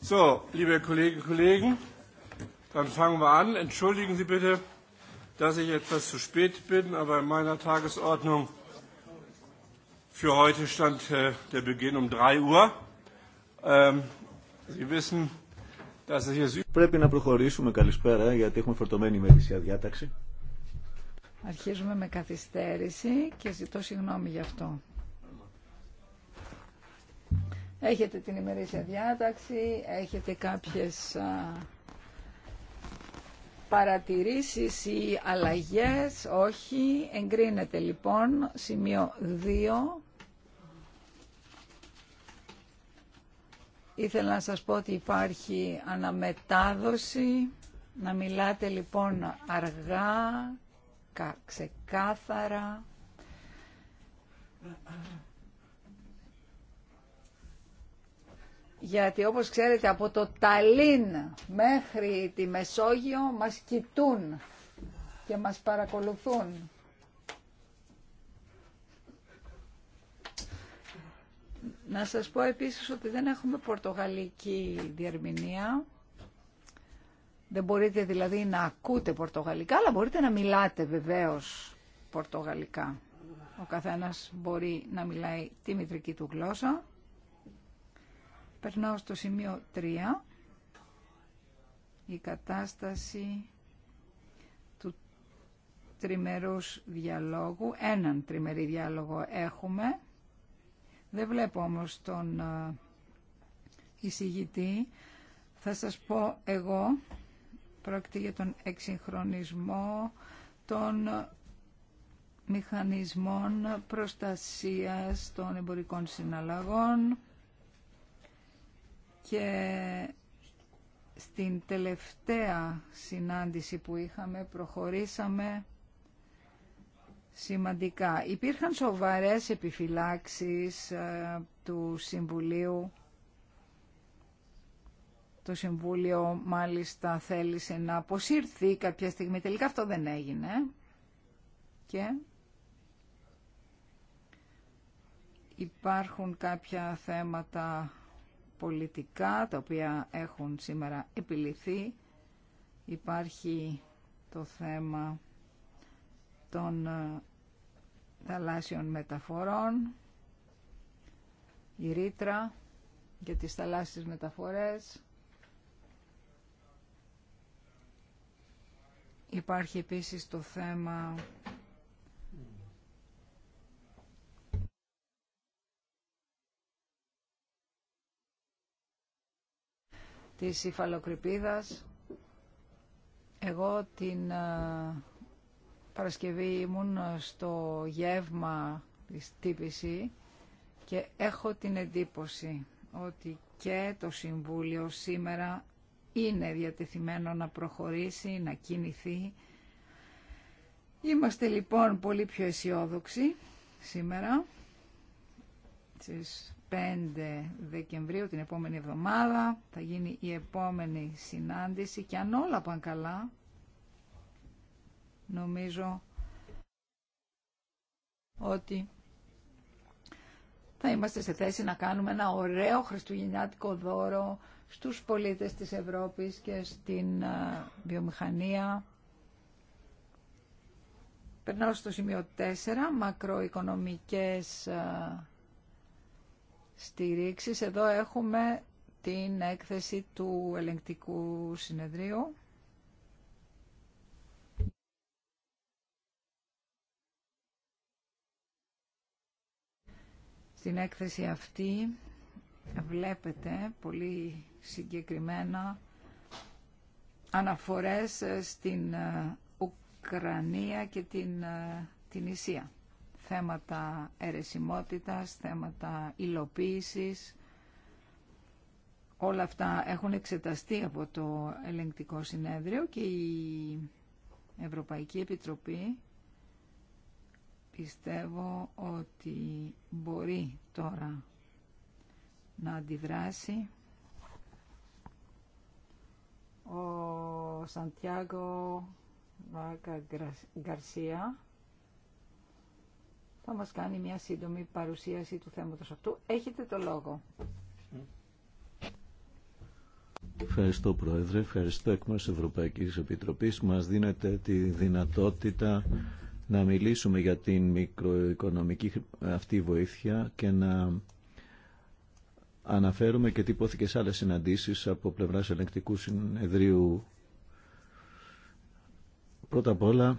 So, liebe Kolleginnen und Kollegen, dann fangen wir an. Entschuldigen Sie bitte, dass ich etwas zu spät bin, aber in meiner Tagesordnung für heute stand der Beginn um 3 Uhr. Sie wissen, dass es hier Πρέπει να προχωρήσουμε καλησπέρα γιατί έχουμε φορτωμένη ημερήσια διάταξη. Αρχίζουμε με καθυστέρηση και ζητώ συγγνώμη γι' αυτό. Έχετε την ημερήσια διάταξη, έχετε κάποιες παρατηρήσεις ή αλλαγές, όχι, εγκρίνεται λοιπόν, σημείο 2. Ήθελα να σας πω ότι υπάρχει αναμετάδοση, να μιλάτε λοιπόν αργά, ξεκάθαρα. γιατί όπως ξέρετε από το Ταλίν μέχρι τη Μεσόγειο μας κοιτούν και μας παρακολουθούν. Να σας πω επίσης ότι δεν έχουμε πορτογαλική διερμηνία. Δεν μπορείτε δηλαδή να ακούτε πορτογαλικά, αλλά μπορείτε να μιλάτε βεβαίως πορτογαλικά. Ο καθένας μπορεί να μιλάει τη μητρική του γλώσσα. Περνάω στο σημείο 3. Η κατάσταση του τριμερούς διαλόγου. Έναν τριμερή διάλογο έχουμε. Δεν βλέπω όμως τον ε, εισηγητή. Θα σας πω εγώ, πρόκειται για τον εξυγχρονισμό των μηχανισμών προστασίας των εμπορικών συναλλαγών και στην τελευταία συνάντηση που είχαμε προχωρήσαμε σημαντικά. Υπήρχαν σοβαρές επιφυλάξεις ε, του Συμβουλίου. Το Συμβούλιο μάλιστα θέλησε να αποσύρθει κάποια στιγμή. Τελικά αυτό δεν έγινε. Και υπάρχουν κάποια θέματα πολιτικά τα οποία έχουν σήμερα επιληθεί. Υπάρχει το θέμα των ε, θαλάσσιων μεταφορών, η ρήτρα για τις θαλάσσιες μεταφορές. Υπάρχει επίσης το θέμα της υφαλοκρηπίδας. Εγώ την ε, Παρασκευή ήμουν στο γεύμα της TPC και έχω την εντύπωση ότι και το Συμβούλιο σήμερα είναι διατεθειμένο να προχωρήσει, να κινηθεί. Είμαστε λοιπόν πολύ πιο αισιόδοξοι σήμερα 5 Δεκεμβρίου την επόμενη εβδομάδα θα γίνει η επόμενη συνάντηση και αν όλα πάνε καλά νομίζω ότι θα είμαστε σε θέση να κάνουμε ένα ωραίο χριστουγεννιάτικο δώρο στους πολίτες της Ευρώπης και στην βιομηχανία. Περνάω στο σημείο 4, μακροοικονομικές στηρίξεις. Εδώ έχουμε την έκθεση του ελεγκτικού συνεδρίου. Στην έκθεση αυτή βλέπετε πολύ συγκεκριμένα αναφορές στην ε, Ουκρανία και την, ε, την Ισία θέματα αιρεσιμότητας, θέματα υλοποίησης. Όλα αυτά έχουν εξεταστεί από το ελεγκτικό συνέδριο και η Ευρωπαϊκή Επιτροπή πιστεύω ότι μπορεί τώρα να αντιδράσει. Ο Σαντιάγκο Βάκα Γκαρσία θα μας κάνει μια σύντομη παρουσίαση του θέματος αυτού. Έχετε το λόγο. Ευχαριστώ Πρόεδρε, ευχαριστώ εκ μέρους Ευρωπαϊκής Επιτροπής. Μας δίνετε τη δυνατότητα να μιλήσουμε για την μικροοικονομική αυτή βοήθεια και να αναφέρουμε και τι υπόθηκε σε άλλες συναντήσεις από πλευράς ελεγκτικού συνεδρίου. Πρώτα απ' όλα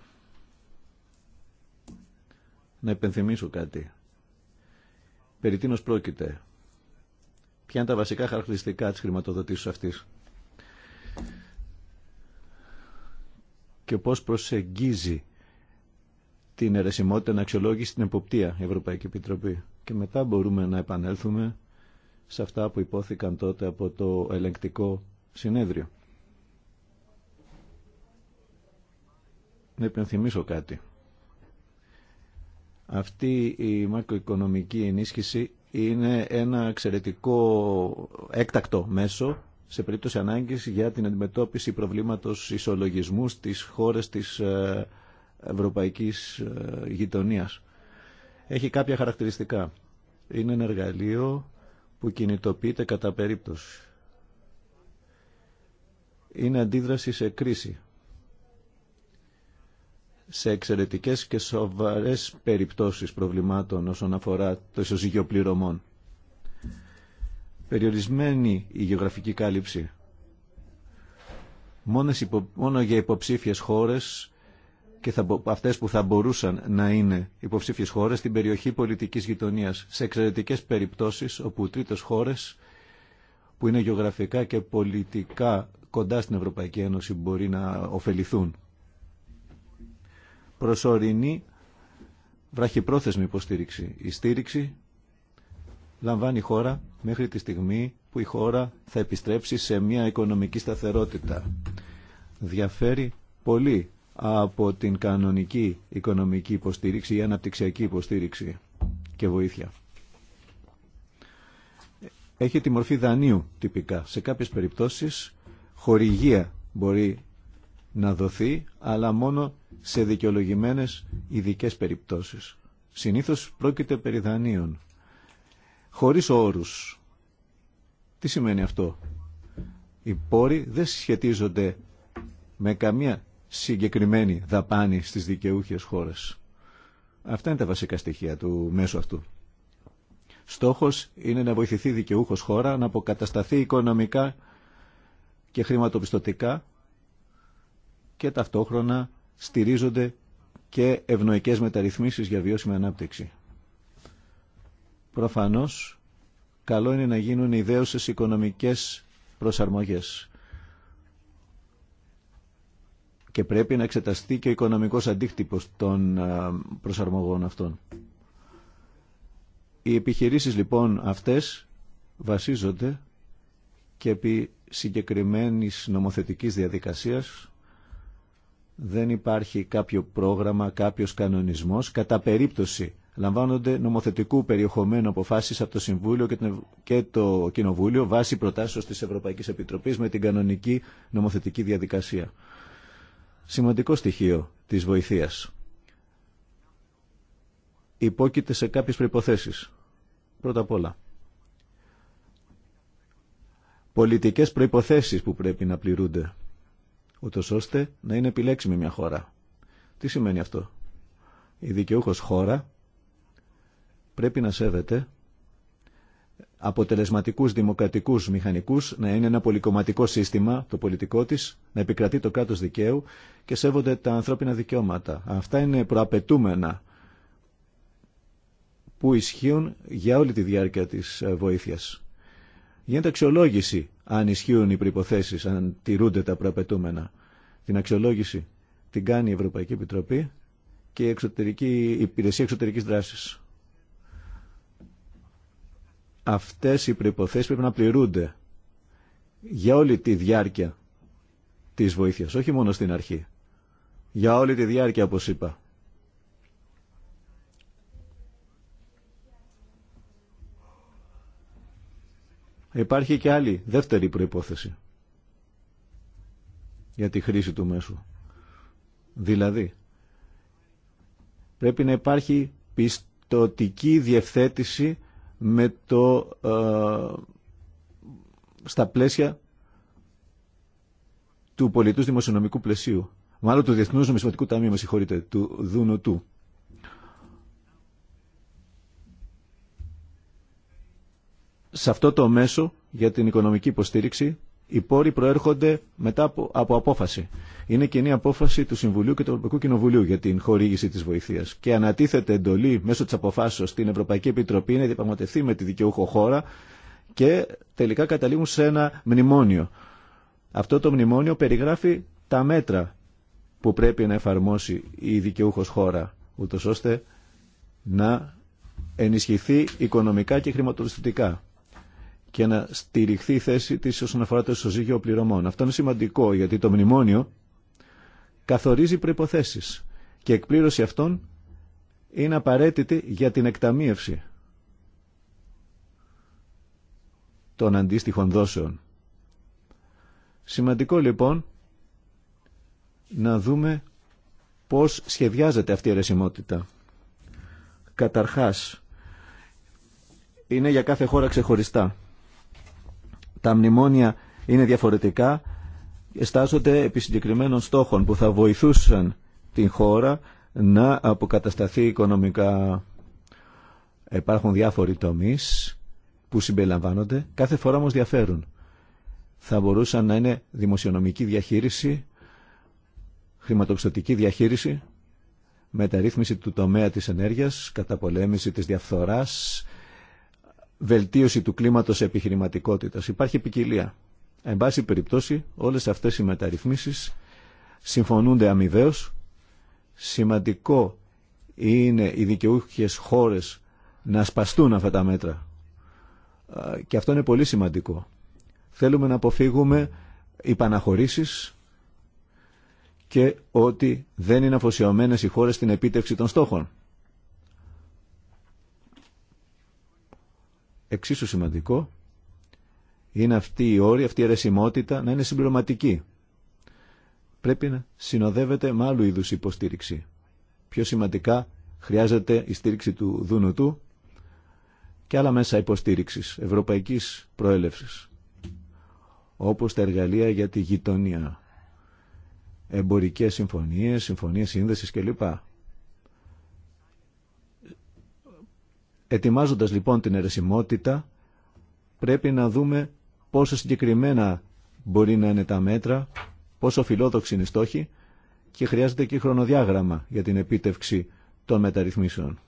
να επενθυμίσω κάτι. Περί τίνος πρόκειται. Ποια είναι τα βασικά χαρακτηριστικά της χρηματοδοτήσεως αυτής. Και πώς προσεγγίζει την αιρεσιμότητα να αξιολόγηση την εποπτεία η Ευρωπαϊκή Επιτροπή. Και μετά μπορούμε να επανέλθουμε σε αυτά που υπόθηκαν τότε από το ελεγκτικό συνέδριο. Να υπενθυμίσω κάτι. Αυτή η μακροοικονομική ενίσχυση είναι ένα εξαιρετικό έκτακτο μέσο σε περίπτωση ανάγκης για την αντιμετώπιση προβλήματος ισολογισμού στις χώρες της ε, ευρωπαϊκής ε, γειτονίας. Έχει κάποια χαρακτηριστικά. Είναι ένα εργαλείο που κινητοποιείται κατά περίπτωση. Είναι αντίδραση σε κρίση σε εξαιρετικές και σοβαρές περιπτώσεις προβλημάτων όσον αφορά το ισοζύγιο πληρωμών. Περιορισμένη η γεωγραφική κάλυψη. Μόνο για υποψήφιες χώρες και αυτέ που θα μπορούσαν να είναι υποψήφιες χώρες στην περιοχή πολιτικής γειτονίας. Σε εξαιρετικές περιπτώσεις όπου τρίτες χώρες που είναι γεωγραφικά και πολιτικά κοντά στην Ευρωπαϊκή Ένωση μπορεί να ωφεληθούν προσωρινή βραχυπρόθεσμη υποστήριξη. Η στήριξη λαμβάνει η χώρα μέχρι τη στιγμή που η χώρα θα επιστρέψει σε μια οικονομική σταθερότητα. Διαφέρει πολύ από την κανονική οικονομική υποστήριξη ή αναπτυξιακή υποστήριξη και βοήθεια. Έχει τη μορφή δανείου τυπικά. Σε κάποιες περιπτώσεις χορηγία μπορεί να δοθεί, αλλά μόνο σε δικαιολογημένες ειδικέ περιπτώσεις. Συνήθως πρόκειται περί δανείων. Χωρίς όρους. Τι σημαίνει αυτό. Οι πόροι δεν σχετίζονται με καμία συγκεκριμένη δαπάνη στις δικαιούχες χώρες. Αυτά είναι τα βασικά στοιχεία του μέσου αυτού. Στόχος είναι να βοηθηθεί δικαιούχος χώρα να αποκατασταθεί οικονομικά και χρηματοπιστωτικά και ταυτόχρονα στηρίζονται και ευνοϊκές μεταρρυθμίσεις για βιώσιμη ανάπτυξη. Προφανώς, καλό είναι να γίνουν ιδέωσες οικονομικές προσαρμογές. Και πρέπει να εξεταστεί και ο οικονομικός αντίκτυπος των ε, προσαρμογών αυτών. Οι επιχειρήσεις λοιπόν αυτές βασίζονται και επί συγκεκριμένης νομοθετικής διαδικασίας δεν υπάρχει κάποιο πρόγραμμα, κάποιος κανονισμός. Κατά περίπτωση λαμβάνονται νομοθετικού περιεχομένου αποφάσεις από το Συμβούλιο και το Κοινοβούλιο βάσει προτάσεως της Ευρωπαϊκής Επιτροπής με την κανονική νομοθετική διαδικασία. Σημαντικό στοιχείο της βοηθείας. Υπόκειται σε κάποιες προϋποθέσεις. Πρώτα απ' όλα. Πολιτικές προϋποθέσεις που πρέπει να πληρούνται ούτω ώστε να είναι επιλέξιμη μια χώρα. Τι σημαίνει αυτό. Η δικαιούχος χώρα πρέπει να σέβεται αποτελεσματικούς δημοκρατικούς μηχανικούς, να είναι ένα πολυκομματικό σύστημα το πολιτικό της, να επικρατεί το κράτος δικαίου και σέβονται τα ανθρώπινα δικαιώματα. Αυτά είναι προαπαιτούμενα που ισχύουν για όλη τη διάρκεια της ε, βοήθειας. Γίνεται αξιολόγηση αν ισχύουν οι προϋποθέσεις, αν τηρούνται τα προαπαιτούμενα. Την αξιολόγηση την κάνει η Ευρωπαϊκή Επιτροπή και η, εξωτερική, Υπηρεσία Εξωτερικής Δράσης. Αυτές οι προϋποθέσεις πρέπει να πληρούνται για όλη τη διάρκεια της βοήθειας, όχι μόνο στην αρχή. Για όλη τη διάρκεια, όπως είπα, Υπάρχει και άλλη, δεύτερη προϋπόθεση για τη χρήση του μέσου. Δηλαδή, πρέπει να υπάρχει πιστοτική διευθέτηση με το, ε, στα πλαίσια του πολιτούς δημοσιονομικού πλαισίου. Μάλλον του Διεθνούς Νομισματικού Ταμείου, με συγχωρείτε, του ΔΝΤ. σε αυτό το μέσο για την οικονομική υποστήριξη οι πόροι προέρχονται μετά από, απόφαση. Είναι κοινή απόφαση του Συμβουλίου και του Ευρωπαϊκού Κοινοβουλίου για την χορήγηση τη βοηθεία. Και ανατίθεται εντολή μέσω τη αποφάσεω στην Ευρωπαϊκή Επιτροπή να διαπραγματευτεί με τη δικαιούχο χώρα και τελικά καταλήγουν σε ένα μνημόνιο. Αυτό το μνημόνιο περιγράφει τα μέτρα που πρέπει να εφαρμόσει η δικαιούχο χώρα, ούτω ώστε να ενισχυθεί οικονομικά και χρηματοδοτικά και να στηριχθεί η θέση της όσον αφορά το ισοζύγιο πληρωμών. Αυτό είναι σημαντικό γιατί το μνημόνιο καθορίζει προϋποθέσεις και εκπλήρωση αυτών είναι απαραίτητη για την εκταμίευση των αντίστοιχων δόσεων. Σημαντικό λοιπόν να δούμε πώς σχεδιάζεται αυτή η αιρεσιμότητα. Καταρχάς, είναι για κάθε χώρα ξεχωριστά τα μνημόνια είναι διαφορετικά, εστάζονται επί συγκεκριμένων στόχων που θα βοηθούσαν την χώρα να αποκατασταθεί οικονομικά. Υπάρχουν διάφοροι τομείς που συμπεριλαμβάνονται, κάθε φορά όμως διαφέρουν. Θα μπορούσαν να είναι δημοσιονομική διαχείριση, χρηματοπιστωτική διαχείριση, μεταρρύθμιση του τομέα της ενέργειας, καταπολέμηση της διαφθοράς, βελτίωση του κλίματος επιχειρηματικότητας. Υπάρχει ποικιλία. Εν πάση περιπτώσει, όλες αυτές οι μεταρρυθμίσεις συμφωνούνται αμοιβαίω. Σημαντικό είναι οι δικαιούχες χώρες να σπαστούν αυτά τα μέτρα. Και αυτό είναι πολύ σημαντικό. Θέλουμε να αποφύγουμε υπαναχωρήσεις και ότι δεν είναι αφοσιωμένες οι χώρες στην επίτευξη των στόχων. Εξίσου σημαντικό είναι αυτή η όρη, αυτή η αιρεσιμότητα να είναι συμπληρωματική. Πρέπει να συνοδεύεται με άλλου είδους υποστήριξη. Πιο σημαντικά χρειάζεται η στήριξη του Δούνου του και άλλα μέσα υποστήριξης ευρωπαϊκής προέλευσης όπως τα εργαλεία για τη γειτονία, εμπορικές συμφωνίες, συμφωνίες σύνδεσης κλπ. Ετοιμάζοντας λοιπόν την αιρεσιμότητα, πρέπει να δούμε πόσο συγκεκριμένα μπορεί να είναι τα μέτρα, πόσο φιλόδοξη είναι η και χρειάζεται και χρονοδιάγραμμα για την επίτευξη των μεταρρυθμίσεων.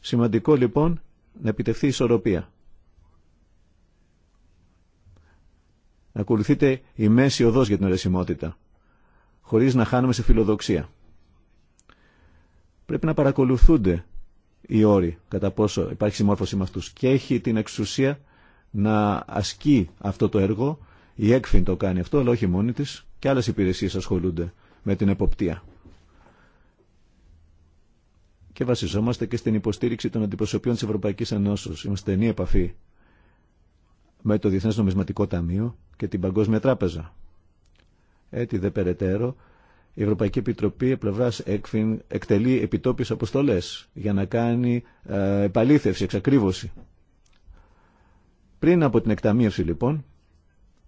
Σημαντικό λοιπόν να επιτευχθεί η ισορροπία. Να ακολουθείτε η μέση οδός για την αιρεσιμότητα, χωρίς να χάνουμε σε φιλοδοξία. Πρέπει να παρακολουθούνται η όροι, κατά πόσο υπάρχει συμμόρφωση με αυτού και έχει την εξουσία να ασκεί αυτό το έργο. Η ΕΚΦΙΝ το κάνει αυτό, αλλά όχι μόνη τη και άλλε υπηρεσίε ασχολούνται με την εποπτεία. Και βασιζόμαστε και στην υποστήριξη των αντιπροσωπείων τη Ευρωπαϊκή Ενώσεως. Είμαστε ενή επαφή με το Διεθνές Νομισματικό Ταμείο και την Παγκόσμια Τράπεζα. Έτσι δε περαιτέρω η Ευρωπαϊκή Επιτροπή πλευρά ΕΚΦΙΝ εκτελεί επιτόπιε αποστολές για να κάνει ε, επαλήθευση, εξακρίβωση. Πριν από την εκταμείευση λοιπόν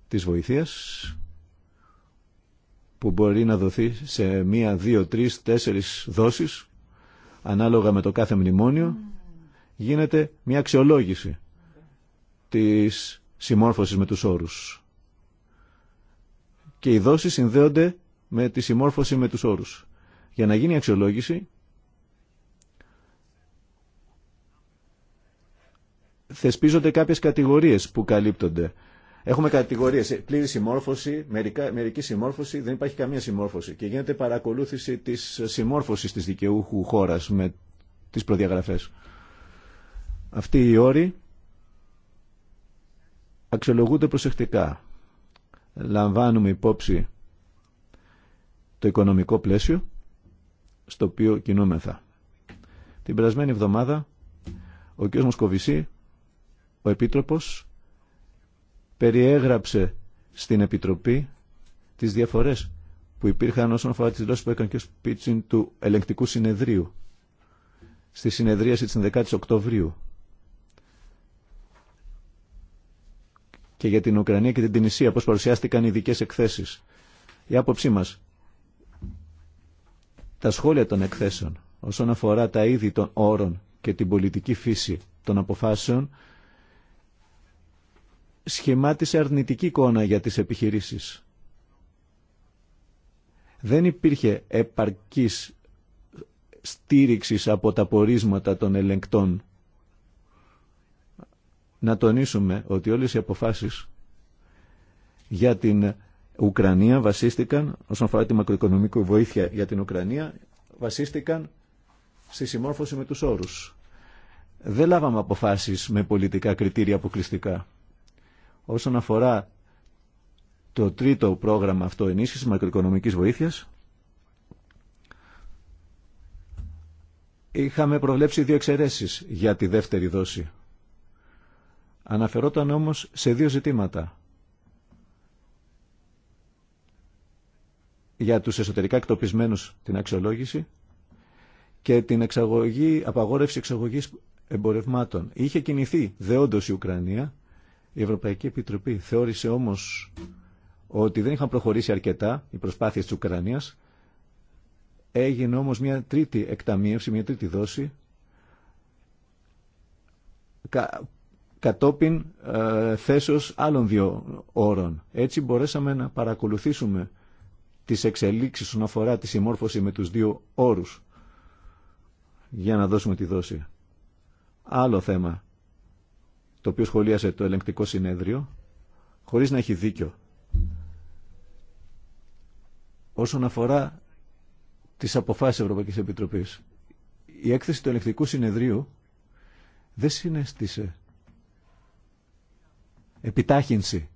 της βοηθείας που μπορεί να δοθεί σε μία, δύο, τρει, τέσσερι δόσεις ανάλογα με το κάθε μνημόνιο γίνεται μια αξιολόγηση της συμμόρφωσης με τους όρους. Και οι δόσεις συνδέονται με τη συμμόρφωση με τους όρους. Για να γίνει αξιολόγηση θεσπίζονται κάποιες κατηγορίες που καλύπτονται. Έχουμε κατηγορίες ε, πλήρη συμμόρφωση, μερική συμμόρφωση, δεν υπάρχει καμία συμμόρφωση και γίνεται παρακολούθηση της συμμόρφωσης της δικαιούχου χώρας με τις προδιαγραφές. Αυτοί οι όροι αξιολογούνται προσεκτικά. Λαμβάνουμε υπόψη το οικονομικό πλαίσιο στο οποίο κινούμεθα. Την περασμένη εβδομάδα ο κ. Μοσκοβισή, ο Επίτροπος, περιέγραψε στην Επιτροπή τις διαφορές που υπήρχαν όσον αφορά τις δηλώσεις που έκανε και ο Σπίτσιν του ελεγκτικού συνεδρίου στη συνεδρίαση της 10 η Οκτωβρίου και για την Ουκρανία και την Τινησία πώς παρουσιάστηκαν οι ειδικές εκθέσεις. Η άποψή μας τα σχόλια των εκθέσεων όσον αφορά τα είδη των όρων και την πολιτική φύση των αποφάσεων σχημάτισε αρνητική εικόνα για τις επιχειρήσεις. Δεν υπήρχε επαρκής στήριξης από τα πορίσματα των ελεγκτών. Να τονίσουμε ότι όλες οι αποφάσεις για την Ουκρανία βασίστηκαν, όσον αφορά τη μακροοικονομική βοήθεια για την Ουκρανία, βασίστηκαν στη συμμόρφωση με τους όρους. Δεν λάβαμε αποφάσεις με πολιτικά κριτήρια αποκλειστικά. Όσον αφορά το τρίτο πρόγραμμα αυτό ενίσχυσης μακροοικονομικής βοήθειας, είχαμε προβλέψει δύο εξαιρέσει για τη δεύτερη δόση. Αναφερόταν όμως σε δύο ζητήματα. για τους εσωτερικά εκτοπισμένους την αξιολόγηση και την εξαγωγή, απαγόρευση εξαγωγής εμπορευμάτων. Είχε κινηθεί δεόντως η Ουκρανία, η Ευρωπαϊκή Επιτροπή θεώρησε όμως ότι δεν είχαν προχωρήσει αρκετά οι προσπάθειες της Ουκρανίας. Έγινε όμως μια τρίτη εκταμείευση, μια τρίτη δόση κατόπιν ε, θέσεως άλλων δύο όρων. Έτσι μπορέσαμε να παρακολουθήσουμε τις εξελίξεις όσον αφορά τη συμμόρφωση με τους δύο όρους για να δώσουμε τη δόση. Άλλο θέμα το οποίο σχολίασε το ελεγκτικό συνέδριο χωρίς να έχει δίκιο. Όσον αφορά τις αποφάσεις Ευρωπαϊκής Επιτροπής η έκθεση του ελεγκτικού συνεδρίου δεν συνέστησε επιτάχυνση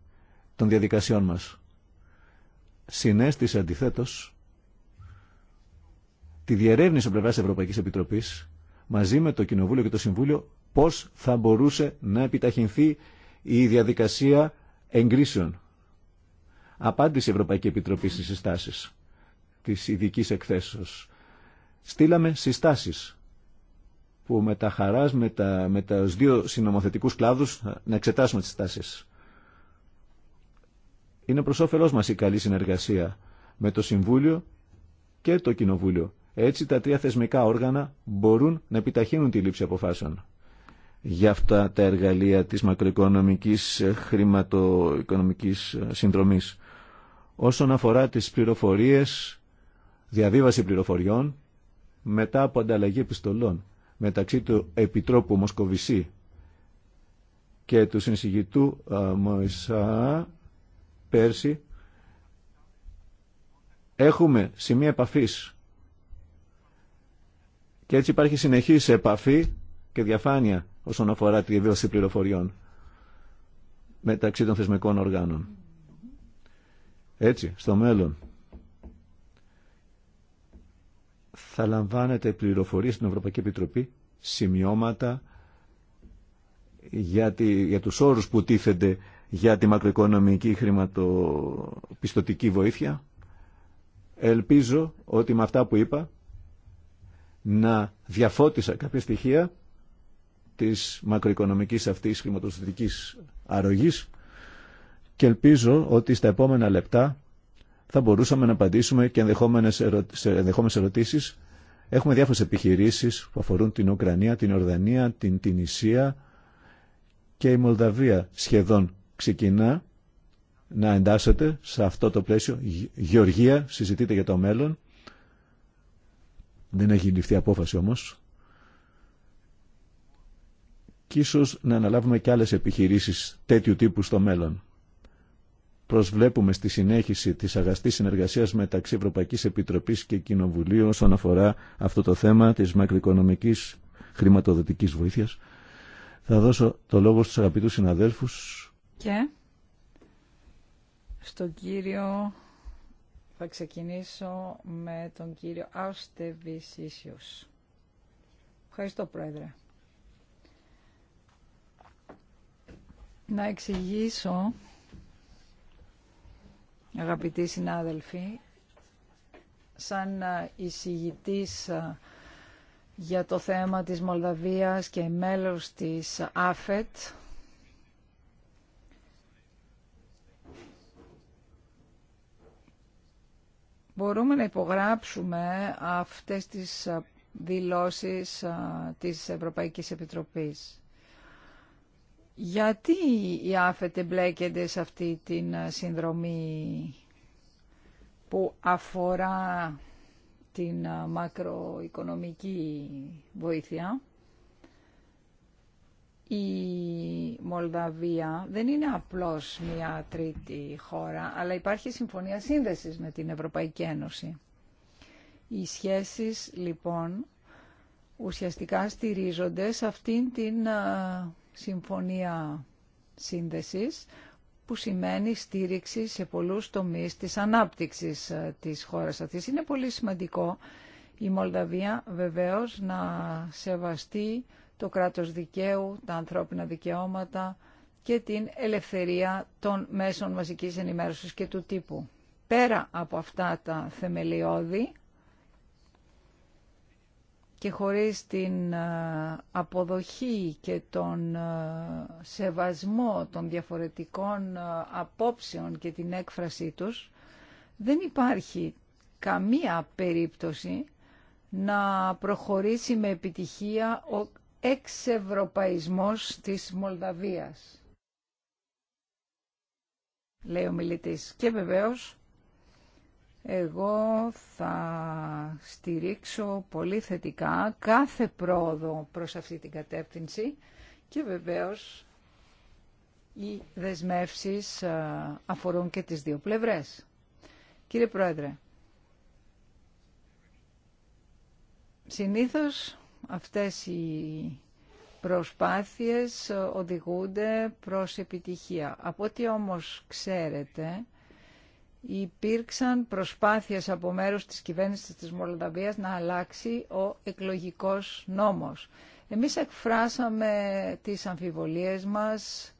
των διαδικασιών μας συνέστησε αντιθέτω, τη διερεύνηση από πλευρά Ευρωπαϊκή Επιτροπή μαζί με το Κοινοβούλιο και το Συμβούλιο πώ θα μπορούσε να επιταχυνθεί η διαδικασία εγκρίσεων. Απάντησε η Ευρωπαϊκή Επιτροπή στι συστάσει τη ειδική εκθέσεω. Στείλαμε συστάσει που με τα χαρά με, τα, με δύο συνομοθετικού κλάδους να εξετάσουμε τι συστάσει. Είναι προς όφελός μας η καλή συνεργασία με το Συμβούλιο και το Κοινοβούλιο. Έτσι τα τρία θεσμικά όργανα μπορούν να επιταχύνουν τη λήψη αποφάσεων. Για αυτά τα εργαλεία της μακροοικονομικής ε, χρηματοοικονομικής ε, συνδρομής. Όσον αφορά τις πληροφορίες, διαβίβαση πληροφοριών, μετά από ανταλλαγή επιστολών μεταξύ του Επιτρόπου Μοσκοβισή και του συνσηγητού ε, Μωυσά έχουμε σημεία επαφής και έτσι υπάρχει συνεχής επαφή και διαφάνεια όσον αφορά τη βίωση πληροφοριών μεταξύ των θεσμικών οργάνων. Έτσι, στο μέλλον θα λαμβάνετε πληροφορίες στην Ευρωπαϊκή Επιτροπή, σημειώματα για, για τους όρους που τίθενται για τη μακροοικονομική χρηματοπιστωτική βοήθεια. Ελπίζω ότι με αυτά που είπα να διαφώτισα κάποια στοιχεία της μακροοικονομικής αυτής χρηματοπιστωτικής αρρωγής και ελπίζω ότι στα επόμενα λεπτά θα μπορούσαμε να απαντήσουμε και ενδεχόμενες, σε ενδεχόμενες ερωτήσεις. Έχουμε διάφορες επιχειρήσεις που αφορούν την Ουκρανία, την Ορδανία, την Τινησία και η Μολδαβία σχεδόν ξεκινά να εντάσσεται σε αυτό το πλαίσιο. Γεωργία συζητείτε για το μέλλον. Δεν έχει ληφθεί απόφαση όμως. Και ίσως να αναλάβουμε και άλλες επιχειρήσεις τέτοιου τύπου στο μέλλον. Προσβλέπουμε στη συνέχιση της αγαστής συνεργασίας μεταξύ Ευρωπαϊκής Επιτροπής και Κοινοβουλίου όσον αφορά αυτό το θέμα της μακροοικονομικής χρηματοδοτικής βοήθειας. Θα δώσω το λόγο στους αγαπητούς συναδέλφους και στον κύριο θα ξεκινήσω με τον κύριο Ίσιος. Ευχαριστώ Πρόεδρε. Να εξηγήσω, αγαπητοί συνάδελφοι, σαν εισηγητής για το θέμα της Μολδαβίας και μέλος της ΑΦΕΤ, μπορούμε να υπογράψουμε αυτές τις δηλώσεις της Ευρωπαϊκής Επιτροπής. Γιατί η άφετε εμπλέκεται σε αυτή την συνδρομή που αφορά την μακροοικονομική βοήθεια. Η Μολδαβία δεν είναι απλώς μια τρίτη χώρα, αλλά υπάρχει συμφωνία σύνδεσης με την Ευρωπαϊκή Ένωση. Οι σχέσεις λοιπόν ουσιαστικά στηρίζονται σε αυτήν την συμφωνία σύνδεσης που σημαίνει στήριξη σε πολλούς τομείς της ανάπτυξης της χώρας αυτής. Είναι πολύ σημαντικό η Μολδαβία βεβαίως να σεβαστεί το κράτος δικαίου, τα ανθρώπινα δικαιώματα και την ελευθερία των μέσων μαζικής ενημέρωσης και του τύπου. Πέρα από αυτά τα θεμελιώδη και χωρίς την ε, αποδοχή και τον ε, σεβασμό των διαφορετικών ε, απόψεων και την έκφρασή τους, δεν υπάρχει καμία περίπτωση να προχωρήσει με επιτυχία εξευρωπαϊσμός της Μολδαβίας. Λέει ο μιλητής. Και βεβαίως εγώ θα στηρίξω πολύ θετικά κάθε πρόοδο προς αυτή την κατεύθυνση και βεβαίως οι δεσμεύσεις αφορούν και τις δύο πλευρές. Κύριε Πρόεδρε, συνήθως Αυτές οι προσπάθειες οδηγούνται προς επιτυχία. Από ό,τι όμως ξέρετε, υπήρξαν προσπάθειες από μέρους της κυβέρνησης της Μολδαβίας να αλλάξει ο εκλογικός νόμος. Εμείς εκφράσαμε τις αμφιβολίες μας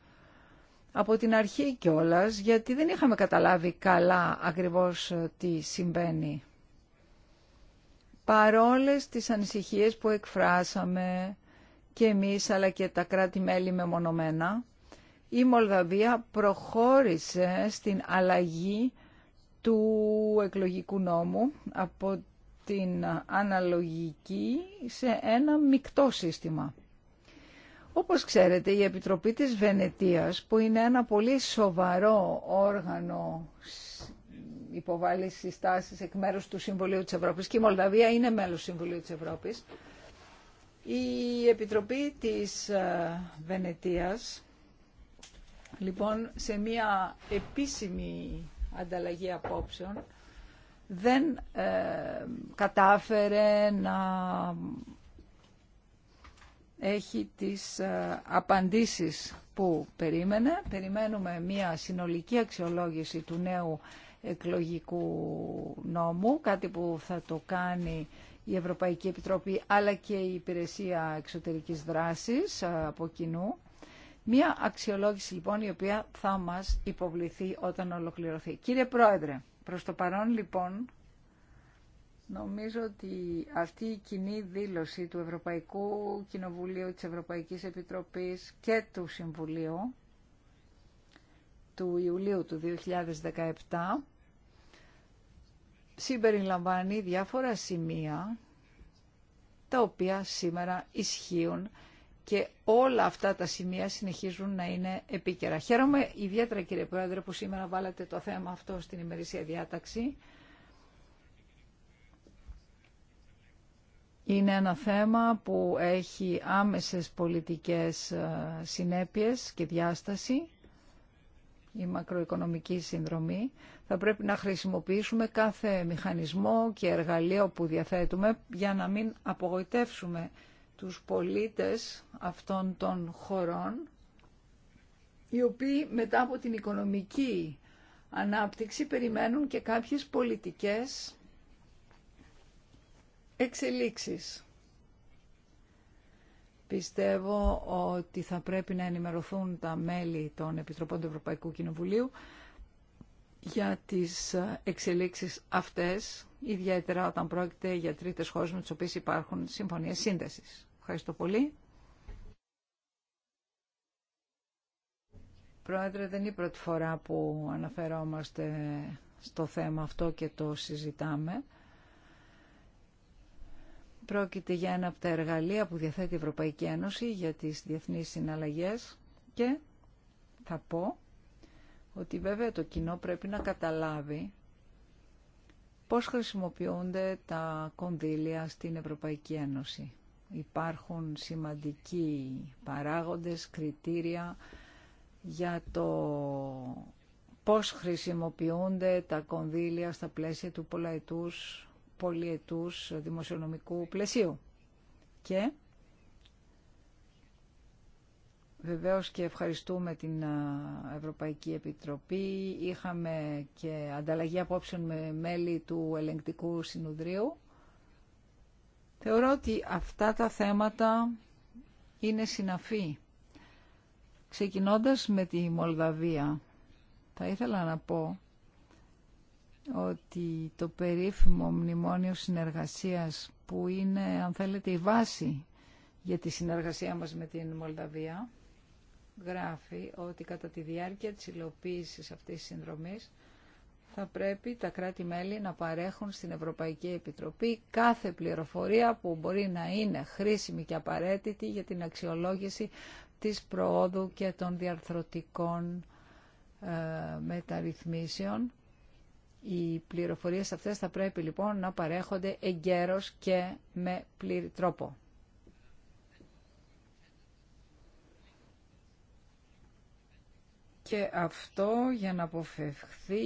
από την αρχή κιόλας, γιατί δεν είχαμε καταλάβει καλά ακριβώς τι συμβαίνει παρόλες τις ανησυχίες που εκφράσαμε και εμείς αλλά και τα κράτη-μέλη μεμονωμένα, η Μολδαβία προχώρησε στην αλλαγή του εκλογικού νόμου από την αναλογική σε ένα μεικτό σύστημα. Όπως ξέρετε, η Επιτροπή της Βενετίας, που είναι ένα πολύ σοβαρό όργανο υποβάλει συστάσεις εκ μέρους του Συμβουλίου της Ευρώπης και η Μολδαβία είναι μέλος του Συμβουλίου της Ευρώπης. Η Επιτροπή της ε, Βενετίας, λοιπόν, σε μια επίσημη ανταλλαγή απόψεων, δεν ε, κατάφερε να έχει τις ε, απαντήσεις που περίμενε. Περιμένουμε μια συνολική αξιολόγηση του νέου εκλογικού νόμου, κάτι που θα το κάνει η Ευρωπαϊκή Επιτροπή αλλά και η Υπηρεσία Εξωτερικής Δράσης από κοινού. Μία αξιολόγηση λοιπόν η οποία θα μας υποβληθεί όταν ολοκληρωθεί. Κύριε Πρόεδρε, προς το παρόν λοιπόν νομίζω ότι αυτή η κοινή δήλωση του Ευρωπαϊκού Κοινοβουλίου, της Ευρωπαϊκής Επιτροπής και του Συμβουλίου του Ιουλίου του 2017 συμπεριλαμβάνει διάφορα σημεία τα οποία σήμερα ισχύουν και όλα αυτά τα σημεία συνεχίζουν να είναι επίκαιρα. Χαίρομαι ιδιαίτερα κύριε Πρόεδρε που σήμερα βάλατε το θέμα αυτό στην ημερήσια διάταξη. Είναι ένα θέμα που έχει άμεσες πολιτικές ε, συνέπειες και διάσταση η μακροοικονομική συνδρομή, θα πρέπει να χρησιμοποιήσουμε κάθε μηχανισμό και εργαλείο που διαθέτουμε για να μην απογοητεύσουμε τους πολίτες αυτών των χωρών, οι οποίοι μετά από την οικονομική ανάπτυξη περιμένουν και κάποιες πολιτικές εξελίξεις. Πιστεύω ότι θα πρέπει να ενημερωθούν τα μέλη των Επιτροπών του Ευρωπαϊκού Κοινοβουλίου για τις εξελίξεις αυτές, ιδιαίτερα όταν πρόκειται για τρίτες χώρες με τις οποίες υπάρχουν συμφωνίες σύνδεσης. Ευχαριστώ πολύ. Πρόεδρε, δεν είναι η πρώτη φορά που αναφερόμαστε στο θέμα αυτό και το συζητάμε. Πρόκειται για ένα από τα εργαλεία που διαθέτει η Ευρωπαϊκή Ένωση για τις διεθνείς συναλλαγές και θα πω ότι βέβαια το κοινό πρέπει να καταλάβει πώς χρησιμοποιούνται τα κονδύλια στην Ευρωπαϊκή Ένωση. Υπάρχουν σημαντικοί παράγοντες, κριτήρια για το πώς χρησιμοποιούνται τα κονδύλια στα πλαίσια του πολλαετούς πολιετούς δημοσιονομικού πλαισίου. Και βεβαίως και ευχαριστούμε την Ευρωπαϊκή Επιτροπή. Είχαμε και ανταλλαγή απόψεων με μέλη του ελεγκτικού συνουδρίου. Θεωρώ ότι αυτά τα θέματα είναι συναφή. Ξεκινώντας με τη Μολδαβία, θα ήθελα να πω ότι το περίφημο μνημόνιο συνεργασίας που είναι αν θέλετε η βάση για τη συνεργασία μας με την Μολδαβία γράφει ότι κατά τη διάρκεια της υλοποίησης αυτής της συνδρομής θα πρέπει τα κράτη-μέλη να παρέχουν στην Ευρωπαϊκή Επιτροπή κάθε πληροφορία που μπορεί να είναι χρήσιμη και απαραίτητη για την αξιολόγηση της προόδου και των διαρθρωτικών ε, μεταρρυθμίσεων οι πληροφορίες αυτές θα πρέπει λοιπόν να παρέχονται εγκαίρως και με πλήρη τρόπο. Και αυτό για να αποφευχθεί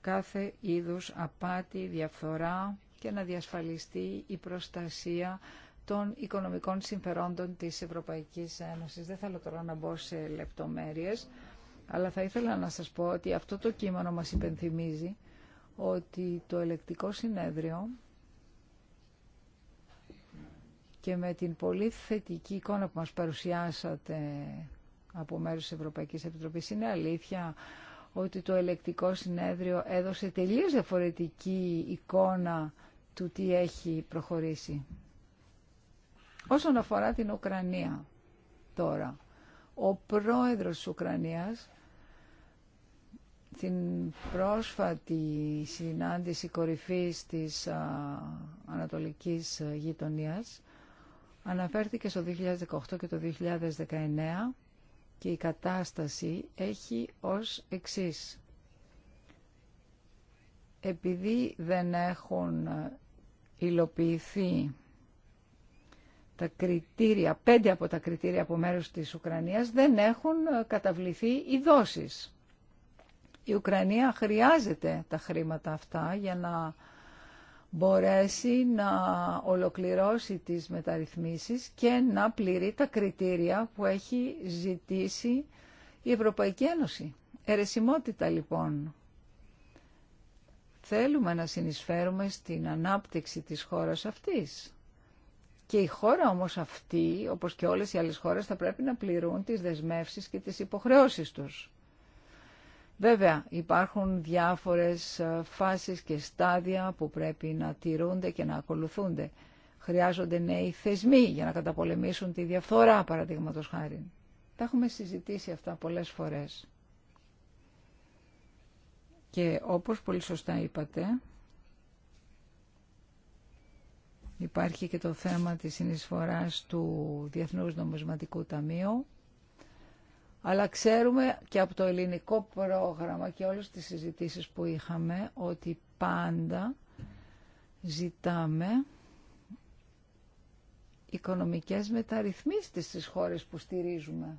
κάθε είδους απάτη, διαφθορά και να διασφαλιστεί η προστασία των οικονομικών συμφερόντων της Ευρωπαϊκής Ένωσης. Δεν θέλω τώρα να μπω σε λεπτομέρειες. Αλλά θα ήθελα να σας πω ότι αυτό το κείμενο μας υπενθυμίζει ότι το ελεκτικό συνέδριο και με την πολύ θετική εικόνα που μας παρουσιάσατε από μέρους της Ευρωπαϊκής Επιτροπής είναι αλήθεια ότι το ελεκτικό συνέδριο έδωσε τελείως διαφορετική εικόνα του τι έχει προχωρήσει. Όσον αφορά την Ουκρανία τώρα, ο πρόεδρος της Ουκρανίας την πρόσφατη συνάντηση κορυφής της α, Ανατολικής Γειτονίας αναφέρθηκε στο 2018 και το 2019 και η κατάσταση έχει ως εξής. Επειδή δεν έχουν υλοποιηθεί τα κριτήρια, πέντε από τα κριτήρια από μέρους της Ουκρανίας δεν έχουν καταβληθεί οι δόσεις. Η Ουκρανία χρειάζεται τα χρήματα αυτά για να μπορέσει να ολοκληρώσει τις μεταρρυθμίσεις και να πληρεί τα κριτήρια που έχει ζητήσει η Ευρωπαϊκή Ένωση. Ερεσιμότητα λοιπόν. Θέλουμε να συνεισφέρουμε στην ανάπτυξη της χώρας αυτής. Και η χώρα όμως αυτή, όπως και όλες οι άλλες χώρες, θα πρέπει να πληρούν τις δεσμεύσεις και τις υποχρεώσεις τους. Βέβαια, υπάρχουν διάφορες ε, φάσεις και στάδια που πρέπει να τηρούνται και να ακολουθούνται. Χρειάζονται νέοι θεσμοί για να καταπολεμήσουν τη διαφθορά, παραδείγματο χάρη. Τα έχουμε συζητήσει αυτά πολλές φορές. Και όπως πολύ σωστά είπατε, υπάρχει και το θέμα της συνεισφοράς του Διεθνούς Νομισματικού Ταμείου, αλλά ξέρουμε και από το ελληνικό πρόγραμμα και όλες τις συζητήσεις που είχαμε ότι πάντα ζητάμε οικονομικές μεταρρυθμίσεις στις χώρες που στηρίζουμε.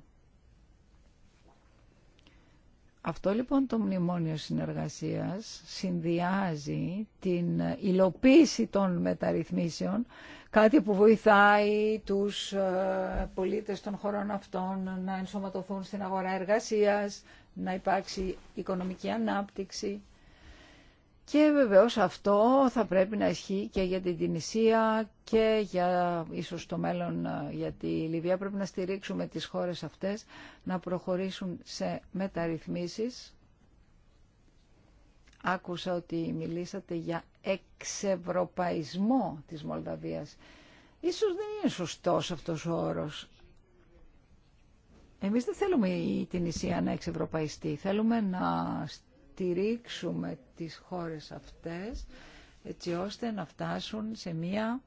Αυτό λοιπόν το Μνημόνιο Συνεργασίας συνδυάζει την υλοποίηση των μεταρρυθμίσεων, κάτι που βοηθάει τους ε, πολίτες των χωρών αυτών να ενσωματωθούν στην αγορά εργασίας, να υπάρξει οικονομική ανάπτυξη και βεβαίως αυτό θα πρέπει να ισχύει και για την Τινησία και για ίσως το μέλλον ε, για τη Λιβύα. Πρέπει να στηρίξουμε τις χώρες αυτές να προχωρήσουν σε μεταρρυθμίσεις. Άκουσα ότι μιλήσατε για εξευρωπαϊσμό της Μολδαβίας. Ίσως δεν είναι σωστός αυτός ο όρος. Εμείς δεν θέλουμε η Τινησία να εξευρωπαϊστεί. Θέλουμε να στηρίξουμε τις χώρες αυτές έτσι ώστε να φτάσουν σε μία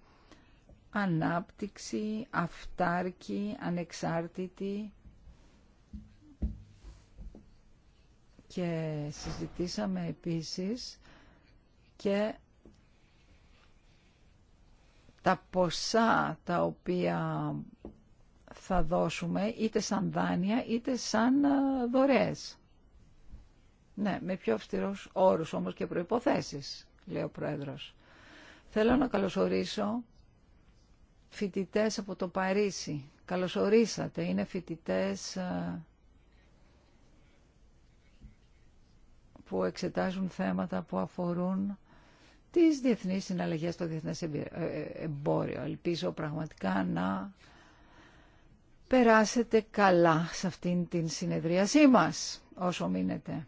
ανάπτυξη αυτάρκη, ανεξάρτητη και συζητήσαμε επίσης και τα ποσά τα οποία θα δώσουμε είτε σαν δάνεια είτε σαν ε, δωρεές. Ναι, με πιο αυστηρού όρου όμως και προϋποθέσεις, λέει ο Πρόεδρος. Θέλω να καλωσορίσω φοιτητέ από το Παρίσι. Καλωσορίσατε, είναι φοιτητέ ε, που εξετάζουν θέματα που αφορούν τις διεθνείς συναλλαγές στο διεθνές ε, ε, εμπόριο. Ελπίζω πραγματικά να περάσετε καλά σε αυτήν την συνεδρίασή μας, όσο μείνετε.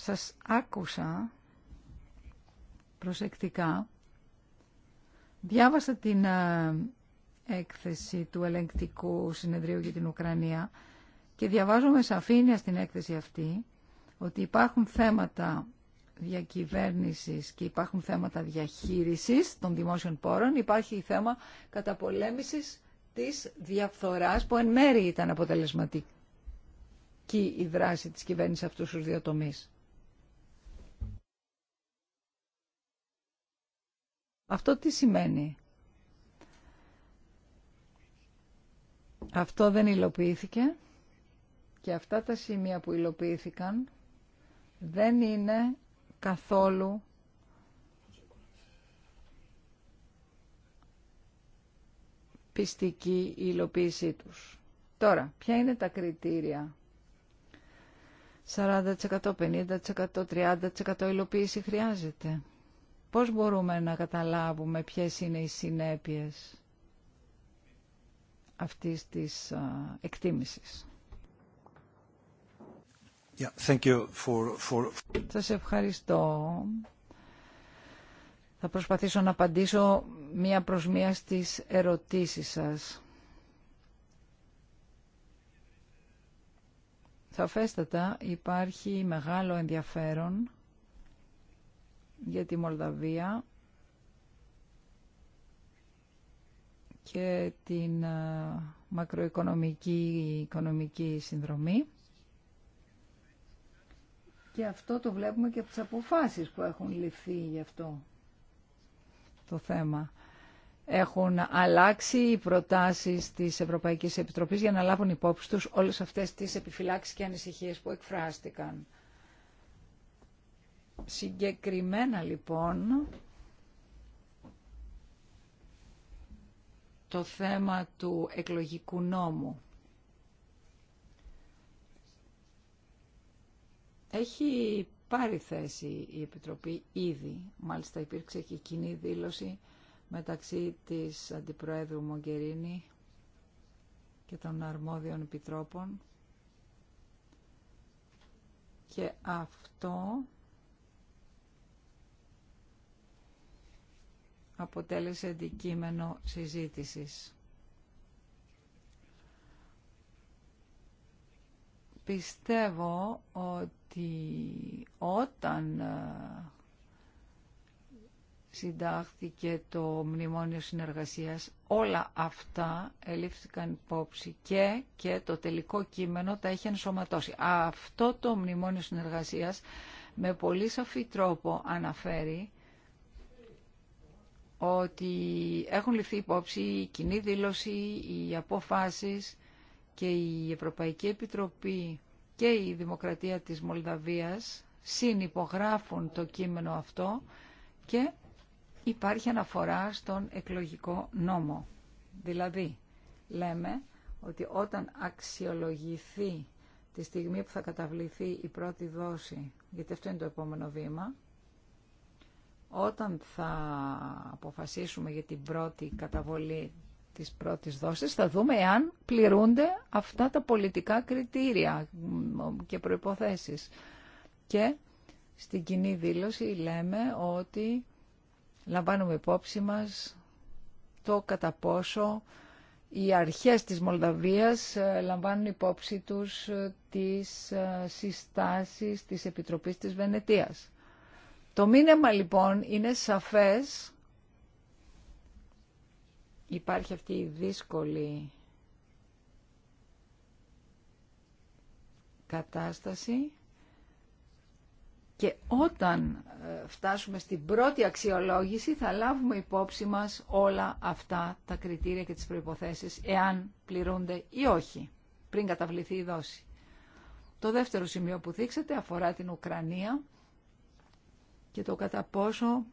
σας άκουσα προσεκτικά. Διάβασα την ε, έκθεση του ελεγκτικού συνεδρίου για την Ουκρανία και διαβάζω με σαφήνεια στην έκθεση αυτή ότι υπάρχουν θέματα διακυβέρνησης και υπάρχουν θέματα διαχείρισης των δημόσιων πόρων, υπάρχει θέμα καταπολέμησης της διαφθοράς που εν μέρη ήταν αποτελεσματική η δράση της κυβέρνησης αυτού τους δύο τομείς. Αυτό τι σημαίνει. Αυτό δεν υλοποιήθηκε και αυτά τα σημεία που υλοποιήθηκαν δεν είναι καθόλου πιστική η υλοποίησή τους. Τώρα, ποια είναι τα κριτήρια. 40%, 50%, 30% υλοποίηση χρειάζεται. Πώς μπορούμε να καταλάβουμε ποιες είναι οι συνέπειες αυτής της εκτίμησης. Yeah, thank Σας ευχαριστώ. Θα προσπαθήσω να απαντήσω μία προς μία στις ερωτήσεις σας. Σαφέστατα υπάρχει μεγάλο ενδιαφέρον για τη Μολδαβία και την ε, μακροοικονομική οικονομική συνδρομή. Και αυτό το βλέπουμε και από τις αποφάσεις που έχουν ληφθεί γι' αυτό το θέμα. Έχουν αλλάξει οι προτάσεις της Ευρωπαϊκής Επιτροπής για να λάβουν υπόψη τους όλες αυτές τις επιφυλάξεις και ανησυχίες που εκφράστηκαν. Συγκεκριμένα λοιπόν το θέμα του εκλογικού νόμου. Έχει πάρει θέση η Επιτροπή ήδη. Μάλιστα υπήρξε και κοινή δήλωση μεταξύ της Αντιπροέδρου Μογκερίνη και των αρμόδιων επιτρόπων. Και αυτό αποτέλεσε αντικείμενο συζήτησης. Πιστεύω ότι όταν ε, συντάχθηκε το Μνημόνιο Συνεργασίας, όλα αυτά ελήφθηκαν υπόψη και, το τελικό κείμενο τα είχε ενσωματώσει. Αυτό το Μνημόνιο Συνεργασίας με πολύ σαφή τρόπο αναφέρει ότι έχουν ληφθεί υπόψη η κοινή δήλωση, οι αποφάσεις και η Ευρωπαϊκή Επιτροπή και η Δημοκρατία της Μολδαβίας συνυπογράφουν το κείμενο αυτό και υπάρχει αναφορά στον εκλογικό νόμο. Δηλαδή, λέμε ότι όταν αξιολογηθεί τη στιγμή που θα καταβληθεί η πρώτη δόση, γιατί αυτό είναι το επόμενο βήμα, όταν θα αποφασίσουμε για την πρώτη καταβολή της πρώτης δόσης, θα δούμε εάν πληρούνται αυτά τα πολιτικά κριτήρια και προϋποθέσεις. Και στην κοινή δήλωση λέμε ότι λαμβάνουμε υπόψη μας το κατά πόσο οι αρχές της Μολδαβίας ε, λαμβάνουν υπόψη τους ε, τις ε, συστάσεις της Επιτροπής της Βενετίας. Το μήνυμα λοιπόν είναι σαφές. Υπάρχει αυτή η δύσκολη κατάσταση και όταν ε, φτάσουμε στην πρώτη αξιολόγηση θα λάβουμε υπόψη μας όλα αυτά τα κριτήρια και τις προϋποθέσεις εάν πληρούνται ή όχι πριν καταβληθεί η δόση. Το δεύτερο σημείο που δείξατε αφορά την Ουκρανία και το κατά πόσο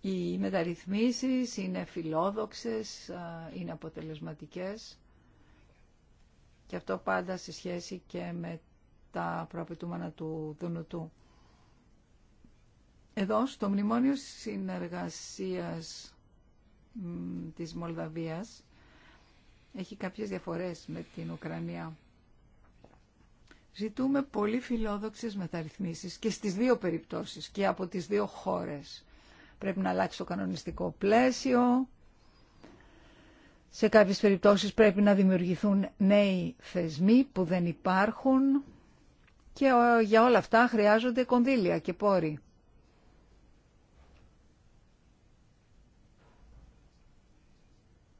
οι μεταρρυθμίσεις είναι φιλόδοξες, είναι αποτελεσματικές και αυτό πάντα σε σχέση και με τα προαπαιτούμενα του Δουνουτού. Εδώ στο Μνημόνιο Συνεργασίας της Μολδαβίας έχει κάποιες διαφορές με την Ουκρανία. Ζητούμε πολύ φιλόδοξες μεταρρυθμίσεις και στις δύο περιπτώσεις και από τις δύο χώρες. Πρέπει να αλλάξει το κανονιστικό πλαίσιο. Σε κάποιες περιπτώσεις πρέπει να δημιουργηθούν νέοι θεσμοί που δεν υπάρχουν και για όλα αυτά χρειάζονται κονδύλια και πόροι.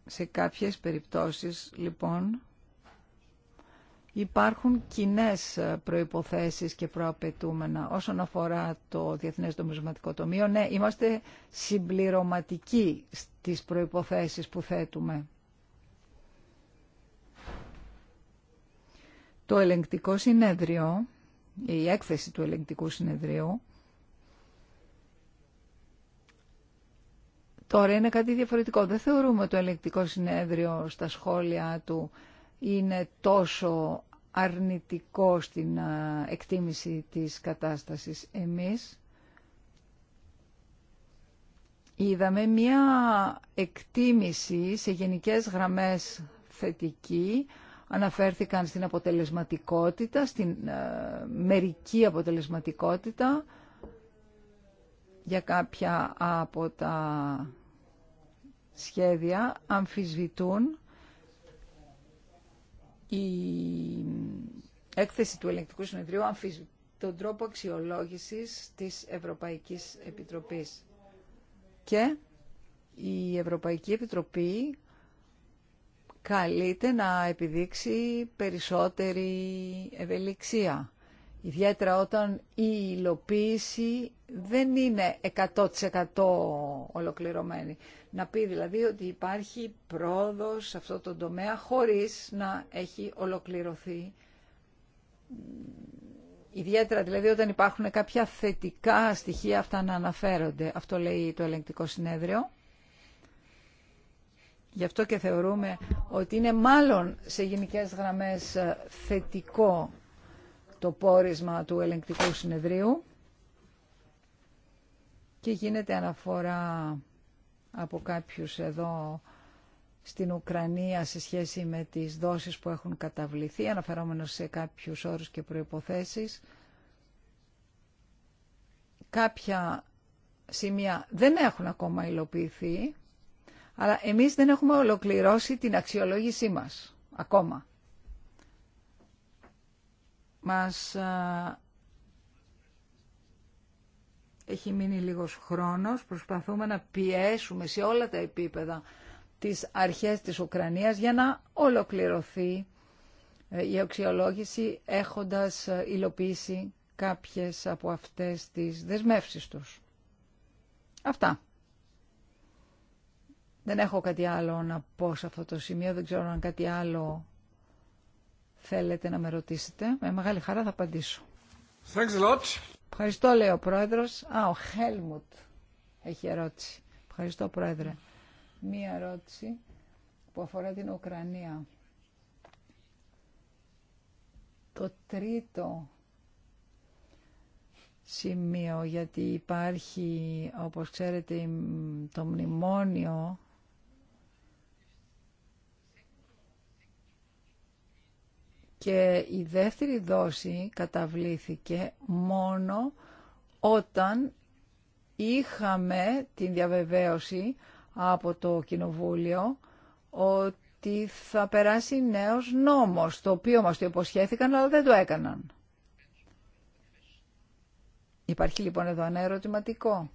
Σε κάποιες περιπτώσεις, λοιπόν, Υπάρχουν κοινέ ε, προϋποθέσεις και προαπαιτούμενα όσον αφορά το Διεθνές Νομισματικό Τομείο. Ναι, είμαστε συμπληρωματικοί στις προϋποθέσεις που θέτουμε. Το ελεγκτικό συνέδριο, η έκθεση του ελεγκτικού συνεδρίου, τώρα είναι κάτι διαφορετικό. Δεν θεωρούμε το ελεγκτικό συνέδριο στα σχόλια του είναι τόσο αρνητικό στην εκτίμηση της κατάστασης. Εμείς είδαμε μια εκτίμηση σε γενικές γραμμές θετική, αναφέρθηκαν στην αποτελεσματικότητα, στην μερική αποτελεσματικότητα για κάποια από τα σχέδια αμφισβητούν η έκθεση του Ελεγκτικού Συνεδρίου αμφίζει τον τρόπο αξιολόγησης της Ευρωπαϊκής Επιτροπής. Και η Ευρωπαϊκή Επιτροπή καλείται να επιδείξει περισσότερη ευελιξία Ιδιαίτερα όταν η υλοποίηση δεν είναι 100% ολοκληρωμένη. Να πει δηλαδή ότι υπάρχει πρόοδος σε αυτό το τομέα χωρίς να έχει ολοκληρωθεί. Ιδιαίτερα δηλαδή όταν υπάρχουν κάποια θετικά στοιχεία αυτά να αναφέρονται. Αυτό λέει το ελεγκτικό συνέδριο. Γι' αυτό και θεωρούμε ότι είναι μάλλον σε γενικές γραμμές θετικό το πόρισμα του ελεγκτικού συνεδρίου και γίνεται αναφορά από κάποιους εδώ στην Ουκρανία σε σχέση με τις δόσεις που έχουν καταβληθεί, αναφερόμενος σε κάποιους όρους και προϋποθέσεις. Κάποια σημεία δεν έχουν ακόμα υλοποιηθεί, αλλά εμείς δεν έχουμε ολοκληρώσει την αξιολόγησή μας ακόμα. Μας έχει μείνει λίγος χρόνος. Προσπαθούμε να πιέσουμε σε όλα τα επίπεδα τις αρχές της Ουκρανίας για να ολοκληρωθεί ε, η αξιολόγηση έχοντας ε, υλοποιήσει κάποιες από αυτές τις δεσμεύσεις τους. Αυτά. Δεν έχω κάτι άλλο να πω σε αυτό το σημείο, δεν ξέρω αν κάτι άλλο θέλετε να με ρωτήσετε. Με μεγάλη χαρά θα απαντήσω. Thanks a lot. Ευχαριστώ, λέει ο Πρόεδρος. Α, ο Χέλμουτ έχει ερώτηση. Ευχαριστώ, Πρόεδρε. Μία ερώτηση που αφορά την Ουκρανία. Το τρίτο σημείο, γιατί υπάρχει, όπως ξέρετε, το μνημόνιο και η δεύτερη δόση καταβλήθηκε μόνο όταν είχαμε την διαβεβαίωση από το Κοινοβούλιο ότι θα περάσει νέος νόμος, το οποίο μας το υποσχέθηκαν αλλά δεν το έκαναν. Υπάρχει λοιπόν εδώ ένα ερωτηματικό.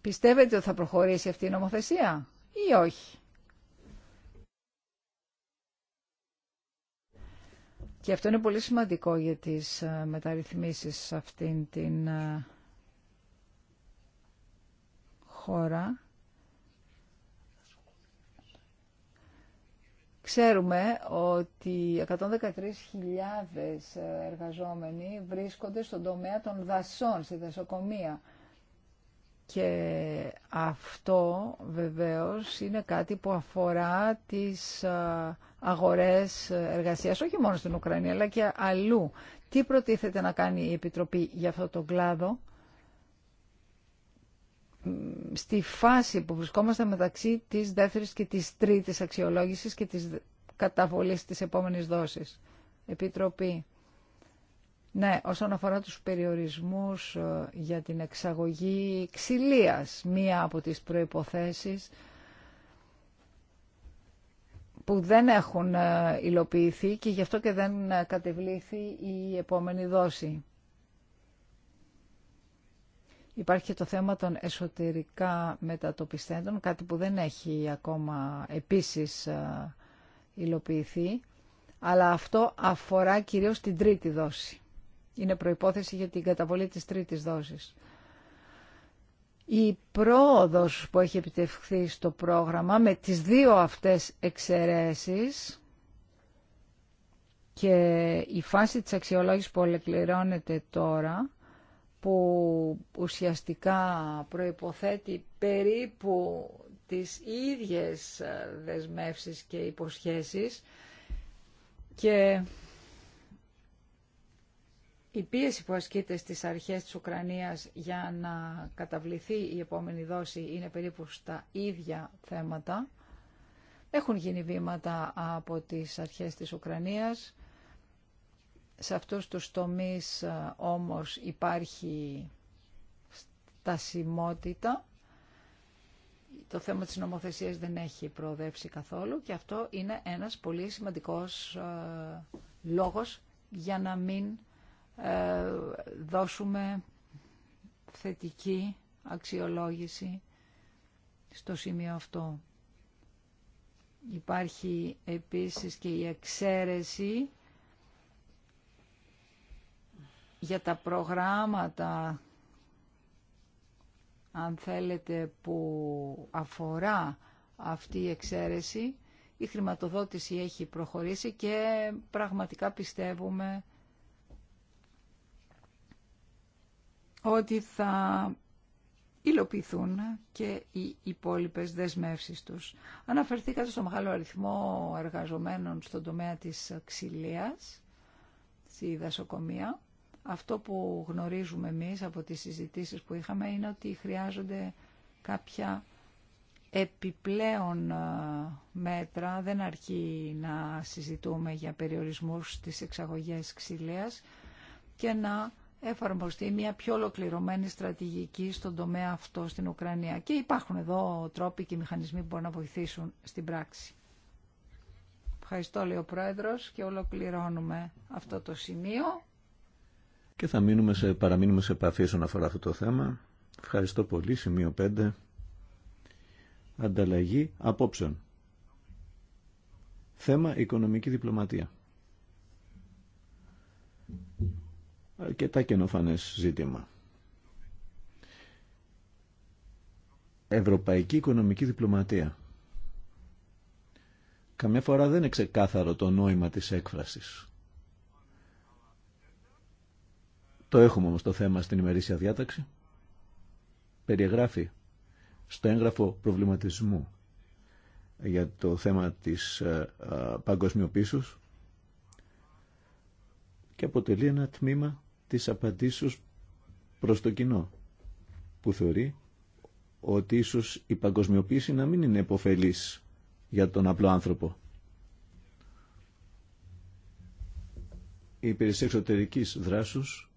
Πιστεύετε ότι θα προχωρήσει αυτή η νομοθεσία ή όχι. Και αυτό είναι πολύ σημαντικό για τις ε, μεταρρυθμίσεις σε αυτήν την ε, χώρα. Ξέρουμε ότι 113.000 ε, εργαζόμενοι βρίσκονται στον τομέα των δασών, στη δασοκομεία. Και αυτό βεβαίως είναι κάτι που αφορά τις αγορές εργασίας, όχι μόνο στην Ουκρανία, αλλά και αλλού. Τι προτίθεται να κάνει η Επιτροπή για αυτό το κλάδο, στη φάση που βρισκόμαστε μεταξύ της δεύτερης και της τρίτης αξιολόγησης και της καταβολής της επόμενης δόσης. Επιτροπή. Ναι, όσον αφορά τους περιορισμούς ε, για την εξαγωγή ξυλίας, μία από τις προϋποθέσεις που δεν έχουν ε, υλοποιηθεί και γι' αυτό και δεν ε, κατεβλήθη η επόμενη δόση. Υπάρχει και το θέμα των εσωτερικά μετατοπιστέντων, κάτι που δεν έχει ακόμα επίσης υλοποιηθεί, αλλά αυτό αφορά κυρίως την τρίτη δόση. Είναι προϋπόθεση για την καταβολή της τρίτης δόσης. Η πρόοδος που έχει επιτευχθεί στο πρόγραμμα με τις δύο αυτές εξαιρέσεις και η φάση της αξιολόγησης που ολοκληρώνεται τώρα που ουσιαστικά προϋποθέτει περίπου τις ίδιες δεσμεύσεις και υποσχέσεις και η πίεση που ασκείται στις αρχές της Ουκρανίας για να καταβληθεί η επόμενη δόση είναι περίπου στα ίδια θέματα. Έχουν γίνει βήματα από τις αρχές της Ουκρανίας. Σε αυτούς τους τομείς ε, όμως υπάρχει στασιμότητα. Το θέμα της νομοθεσίας δεν έχει προοδεύσει καθόλου και αυτό είναι ένας πολύ σημαντικός ε, λόγος για να μην ε, δώσουμε θετική αξιολόγηση στο σημείο αυτό. Υπάρχει επίσης και η εξαίρεση για τα προγράμματα, αν θέλετε, που αφορά αυτή η εξαίρεση. Η χρηματοδότηση έχει προχωρήσει και πραγματικά πιστεύουμε ότι θα υλοποιηθούν και οι υπόλοιπες δεσμεύσεις τους. Αναφερθήκατε στο μεγάλο αριθμό εργαζομένων στον τομέα της ξυλίας, στη δασοκομεία. Αυτό που γνωρίζουμε εμείς από τις συζητήσεις που είχαμε είναι ότι χρειάζονται κάποια επιπλέον μέτρα. Δεν αρκεί να συζητούμε για περιορισμούς της εξαγωγές ξυλίας και να εφαρμοστεί μια πιο ολοκληρωμένη στρατηγική στον τομέα αυτό στην Ουκρανία. Και υπάρχουν εδώ τρόποι και μηχανισμοί που μπορούν να βοηθήσουν στην πράξη. Ευχαριστώ, λέει ο Πρόεδρος, και ολοκληρώνουμε αυτό το σημείο. Και θα μείνουμε σε, παραμείνουμε σε επαφή όσον αφορά αυτό το θέμα. Ευχαριστώ πολύ. Σημείο 5. Ανταλλαγή απόψεων. Θέμα οικονομική διπλωματία. αρκετά καινοφανές ζήτημα. Ευρωπαϊκή οικονομική διπλωματία. Καμιά φορά δεν είναι ξεκάθαρο το νόημα της έκφρασης. Το έχουμε όμως το θέμα στην ημερήσια διάταξη. Περιγράφει στο έγγραφο προβληματισμού για το θέμα της ε, ε, παγκοσμιοποίησης και αποτελεί ένα τμήμα της απαντήσεως προς το κοινό που θεωρεί ότι ίσως η παγκοσμιοποίηση να μην είναι επωφελής για τον απλό άνθρωπο. Η υπηρεσία εξωτερικής δράσους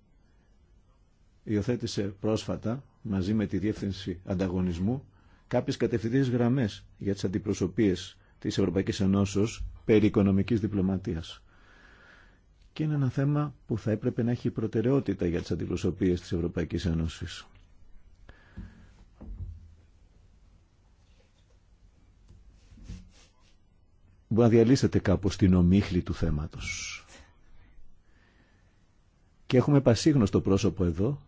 υιοθέτησε πρόσφατα μαζί με τη Διεύθυνση Ανταγωνισμού κάποιες κατευθυντήριες γραμμές για τις αντιπροσωπείες της Ευρωπαϊκής Ενώσεως περί οικονομικής διπλωματίας και είναι ένα θέμα που θα έπρεπε να έχει προτεραιότητα για τις αντιπροσωπείες της Ευρωπαϊκής Ένωσης. Μπορεί να διαλύσετε κάπως την ομίχλη του θέματος. Και έχουμε πασίγνωστο πρόσωπο εδώ,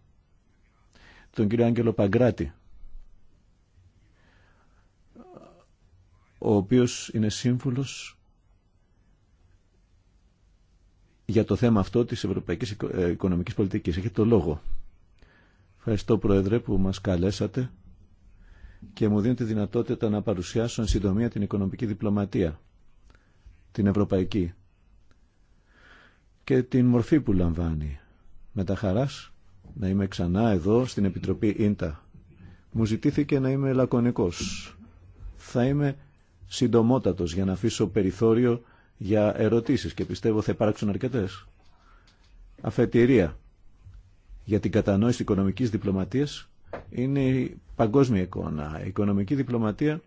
τον κύριο Άγγελο Παγκράτη, ο οποίος είναι σύμβουλος για το θέμα αυτό της ευρωπαϊκής ε, οικονομικής πολιτικής. Έχετε το λόγο. Ευχαριστώ Πρόεδρε που μας καλέσατε και μου δίνετε δυνατότητα να παρουσιάσω εν συντομία την οικονομική διπλωματία, την ευρωπαϊκή και την μορφή που λαμβάνει. Με τα χαράς να είμαι ξανά εδώ στην Επιτροπή Ίντα. Μου ζητήθηκε να είμαι λακωνικός. Θα είμαι συντομότατος για να αφήσω περιθώριο για ερωτήσεις και πιστεύω θα υπάρξουν αρκετές. Αφετηρία για την κατανόηση οικονομικής διπλωματίας είναι η παγκόσμια εικόνα. Η οικονομική διπλωματία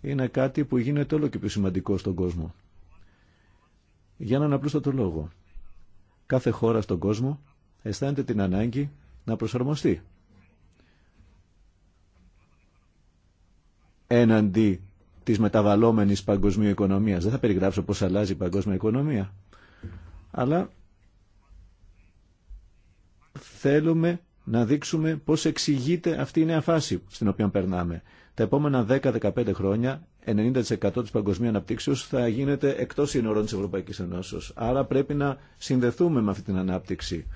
είναι κάτι που γίνεται όλο και πιο σημαντικό στον κόσμο. Για έναν απλούστατο λόγο. Κάθε χώρα στον κόσμο αισθάνεται την ανάγκη να προσαρμοστεί έναντι της μεταβαλλόμενης παγκοσμίου οικονομίας. Δεν θα περιγράψω πώς αλλάζει η παγκόσμια οικονομία. Αλλά θέλουμε να δείξουμε πώς εξηγείται αυτή η νέα φάση στην οποία περνάμε. Τα επόμενα 10-15 χρόνια 90% της παγκοσμίου αναπτύξεως θα γίνεται εκτός σύνορων της Ευρωπαϊκής Ενώσεως. Άρα πρέπει να συνδεθούμε με αυτή την ανάπτυξη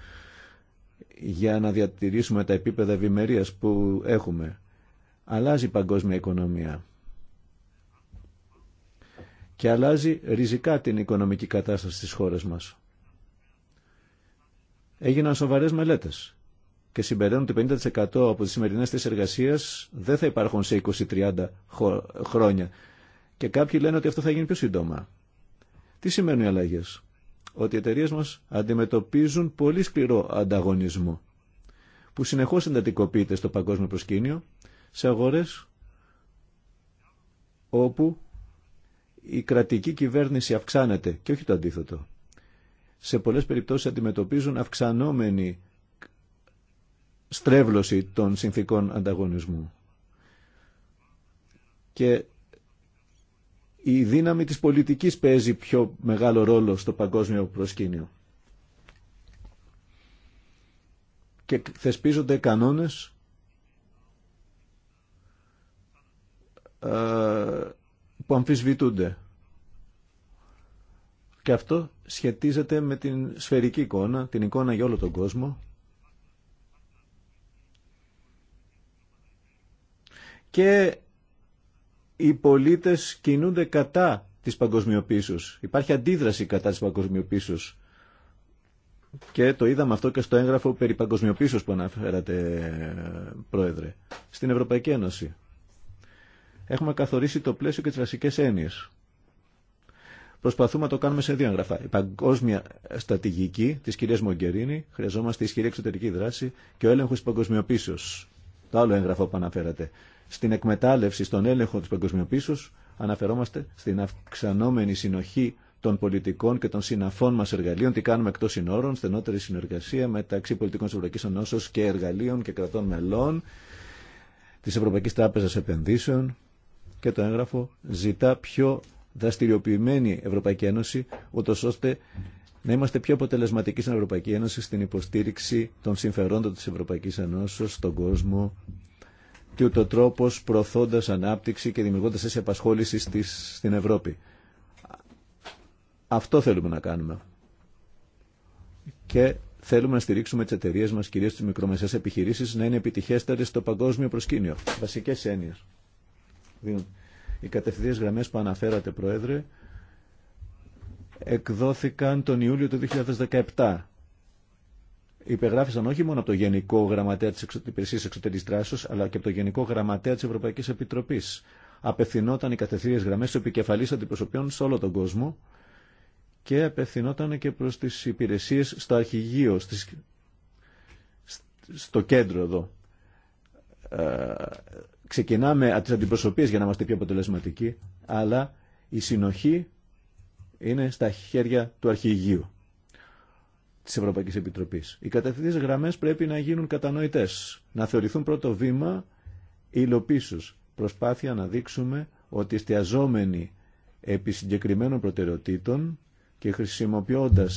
για να διατηρήσουμε τα επίπεδα ευημερία που έχουμε. Αλλάζει η παγκόσμια οικονομία και αλλάζει ριζικά την οικονομική κατάσταση της χώρας μας. Έγιναν σοβαρές μελέτες και συμπεραίνουν ότι 50% από τις σημερινές της εργασίας δεν θα υπάρχουν σε 20-30 χρόνια. Και κάποιοι λένε ότι αυτό θα γίνει πιο σύντομα. Τι σημαίνουν οι αλλαγές. Ότι οι εταιρείε μας αντιμετωπίζουν πολύ σκληρό ανταγωνισμό που συνεχώς εντατικοποιείται στο παγκόσμιο προσκήνιο σε αγορές όπου η κρατική κυβέρνηση αυξάνεται και όχι το αντίθετο. Σε πολλές περιπτώσεις αντιμετωπίζουν αυξανόμενη στρέβλωση των συνθήκων ανταγωνισμού. Και η δύναμη της πολιτικής παίζει πιο μεγάλο ρόλο στο παγκόσμιο προσκήνιο. Και θεσπίζονται κανόνες ε, που αμφισβητούνται. Και αυτό σχετίζεται με την σφαιρική εικόνα, την εικόνα για όλο τον κόσμο. Και οι πολίτες κινούνται κατά της παγκοσμιοποίησης. Υπάρχει αντίδραση κατά της παγκοσμιοποίησης. Και το είδαμε αυτό και στο έγγραφο περί παγκοσμιοποίησης που αναφέρατε, Πρόεδρε, στην Ευρωπαϊκή Ένωση έχουμε καθορίσει το πλαίσιο και τι βασικέ έννοιε. Προσπαθούμε να το κάνουμε σε δύο εγγραφά. Η παγκόσμια στρατηγική τη κυρία Μογκερίνη, χρειαζόμαστε ισχυρή εξωτερική δράση και ο έλεγχο τη παγκοσμιοποίηση, Το άλλο έγγραφο που αναφέρατε. Στην εκμετάλλευση, στον έλεγχο τη παγκοσμιοποίησεω, αναφερόμαστε στην αυξανόμενη συνοχή των πολιτικών και των συναφών μα εργαλείων, τι κάνουμε εκτό συνόρων, στενότερη συνεργασία μεταξύ πολιτικών τη Ευρωπαϊκή Ενώσεω και εργαλείων και κρατών μελών, τη Ευρωπαϊκή Τράπεζα Επενδύσεων, και το έγγραφο ζητά πιο δραστηριοποιημένη Ευρωπαϊκή Ένωση, ούτω ώστε να είμαστε πιο αποτελεσματικοί στην Ευρωπαϊκή Ένωση στην υποστήριξη των συμφερόντων τη Ευρωπαϊκή Ένωσης στον κόσμο και ούτω τρόπο προωθώντα ανάπτυξη και δημιουργώντας θέσεις απασχόληση στην Ευρώπη. Αυτό θέλουμε να κάνουμε. Και θέλουμε να στηρίξουμε τι εταιρείε μα, κυρίω τι μικρομεσαίε επιχειρήσει, να είναι επιτυχέστερε στο παγκόσμιο προσκήνιο. Βασικέ έννοιε δίνουν. Οι κατευθυντές γραμμές που αναφέρατε, Πρόεδρε, εκδόθηκαν τον Ιούλιο του 2017. Υπεγράφησαν όχι μόνο από το Γενικό Γραμματέα της Υπηρεσίας Εξωτερικής Δράσης, αλλά και από το Γενικό Γραμματέα της Ευρωπαϊκής Επιτροπής. Απευθυνόταν οι κατευθυντές γραμμές του επικεφαλής αντιπροσωπείων σε όλο τον κόσμο και απευθυνόταν και προς τις υπηρεσίες στο αρχηγείο, στις... στο κέντρο εδώ. Ε, ξεκινάμε από τις αντιπροσωπείες για να είμαστε πιο αποτελεσματικοί, αλλά η συνοχή είναι στα χέρια του αρχηγείου της Ευρωπαϊκής Επιτροπής. Οι κατευθυντές γραμμές πρέπει να γίνουν κατανοητές, να θεωρηθούν πρώτο βήμα υλοποίησους, προσπάθεια να δείξουμε ότι εστιαζόμενοι επί συγκεκριμένων προτεραιοτήτων και χρησιμοποιώντα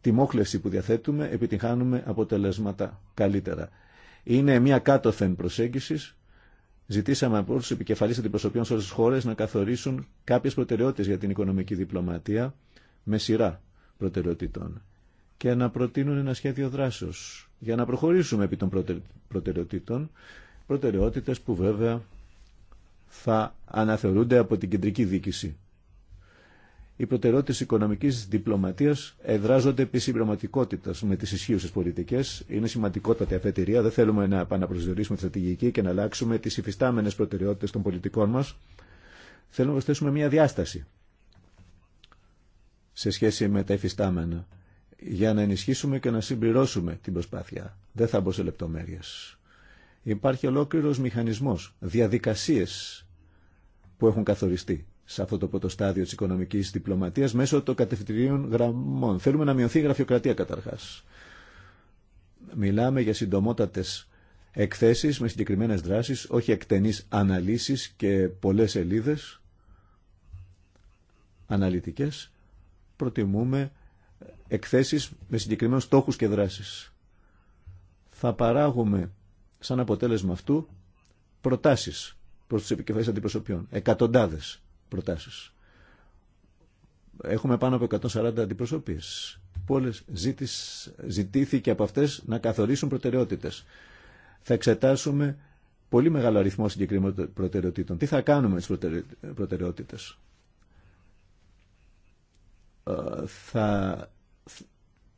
τη μόχλευση που διαθέτουμε επιτυχάνουμε αποτελέσματα καλύτερα. Είναι μια κάτωθεν προσέγγισης Ζητήσαμε από όλου του επικεφαλεί αντιπροσωπείων σε όλε τι χώρε να καθορίσουν κάποιε προτεραιότητε για την οικονομική διπλωματία με σειρά προτεραιοτήτων και να προτείνουν ένα σχέδιο δράσεω για να προχωρήσουμε επί των προτεραιοτήτων. Προτεραιότητε που βέβαια θα αναθεωρούνται από την κεντρική δίκηση οι προτεραιότητε τη οικονομική διπλωματία εδράζονται επί συμπληρωματικότητα με τι ισχύουσε πολιτικέ. Είναι σημαντικότατη αφετηρία. Δεν θέλουμε να επαναπροσδιορίσουμε τη στρατηγική και να αλλάξουμε τι υφιστάμενε προτεραιότητε των πολιτικών μα. Θέλουμε να προσθέσουμε μια διάσταση σε σχέση με τα υφιστάμενα για να ενισχύσουμε και να συμπληρώσουμε την προσπάθεια. Δεν θα μπω σε λεπτομέρειε. Υπάρχει ολόκληρο μηχανισμό, διαδικασίε που έχουν καθοριστεί σε αυτό το πρώτο στάδιο της οικονομικής διπλωματίας μέσω των κατευθυντηρίων γραμμών. Θέλουμε να μειωθεί η γραφειοκρατία καταρχάς. Μιλάμε για συντομότατες εκθέσει με συγκεκριμένες δράσεις, όχι εκτενείς αναλύσεις και πολλές σελίδε αναλυτικές. Προτιμούμε εκθέσει με συγκεκριμένους στόχους και δράσει. Θα παράγουμε σαν αποτέλεσμα αυτού προτάσεις προς τους επικεφαλείς αντιπροσωπιών, εκατοντάδες προτάσεις. Έχουμε πάνω από 140 αντιπροσωπείες που όλες ζητήθηκε από αυτές να καθορίσουν προτεραιότητες. Θα εξετάσουμε πολύ μεγάλο αριθμό συγκεκριμένων προτεραιοτήτων. Τι θα κάνουμε τις προτεραιότητες. Ε, θα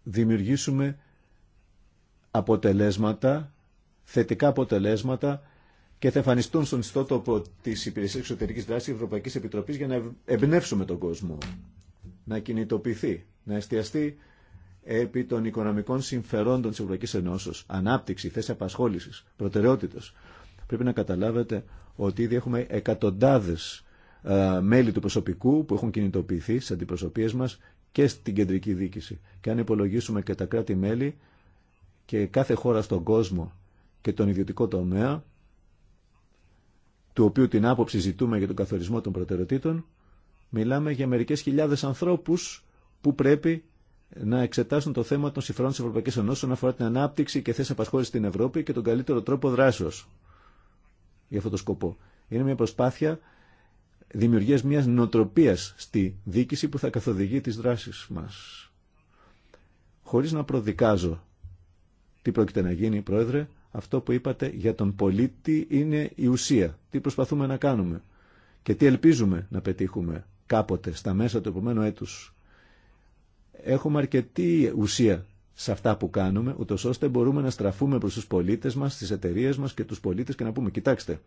δημιουργήσουμε αποτελέσματα, θετικά αποτελέσματα και θα εμφανιστούν στον ιστότοπο τη Υπηρεσία Εξωτερική Δράση Ευρωπαϊκή Επιτροπή για να εμπνεύσουμε τον κόσμο. Να κινητοποιηθεί, να εστιαστεί επί των οικονομικών συμφερόντων τη Ευρωπαϊκή Ενώσεω, ανάπτυξη, θέση απασχόληση, προτεραιότητα, Πρέπει να καταλάβετε ότι ήδη έχουμε εκατοντάδε μέλη του προσωπικού που έχουν κινητοποιηθεί στι αντιπροσωπείε μα και στην κεντρική δίκηση. Και αν υπολογίσουμε και τα κράτη-μέλη και κάθε χώρα στον κόσμο και τον ιδιωτικό τομέα, του οποίου την άποψη ζητούμε για τον καθορισμό των προτεραιοτήτων, μιλάμε για μερικές χιλιάδες ανθρώπους που πρέπει να εξετάσουν το θέμα των συμφερόντων της Ευρωπαϊκή Ενώσης όσον αφορά την ανάπτυξη και θέση απασχόληση στην Ευρώπη και τον καλύτερο τρόπο δράσεως για αυτό το σκοπό. Είναι μια προσπάθεια δημιουργίας μιας νοοτροπίας στη δίκηση που θα καθοδηγεί τις δράσεις μας. Χωρίς να προδικάζω τι πρόκειται να γίνει, Πρόεδρε, αυτό που είπατε για τον πολίτη είναι η ουσία. Τι προσπαθούμε να κάνουμε και τι ελπίζουμε να πετύχουμε κάποτε στα μέσα του επόμενου έτους. Έχουμε αρκετή ουσία σε αυτά που κάνουμε, ούτως ώστε μπορούμε να στραφούμε προς τους πολίτες μας, τις εταιρείες μας και τους πολίτες και να πούμε «Κοιτάξτε,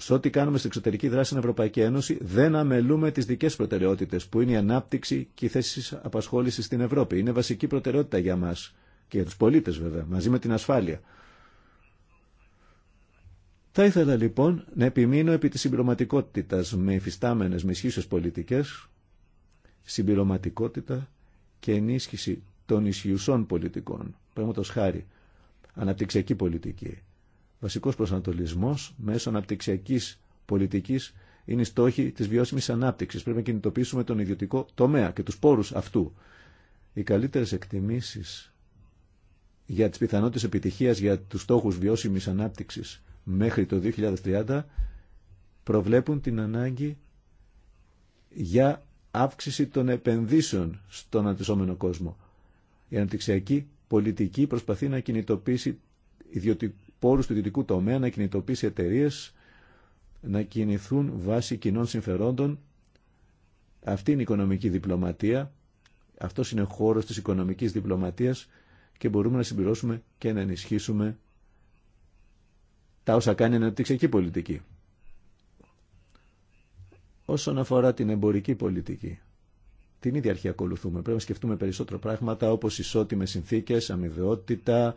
σε ό,τι κάνουμε στην εξωτερική δράση στην Ευρωπαϊκή Ένωση, δεν αμελούμε τι δικέ προτεραιότητε, που είναι η ανάπτυξη και οι θέσει απασχόληση στην Ευρώπη. Είναι βασική προτεραιότητα για μα και για του πολίτε, βέβαια, μαζί με την ασφάλεια. Θα ήθελα λοιπόν να επιμείνω επί της συμπληρωματικότητα με υφιστάμενε, με ισχύσεις πολιτικέ, συμπληρωματικότητα και ενίσχυση των ισχυουσών πολιτικών, το χάρη, αναπτυξιακή πολιτική, βασικός προσανατολισμός μέσω αναπτυξιακής πολιτικής είναι οι στόχοι της βιώσιμης ανάπτυξης. Πρέπει να κινητοποιήσουμε τον ιδιωτικό τομέα και τους πόρους αυτού. Οι καλύτερες εκτιμήσεις για τις πιθανότητες επιτυχίας για τους στόχους βιώσιμης ανάπτυξης μέχρι το 2030 προβλέπουν την ανάγκη για αύξηση των επενδύσεων στον αντισόμενο κόσμο. Η αναπτυξιακή πολιτική προσπαθεί να κινητοποιήσει Πόρου του ιδιωτικού τομέα να κινητοποιήσει εταιρείε να κινηθούν βάσει κοινών συμφερόντων. Αυτή είναι η οικονομική διπλωματία. Αυτό είναι ο χώρος της οικονομικής διπλωματίας και μπορούμε να συμπληρώσουμε και να ενισχύσουμε τα όσα κάνει η αναπτυξιακή πολιτική. Όσον αφορά την εμπορική πολιτική, την ίδια αρχή ακολουθούμε. Πρέπει να σκεφτούμε περισσότερο πράγματα όπως ισότιμες συνθήκες, αμοιβαιότητα,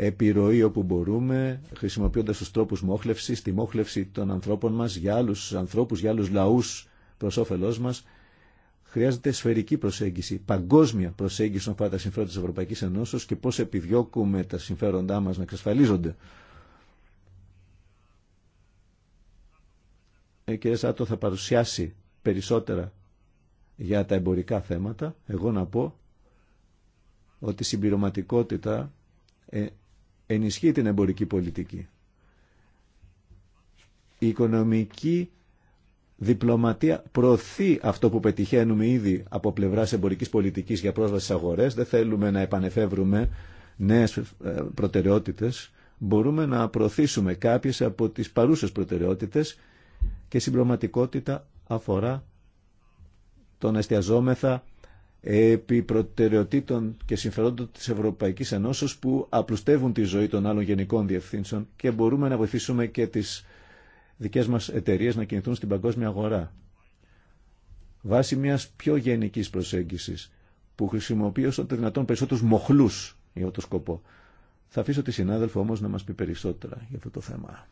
επιρροή όπου μπορούμε, χρησιμοποιώντας τους τρόπους μόχλευσης, τη μόχλευση των ανθρώπων μας για άλλου ανθρώπους, για άλλου λαού προ όφελό μας. Χρειάζεται σφαιρική προσέγγιση, παγκόσμια προσέγγιση όσον αφορά τα συμφέροντα της Ευρωπαϊκής και πώς επιδιώκουμε τα συμφέροντά μας να εξασφαλίζονται. Η ε, κυρία Σάτο θα παρουσιάσει περισσότερα για τα εμπορικά θέματα. Εγώ να πω ότι η συμπληρωματικότητα ε, ενισχύει την εμπορική πολιτική. Η οικονομική διπλωματία προωθεί αυτό που πετυχαίνουμε ήδη από πλευράς εμπορικής πολιτικής για πρόσβαση στι αγορές. Δεν θέλουμε να επανεφεύρουμε νέε ε, προτεραιότητες. Μπορούμε να προωθήσουμε κάποιε από τις παρούσε προτεραιότητες και συμπληρωματικότητα αφορά τον εστιαζόμεθα επί προτεραιοτήτων και συμφερόντων της Ευρωπαϊκής Ενώσεω που απλουστεύουν τη ζωή των άλλων γενικών διευθύνσεων και μπορούμε να βοηθήσουμε και τις δικές μας εταιρείε να κινηθούν στην παγκόσμια αγορά. Βάσει μιας πιο γενικής προσέγγισης που χρησιμοποιεί όσο το δυνατόν περισσότερους μοχλούς για το σκοπό. Θα αφήσω τη συνάδελφο όμως να μας πει περισσότερα για αυτό το θέμα.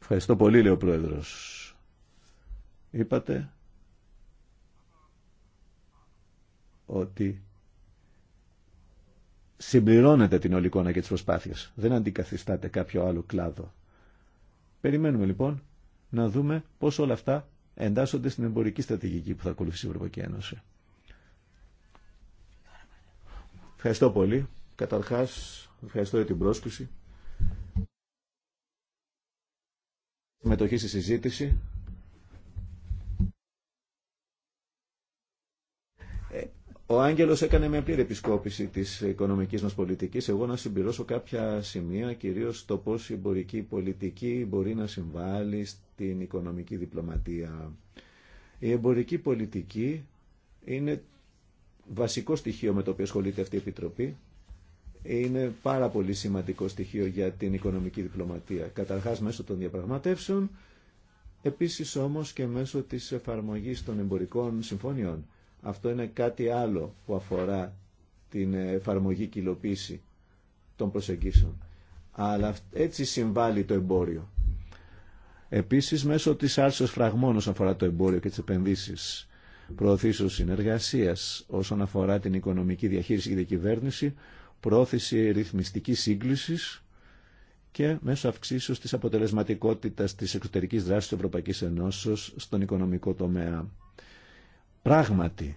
Ευχαριστώ πολύ, λέει ο Πρόεδρος. Είπατε ότι συμπληρώνεται την όλη εικόνα και τις προσπάθειες. Δεν αντικαθιστάται κάποιο άλλο κλάδο. Περιμένουμε λοιπόν να δούμε πώς όλα αυτά εντάσσονται στην εμπορική στρατηγική που θα ακολουθήσει η Ευρωπαϊκή Ένωση. Ευχαριστώ πολύ. Καταρχάς, ευχαριστώ για την πρόσκληση. Συμμετοχή στη συζήτηση. Ο Άγγελος έκανε μια πλήρη επισκόπηση της οικονομικής μας πολιτικής. Εγώ να συμπληρώσω κάποια σημεία, κυρίως το πώς η εμπορική πολιτική μπορεί να συμβάλλει στην οικονομική διπλωματία. Η εμπορική πολιτική είναι βασικό στοιχείο με το οποίο ασχολείται αυτή η Επιτροπή. Είναι πάρα πολύ σημαντικό στοιχείο για την οικονομική διπλωματία. Καταρχάς μέσω των διαπραγματεύσεων, επίσης όμως και μέσω της εφαρμογής των εμπορικών συμφωνιών αυτό είναι κάτι άλλο που αφορά την εφαρμογή και υλοποίηση των προσεγγίσεων. Αλλά έτσι συμβάλλει το εμπόριο. Επίσης, μέσω της άρσης φραγμών όσον αφορά το εμπόριο και τις επενδύσεις, προωθήσεως συνεργασίας όσον αφορά την οικονομική διαχείριση και διακυβέρνηση, πρόθεση ρυθμιστικής σύγκλησης και μέσω αυξήσεως της αποτελεσματικότητας της εξωτερικής δράσης της Ευρωπαϊκής Ενώσεως στον οικονομικό τομέα. Πράγματι,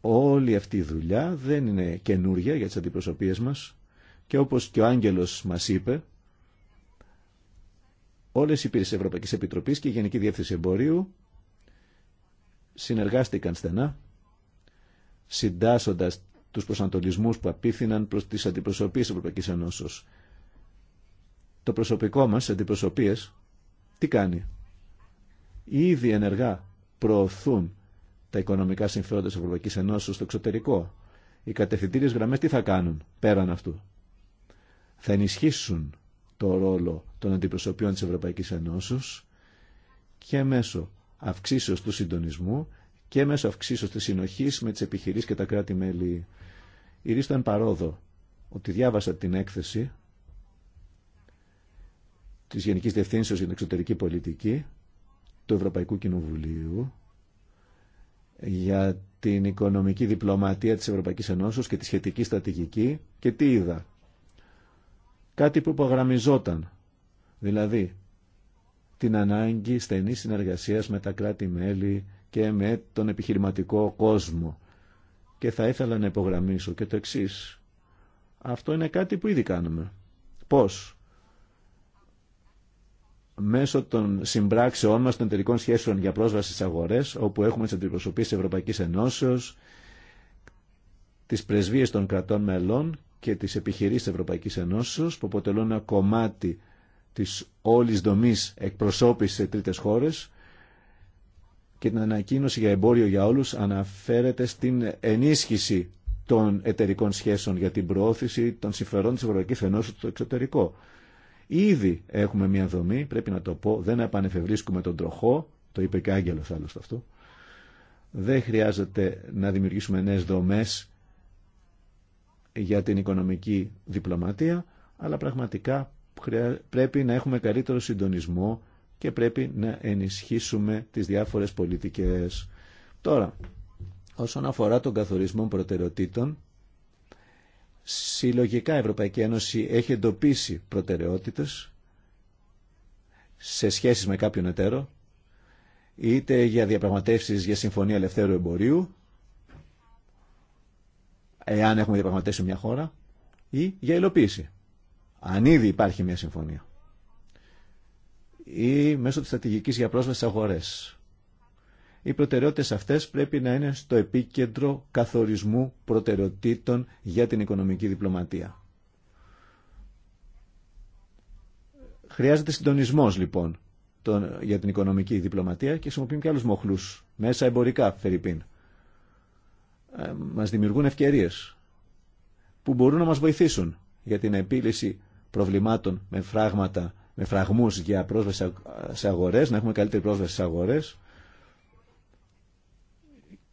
όλη αυτή η δουλειά δεν είναι καινούρια για τις αντιπροσωπίες μας και όπως και ο Άγγελος μας είπε, όλες οι υπήρες Ευρωπαϊκής Επιτροπής και η Γενική Διεύθυνση Εμπορίου συνεργάστηκαν στενά, συντάσσοντας τους προσανατολισμούς που απίθυναν προς τις αντιπροσωπείες Ευρωπαϊκής Ενώσεως. Το προσωπικό μας, αντιπροσωπίες τι κάνει. Ήδη ενεργά προωθούν τα οικονομικά συμφέροντα τη Ευρωπαϊκή Ένωση στο εξωτερικό. Οι κατευθυντήριε γραμμέ τι θα κάνουν πέραν αυτού. Θα ενισχύσουν το ρόλο των αντιπροσωπιών τη Ευρωπαϊκή Ένωση και μέσω αυξήσεω του συντονισμού και μέσω αυξήσεω τη συνοχή με τι επιχειρήσει και τα κράτη-μέλη. εν παρόδο ότι διάβασα την έκθεση της Γενικής Διευθύνσεως για την Εξωτερική Πολιτική του Ευρωπαϊκού Κοινοβουλίου για την οικονομική διπλωματία της Ευρωπαϊκής Ενώσεως και τη σχετική στρατηγική και τι είδα. Κάτι που υπογραμμιζόταν, δηλαδή την ανάγκη στενής συνεργασίας με τα κράτη-μέλη και με τον επιχειρηματικό κόσμο. Και θα ήθελα να υπογραμμίσω και το εξής. Αυτό είναι κάτι που ήδη κάνουμε. Πώς? μέσω των συμπράξεών μας των εταιρικών σχέσεων για πρόσβαση στις αγορές, όπου έχουμε τις αντιπροσωπείς της Ευρωπαϊκής Ενώσεως, τις πρεσβείες των κρατών μελών και τις επιχειρήσεις της Ευρωπαϊκής Ενώσεως, που αποτελούν ένα κομμάτι της όλης δομής εκπροσώπησης σε τρίτες χώρες, και την ανακοίνωση για εμπόριο για όλους αναφέρεται στην ενίσχυση των εταιρικών σχέσεων για την προώθηση των συμφερών της Ευρωπαϊκής Ενώσης στο εξωτερικό. Ήδη έχουμε μια δομή, πρέπει να το πω, δεν επανεφευρίσκουμε τον τροχό, το είπε και άγγελο άλλωστε αυτό. Δεν χρειάζεται να δημιουργήσουμε νέε δομέ για την οικονομική διπλωματία, αλλά πραγματικά πρέπει να έχουμε καλύτερο συντονισμό και πρέπει να ενισχύσουμε τις διάφορες πολιτικές. Τώρα, όσον αφορά τον καθορισμό προτεραιοτήτων, Συλλογικά η Ευρωπαϊκή Ένωση έχει εντοπίσει προτεραιότητες σε σχέσεις με κάποιον εταίρο, είτε για διαπραγματεύσεις για συμφωνία ελευθέρου εμπορίου, εάν έχουμε διαπραγματεύσει μια χώρα, ή για υλοποίηση, αν ήδη υπάρχει μια συμφωνία. Ή μέσω της στρατηγικής για πρόσβαση αγορές. Οι προτεραιότητες αυτές πρέπει να είναι στο επίκεντρο καθορισμού προτεραιοτήτων για την οικονομική διπλωματία. Χρειάζεται συντονισμός λοιπόν για την οικονομική διπλωματία και χρησιμοποιούμε και άλλους μοχλούς, μέσα εμπορικά, Φερρυπίν. Ε, μας δημιουργούν ευκαιρίες που μπορούν να μας βοηθήσουν για την επίλυση προβλημάτων με φράγματα, με φραγμούς για πρόσβαση σε αγορές, να έχουμε καλύτερη πρόσβαση σε αγορές,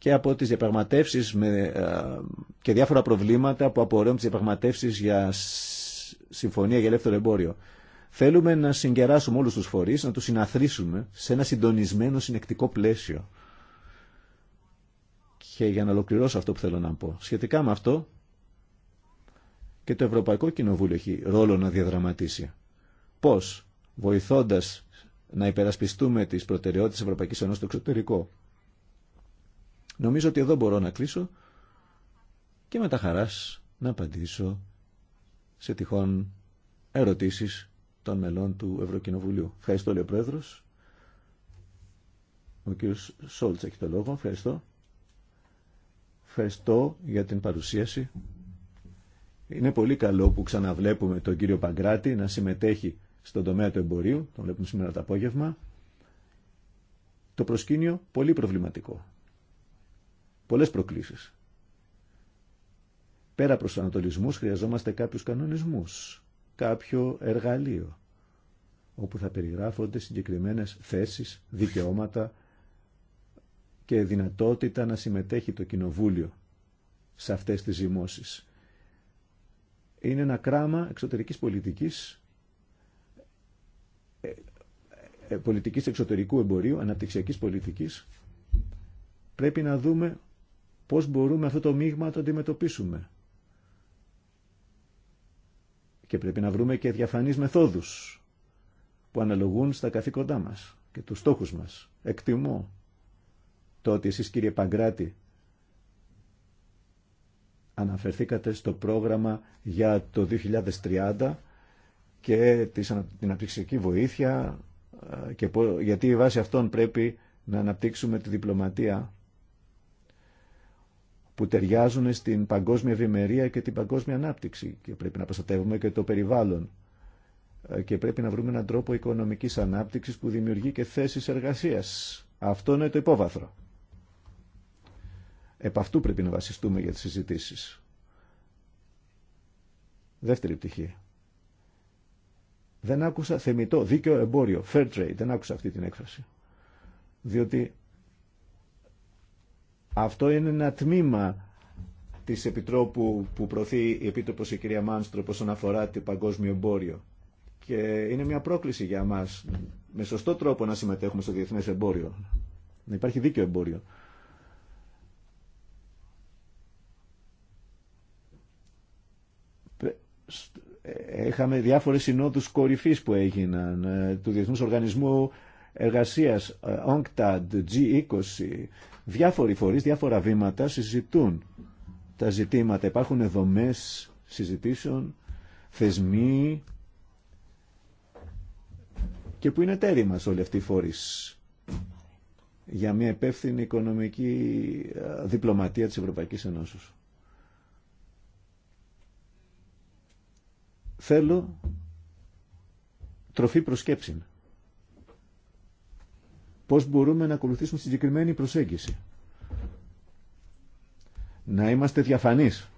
και από τις διαπραγματεύσεις ε, και διάφορα προβλήματα που απορρέουν τις διαπραγματεύσεις για συμφωνία για ελεύθερο εμπόριο. Θέλουμε να συγκεράσουμε όλους τους φορείς, να τους συναθρήσουμε σε ένα συντονισμένο συνεκτικό πλαίσιο. Και για να ολοκληρώσω αυτό που θέλω να πω. Σχετικά με αυτό και το Ευρωπαϊκό Κοινοβούλιο έχει ρόλο να διαδραματίσει. Πώς, βοηθώντας να υπερασπιστούμε τις προτεραιότητες Ευρωπαϊκής Ένωσης στο εξωτερικό, Νομίζω ότι εδώ μπορώ να κλείσω και με τα χαράς να απαντήσω σε τυχόν ερωτήσεις των μελών του Ευρωκοινοβουλίου. Ευχαριστώ, λέει ο Πρόεδρος. Ο κύριος Σόλτς έχει το λόγο. Ευχαριστώ. Ευχαριστώ για την παρουσίαση. Είναι πολύ καλό που ξαναβλέπουμε τον κύριο Παγκράτη να συμμετέχει στον τομέα του εμπορίου. Τον βλέπουμε σήμερα το απόγευμα. Το προσκήνιο πολύ προβληματικό πολλές προκλήσεις. Πέρα προς ανατολισμούς χρειαζόμαστε κάποιους κανονισμούς, κάποιο εργαλείο, όπου θα περιγράφονται συγκεκριμένες θέσεις, δικαιώματα και δυνατότητα να συμμετέχει το Κοινοβούλιο σε αυτές τις ζυμώσεις. Είναι ένα κράμα εξωτερικής πολιτικής, ε, ε, πολιτικής εξωτερικού εμπορίου, αναπτυξιακής πολιτικής. Πρέπει να δούμε πώς μπορούμε αυτό το μείγμα να το αντιμετωπίσουμε. Και πρέπει να βρούμε και διαφανείς μεθόδους που αναλογούν στα καθήκοντά μας και τους στόχους μας. Εκτιμώ το ότι εσείς κύριε Παγκράτη αναφερθήκατε στο πρόγραμμα για το 2030 και την αναπτυξιακή βοήθεια ε, και γιατί βάσει αυτών πρέπει να αναπτύξουμε τη διπλωματία που ταιριάζουν στην παγκόσμια ευημερία και την παγκόσμια ανάπτυξη και πρέπει να προστατεύουμε και το περιβάλλον ε, και πρέπει να βρούμε έναν τρόπο οικονομικής ανάπτυξης που δημιουργεί και θέσεις εργασίας. Αυτό είναι το υπόβαθρο. Επ' αυτού πρέπει να βασιστούμε για τις συζητήσεις. Δεύτερη πτυχή. Δεν άκουσα θεμητό, δίκαιο εμπόριο, fair trade, δεν άκουσα αυτή την έκφραση. Διότι αυτό είναι ένα τμήμα της Επιτρόπου που προωθεί η Επίτροπος η κυρία όσον αφορά το παγκόσμιο εμπόριο. Και είναι μια πρόκληση για μας με σωστό τρόπο να συμμετέχουμε στο διεθνές εμπόριο. Να υπάρχει δίκαιο εμπόριο. Έχαμε διάφορες συνόδους κορυφής που έγιναν ε, του Διεθνούς Οργανισμού Εργασίας, ONCTAD, ε, G20, Διάφοροι φορείς, διάφορα βήματα συζητούν τα ζητήματα. Υπάρχουν δομές συζητήσεων, θεσμοί και που είναι τέρι μας όλοι αυτοί οι φορείς για μια υπεύθυνη οικονομική διπλωματία της Ευρωπαϊκής Ένωσης. Θέλω τροφή προσκέψη πώς μπορούμε να ακολουθήσουμε συγκεκριμένη προσέγγιση. Να είμαστε διαφανείς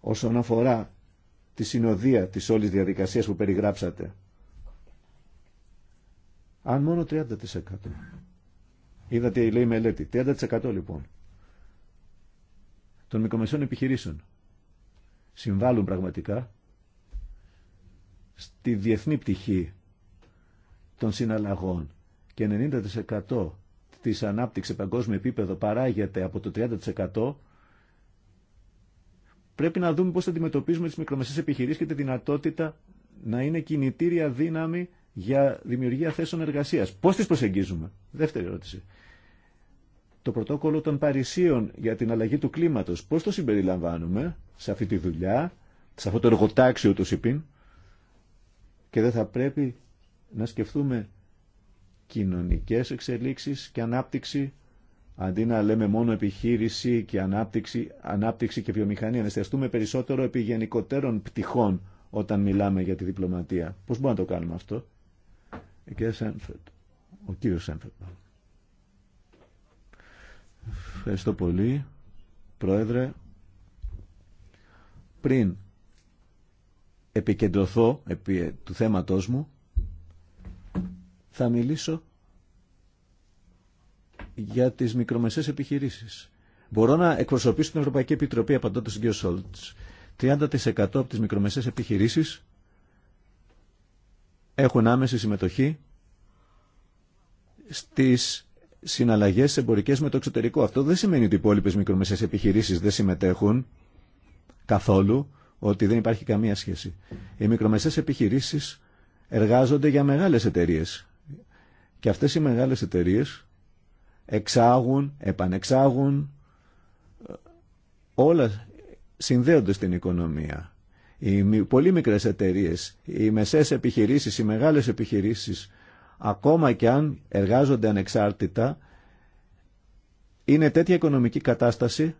όσον αφορά τη συνοδεία της όλης διαδικασίας που περιγράψατε. Αν μόνο 30%. Είδατε, λέει η μελέτη, 30% λοιπόν των μικρομέσων επιχειρήσεων συμβάλλουν πραγματικά στη διεθνή πτυχή των συναλλαγών και 90% της ανάπτυξης σε παγκόσμιο επίπεδο παράγεται από το 30%, πρέπει να δούμε πώς θα αντιμετωπίζουμε τις μικρομεσαίες επιχειρήσεις και τη δυνατότητα να είναι κινητήρια δύναμη για δημιουργία θέσεων εργασίας. Πώς τις προσεγγίζουμε. Δεύτερη ερώτηση. Το πρωτόκολλο των Παρισίων για την αλλαγή του κλίματος. Πώς το συμπεριλαμβάνουμε σε αυτή τη δουλειά, σε αυτό το εργοτάξιο του ΣΥΠΗΝ και δεν θα πρέπει να σκεφτούμε κοινωνικές εξελίξεις και ανάπτυξη αντί να λέμε μόνο επιχείρηση και ανάπτυξη, ανάπτυξη και βιομηχανία, να εστιαστούμε περισσότερο επί γενικότερων πτυχών όταν μιλάμε για τη διπλωματία. Πώς μπορούμε να το κάνουμε αυτό. Ο ε, Ο κύριος Σένφετ. Ευχαριστώ πολύ. Πρόεδρε, πριν επικεντρωθώ επί του θέματός μου, θα μιλήσω για τις μικρομεσαίες επιχειρήσεις. Μπορώ να εκπροσωπήσω την Ευρωπαϊκή Επιτροπή απαντώντας στον κ. Σόλτς. 30% από τις μικρομεσαίες επιχειρήσεις έχουν άμεση συμμετοχή στις συναλλαγές εμπορικές με το εξωτερικό. Αυτό δεν σημαίνει ότι οι υπόλοιπε μικρομεσαίες επιχειρήσεις δεν συμμετέχουν καθόλου, ότι δεν υπάρχει καμία σχέση. Οι μικρομεσαίες επιχειρήσεις εργάζονται για μεγάλες εταιρείες και αυτές οι μεγάλες εταιρείες εξάγουν, επανεξάγουν, όλα συνδέονται στην οικονομία. Οι πολύ μικρές εταιρείες, οι μεσές επιχειρήσεις, οι μεγάλες επιχειρήσεις, ακόμα και αν εργάζονται ανεξάρτητα, είναι τέτοια οικονομική κατάσταση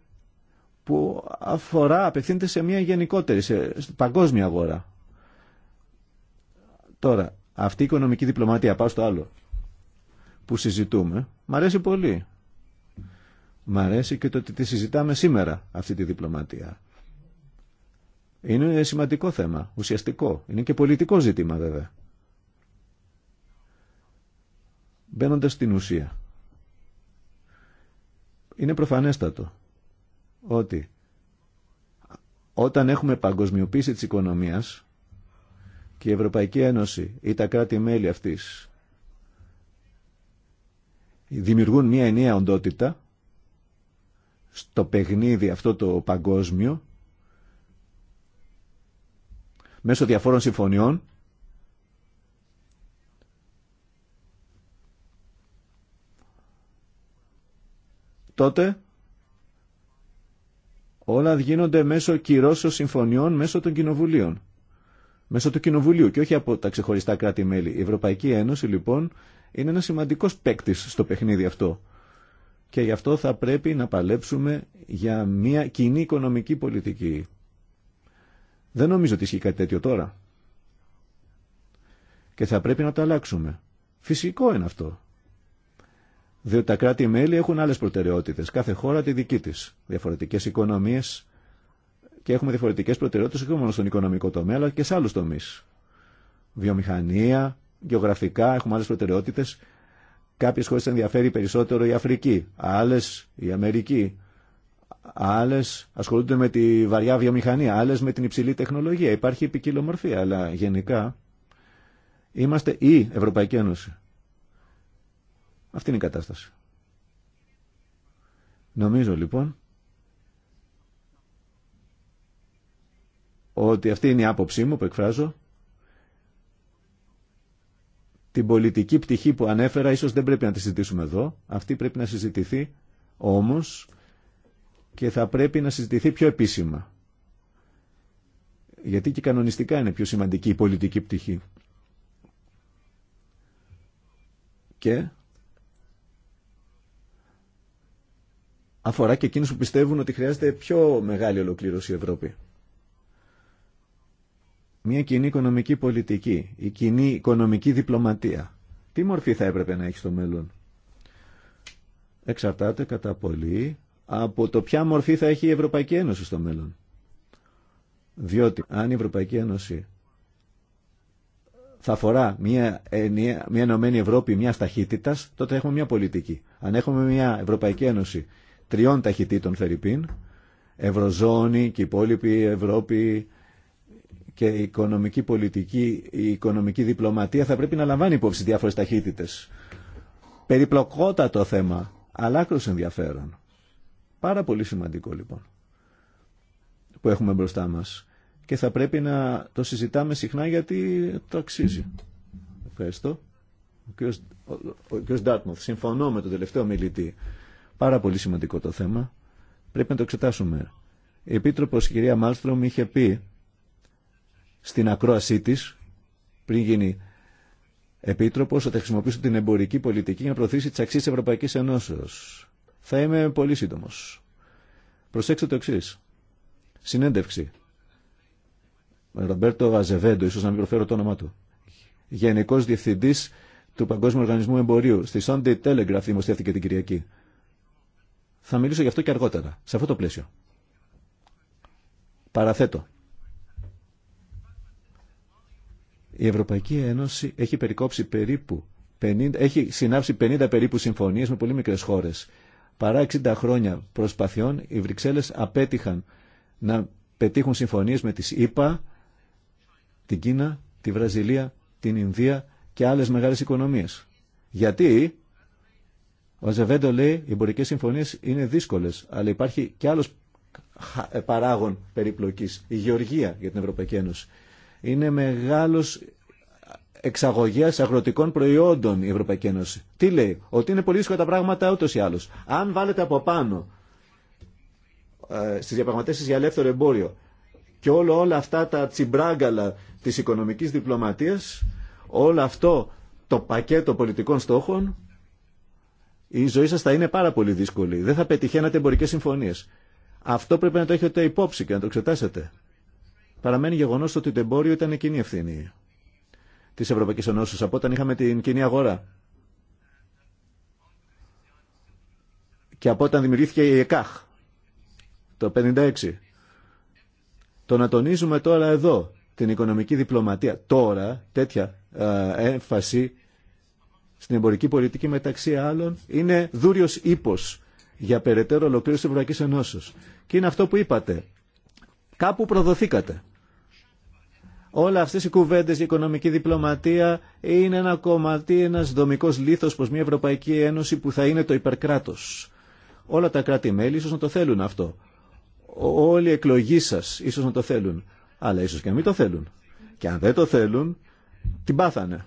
που αφορά, απευθύνεται σε μια γενικότερη, σε, παγκόσμια αγορά. Τώρα, αυτή η οικονομική διπλωματία, πάω στο άλλο που συζητούμε μ' αρέσει πολύ. Μ' αρέσει και το ότι τη συζητάμε σήμερα αυτή τη διπλωματία. Είναι σημαντικό θέμα, ουσιαστικό. Είναι και πολιτικό ζήτημα βέβαια. Μπαίνοντα στην ουσία. Είναι προφανέστατο ότι όταν έχουμε παγκοσμιοποίηση της οικονομίας και η Ευρωπαϊκή Ένωση ή τα κράτη-μέλη αυτής δημιουργούν μια ενιαία οντότητα στο παιχνίδι αυτό το παγκόσμιο μέσω διαφόρων συμφωνιών τότε όλα γίνονται μέσω κυρώσεων συμφωνιών μέσω των κοινοβουλίων. Μέσω του κοινοβουλίου και όχι από τα ξεχωριστά κράτη-μέλη. Η Ευρωπαϊκή Ένωση λοιπόν είναι ένα σημαντικό παίκτη στο παιχνίδι αυτό. Και γι' αυτό θα πρέπει να παλέψουμε για μια κοινή οικονομική πολιτική. Δεν νομίζω ότι ισχύει κάτι τέτοιο τώρα. Και θα πρέπει να το αλλάξουμε. Φυσικό είναι αυτό. Διότι τα κράτη-μέλη έχουν άλλες προτεραιότητες. Κάθε χώρα τη δική της. Διαφορετικές οικονομίες και έχουμε διαφορετικές προτεραιότητες όχι μόνο στον οικονομικό τομέα αλλά και σε άλλους τομείς. Βιομηχανία, γεωγραφικά, έχουμε άλλες προτεραιότητες. Κάποιε χώρε ενδιαφέρει περισσότερο η Αφρική, άλλε η Αμερική, Άλλε ασχολούνται με τη βαριά βιομηχανία, άλλε με την υψηλή τεχνολογία. Υπάρχει επικοινομορφία, αλλά γενικά είμαστε η Ευρωπαϊκή Ένωση. Αυτή είναι η κατάσταση. Νομίζω λοιπόν ότι αυτή είναι η άποψή μου που εκφράζω την πολιτική πτυχή που ανέφερα ίσως δεν πρέπει να τη συζητήσουμε εδώ. Αυτή πρέπει να συζητηθεί όμως και θα πρέπει να συζητηθεί πιο επίσημα. Γιατί και κανονιστικά είναι πιο σημαντική η πολιτική πτυχή. Και αφορά και εκείνους που πιστεύουν ότι χρειάζεται πιο μεγάλη ολοκλήρωση η Ευρώπη μια κοινή οικονομική πολιτική, η κοινή οικονομική διπλωματία. Τι μορφή θα έπρεπε να έχει στο μέλλον. Εξαρτάται κατά πολύ από το ποια μορφή θα έχει η Ευρωπαϊκή Ένωση στο μέλλον. Διότι αν η Ευρωπαϊκή Ένωση θα αφορά μια, μια ενωμένη Ευρώπη μια ταχύτητα, τότε έχουμε μια πολιτική. Αν έχουμε μια Ευρωπαϊκή Ένωση τριών ταχυτήτων Φερρυπίν, Ευρωζώνη και η υπόλοιπη Ευρώπη και η οικονομική πολιτική, η οικονομική διπλωματία θα πρέπει να λαμβάνει υπόψη διάφορες ταχύτητε. Περιπλοκότατο θέμα, αλλά άκρο ενδιαφέρον. Πάρα πολύ σημαντικό λοιπόν που έχουμε μπροστά μας και θα πρέπει να το συζητάμε συχνά γιατί το αξίζει. Ευχαριστώ. Ο κ. Ντάρτμουθ, συμφωνώ με τον τελευταίο μιλητή. Πάρα πολύ σημαντικό το θέμα. Πρέπει να το εξετάσουμε. Η Επίτροπος η κυρία Μάλστρομ είχε πει στην ακρόασή τη πριν γίνει επίτροπος, θα χρησιμοποιήσω την εμπορική πολιτική για να προωθήσει τις αξίες της Ευρωπαϊκής Ενώσεως. Θα είμαι πολύ σύντομο. Προσέξτε το εξή. Συνέντευξη. Ρομπέρτο Αζεβέντο, ίσως να μην προφέρω το όνομά του. Γενικός Διευθυντής του Παγκόσμιου Οργανισμού Εμπορίου. Στη Sunday Telegraph δημοσιεύτηκε την Κυριακή. Θα μιλήσω γι' αυτό και αργότερα, σε αυτό το πλαίσιο. Παραθέτω. Η Ευρωπαϊκή Ένωση έχει περικόψει περίπου 50, έχει συνάψει 50 περίπου συμφωνίες με πολύ μικρές χώρες. Παρά 60 χρόνια προσπαθειών, οι Βρυξέλλες απέτυχαν να πετύχουν συμφωνίες με τις ΗΠΑ, την Κίνα, τη Βραζιλία, την Ινδία και άλλες μεγάλες οικονομίες. Γιατί, ο Ζεβέντο λέει, οι εμπορικές συμφωνίες είναι δύσκολες, αλλά υπάρχει και άλλος παράγων περιπλοκής, η γεωργία για την Ευρωπαϊκή Ένωση είναι μεγάλος εξαγωγέα αγροτικών προϊόντων η Ευρωπαϊκή Ένωση. Τι λέει, ότι είναι πολύ δύσκολα τα πράγματα ούτω ή άλλω. Αν βάλετε από πάνω ε, στι διαπραγματεύσει για ελεύθερο εμπόριο και όλο, όλα αυτά τα τσιμπράγκαλα τη οικονομική διπλωματία, όλο αυτό το πακέτο πολιτικών στόχων, η ζωή σα θα είναι πάρα πολύ δύσκολη. Δεν θα πετυχαίνατε εμπορικέ συμφωνίε. Αυτό πρέπει να το έχετε υπόψη και να το εξετάσετε παραμένει γεγονό ότι το εμπόριο ήταν η κοινή ευθύνη τη Ευρωπαϊκή Ενώσεω από όταν είχαμε την κοινή αγορά. Και από όταν δημιουργήθηκε η ΕΚΑΧ το 1956. Το να τονίζουμε τώρα εδώ την οικονομική διπλωματία, τώρα τέτοια έμφαση στην εμπορική πολιτική μεταξύ άλλων είναι δούριο ύπο για περαιτέρω ολοκλήρωση τη Ευρωπαϊκή Ενώση. Και είναι αυτό που είπατε. Κάπου προδοθήκατε. Όλα αυτές οι κουβέντες, η οικονομική διπλωματία είναι ένα κομματί, ένα δομικό λίθος προ μια Ευρωπαϊκή Ένωση που θα είναι το υπερκράτος. Όλα τα κράτη-μέλη ίσως να το θέλουν αυτό. Όλοι οι εκλογείς σα ίσως να το θέλουν. Αλλά ίσως και να μην το θέλουν. Και αν δεν το θέλουν, την πάθανε.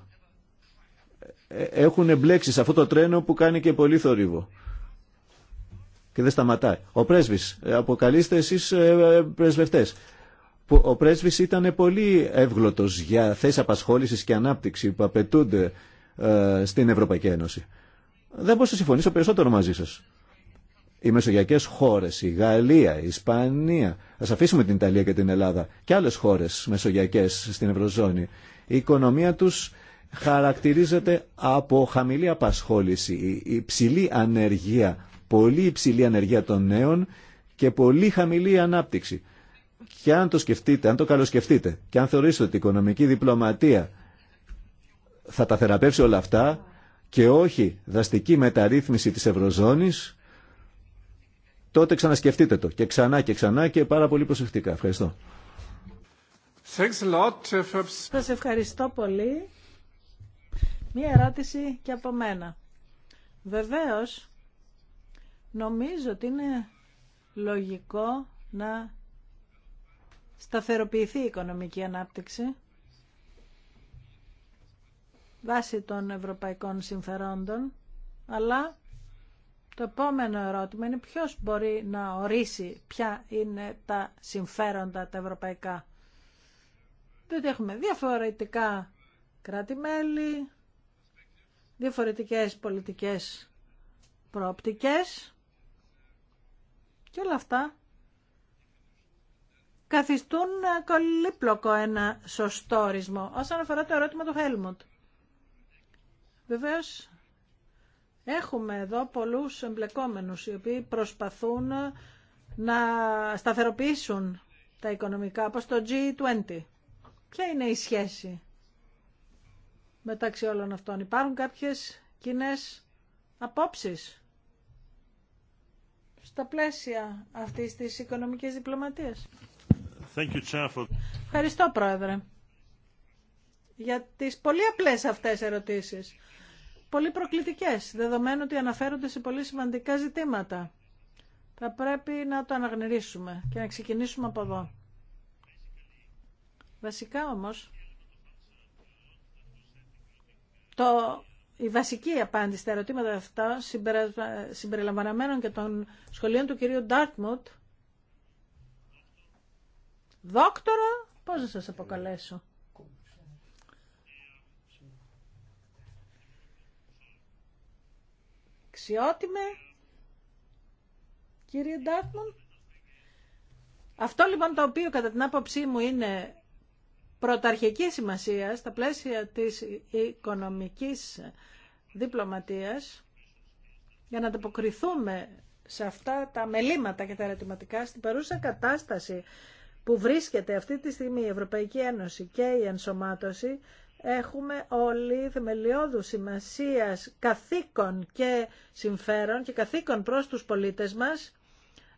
Ε, έχουν εμπλέξει σε αυτό το τρένο που κάνει και πολύ θορύβο και δεν σταματάει. Ο πρέσβης, ε, αποκαλείστε εσείς ε, πρεσβευτές ο πρέσβης ήταν πολύ εύγλωτος για θέσεις απασχόλησης και ανάπτυξη που απαιτούνται ε, στην Ευρωπαϊκή Ένωση. Δεν μπορώ να συμφωνήσω περισσότερο μαζί σας. Οι μεσογειακές χώρες, η Γαλλία, η Ισπανία, ας αφήσουμε την Ιταλία και την Ελλάδα και άλλες χώρες μεσογειακές στην Ευρωζώνη, η οικονομία τους χαρακτηρίζεται από χαμηλή απασχόληση, υψηλή ανεργία, πολύ υψηλή ανεργία των νέων και πολύ χαμηλή ανάπτυξη. Και αν το σκεφτείτε, αν το καλοσκεφτείτε και αν θεωρήσετε ότι η οικονομική διπλωματία θα τα θεραπεύσει όλα αυτά και όχι δραστική μεταρρύθμιση της Ευρωζώνης, τότε ξανασκεφτείτε το και ξανά και ξανά και πάρα πολύ προσεκτικά. Ευχαριστώ. Uh, Σα ευχαριστώ πολύ. Μία ερώτηση και από μένα. Βεβαίως, νομίζω ότι είναι λογικό να σταθεροποιηθεί η οικονομική ανάπτυξη βάσει των ευρωπαϊκών συμφερόντων, αλλά το επόμενο ερώτημα είναι ποιος μπορεί να ορίσει ποια είναι τα συμφέροντα τα ευρωπαϊκά. Διότι έχουμε διαφορετικά κράτη-μέλη, διαφορετικές πολιτικές προοπτικές και όλα αυτά καθιστούν ε, κολύπλοκο ένα σωστό ορισμό. Όσον αφορά το ερώτημα του Χέλμοντ. Βεβαίως, έχουμε εδώ πολλούς εμπλεκόμενους οι οποίοι προσπαθούν ε, να σταθεροποιήσουν τα οικονομικά, όπως το G20. Ποια είναι η σχέση μεταξύ όλων αυτών. Υπάρχουν κάποιες κοινέ απόψεις στα πλαίσια αυτής της οικονομικής διπλωματίας. Ευχαριστώ, Πρόεδρε, για τις πολύ απλές αυτές ερωτήσεις. Πολύ προκλητικές, δεδομένου ότι αναφέρονται σε πολύ σημαντικά ζητήματα. Θα πρέπει να το αναγνωρίσουμε και να ξεκινήσουμε από εδώ. Βασικά, όμως, το, η βασική απάντηση στα ερωτήματα αυτά, συμπεριλαμβανομένων και των σχολείων του κυρίου Ντάρτμουτ, δόκτωρο, πώς να σας αποκαλέσω. Ξιότιμε, κύριε Ντάφμον; Αυτό λοιπόν το οποίο κατά την άποψή μου είναι πρωταρχική σημασία στα πλαίσια της οικονομικής διπλωματίας για να ανταποκριθούμε σε αυτά τα μελήματα και τα ερωτηματικά στην παρούσα κατάσταση που βρίσκεται αυτή τη στιγμή η Ευρωπαϊκή Ένωση και η ενσωμάτωση έχουμε όλοι θεμελιώδου σημασία καθήκον και συμφέρον και καθήκον προς τους πολίτες μας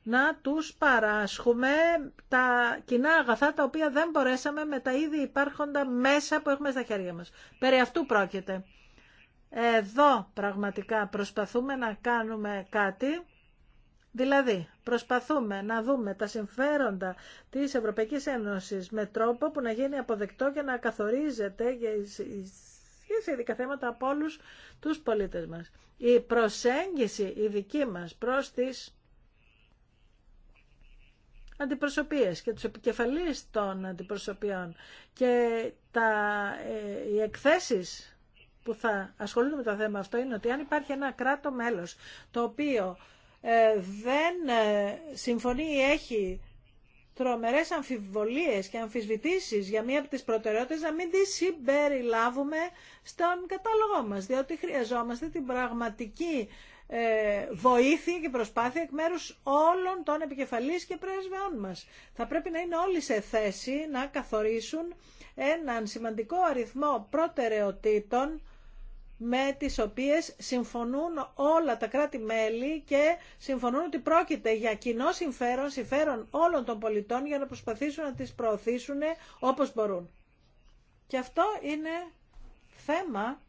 να τους παράσχουμε τα κοινά αγαθά τα οποία δεν μπορέσαμε με τα ήδη υπάρχοντα μέσα που έχουμε στα χέρια μας. Περί αυτού πρόκειται. Εδώ πραγματικά προσπαθούμε να κάνουμε κάτι, δηλαδή Προσπαθούμε να δούμε τα συμφέροντα της Ευρωπαϊκής Ένωσης με τρόπο που να γίνει αποδεκτό και να καθορίζεται για σε ειδικά θέματα από όλους τους πολίτες μας. Η προσέγγιση η δική μας προς τις αντιπροσωπείες και τους επικεφαλείς των αντιπροσωπειών και τα, ε, οι εκθέσεις που θα ασχολούνται με το θέμα αυτό είναι ότι αν υπάρχει ένα κράτο μέλος το οποίο ε, δεν ε, συμφωνεί ή έχει τρομερές αμφιβολίες και αμφισβητήσεις για μία από τις προτεραιότητες να μην τις συμπεριλάβουμε στον κατάλογό μας, διότι χρειαζόμαστε την πραγματική ε, βοήθεια και προσπάθεια εκ μέρους όλων των επικεφαλής και πρέσβεών μας. Θα πρέπει να είναι όλοι σε θέση να καθορίσουν έναν σημαντικό αριθμό προτεραιοτήτων με τις οποίες συμφωνούν όλα τα κράτη-μέλη και συμφωνούν ότι πρόκειται για κοινό συμφέρον, συμφέρον όλων των πολιτών για να προσπαθήσουν να τις προωθήσουν όπως μπορούν. Και αυτό είναι θέμα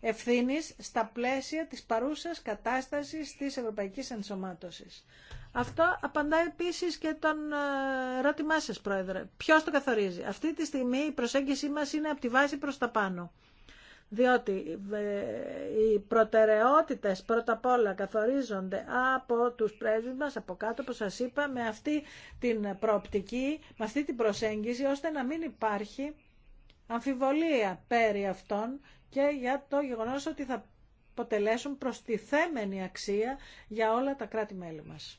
ευθύνης στα πλαίσια της παρούσας κατάστασης της ευρωπαϊκής ενσωμάτωσης. Αυτό απαντά επίσης και τον ε, ερώτημά σας, Πρόεδρε. Ποιος το καθορίζει. Αυτή τη στιγμή η προσέγγιση μας είναι από τη βάση προς τα πάνω διότι οι προτεραιότητες πρώτα απ' όλα καθορίζονται από τους πρέσβους μας από κάτω, όπως σας είπα, με αυτή την προοπτική, με αυτή την προσέγγιση, ώστε να μην υπάρχει αμφιβολία πέρι αυτών και για το γεγονός ότι θα αποτελέσουν προστιθέμενη αξία για όλα τα κράτη-μέλη μας.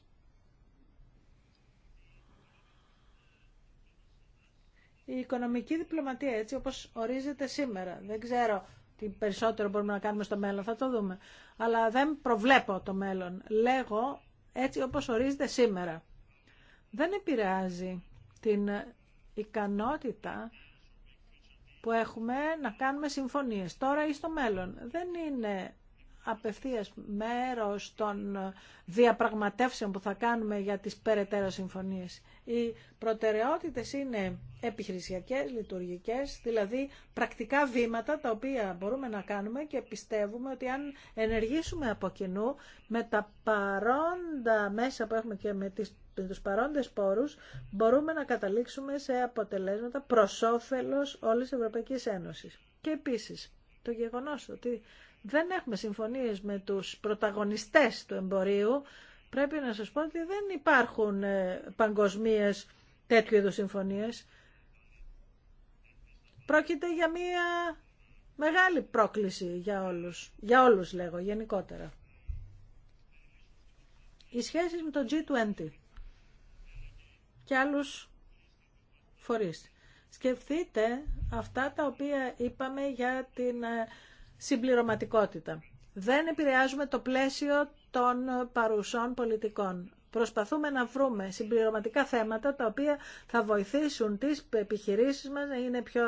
Η οικονομική διπλωματία έτσι όπως ορίζεται σήμερα. Δεν ξέρω τι περισσότερο μπορούμε να κάνουμε στο μέλλον, θα το δούμε. Αλλά δεν προβλέπω το μέλλον. Λέγω έτσι όπως ορίζεται σήμερα. Δεν επηρεάζει την ικανότητα που έχουμε να κάνουμε συμφωνίες τώρα ή στο μέλλον. Δεν είναι απευθείας μέρος των διαπραγματεύσεων που θα κάνουμε για τις περαιτέρω συμφωνίες. Οι προτεραιότητες είναι επιχειρησιακές, λειτουργικές, δηλαδή πρακτικά βήματα τα οποία μπορούμε να κάνουμε και πιστεύουμε ότι αν ενεργήσουμε από κοινού με τα παρόντα μέσα που έχουμε και με τις τους παρόντες πόρους μπορούμε να καταλήξουμε σε αποτελέσματα προς όφελος όλης της Ευρωπαϊκής Ένωσης. Και επίσης, το γεγονός ότι δεν έχουμε συμφωνίες με τους πρωταγωνιστές του εμπορίου, πρέπει να σας πω ότι δεν υπάρχουν ε, παγκοσμίες τέτοιου είδους συμφωνίες. Πρόκειται για μία μεγάλη πρόκληση για όλους, για όλους λέγω γενικότερα. Οι σχέσεις με το G20 και άλλους φορείς. Σκεφτείτε αυτά τα οποία είπαμε για την ε, συμπληρωματικότητα. Δεν επηρεάζουμε το πλαίσιο των παρουσών πολιτικών. Προσπαθούμε να βρούμε συμπληρωματικά θέματα τα οποία θα βοηθήσουν τις επιχειρήσεις μας να είναι πιο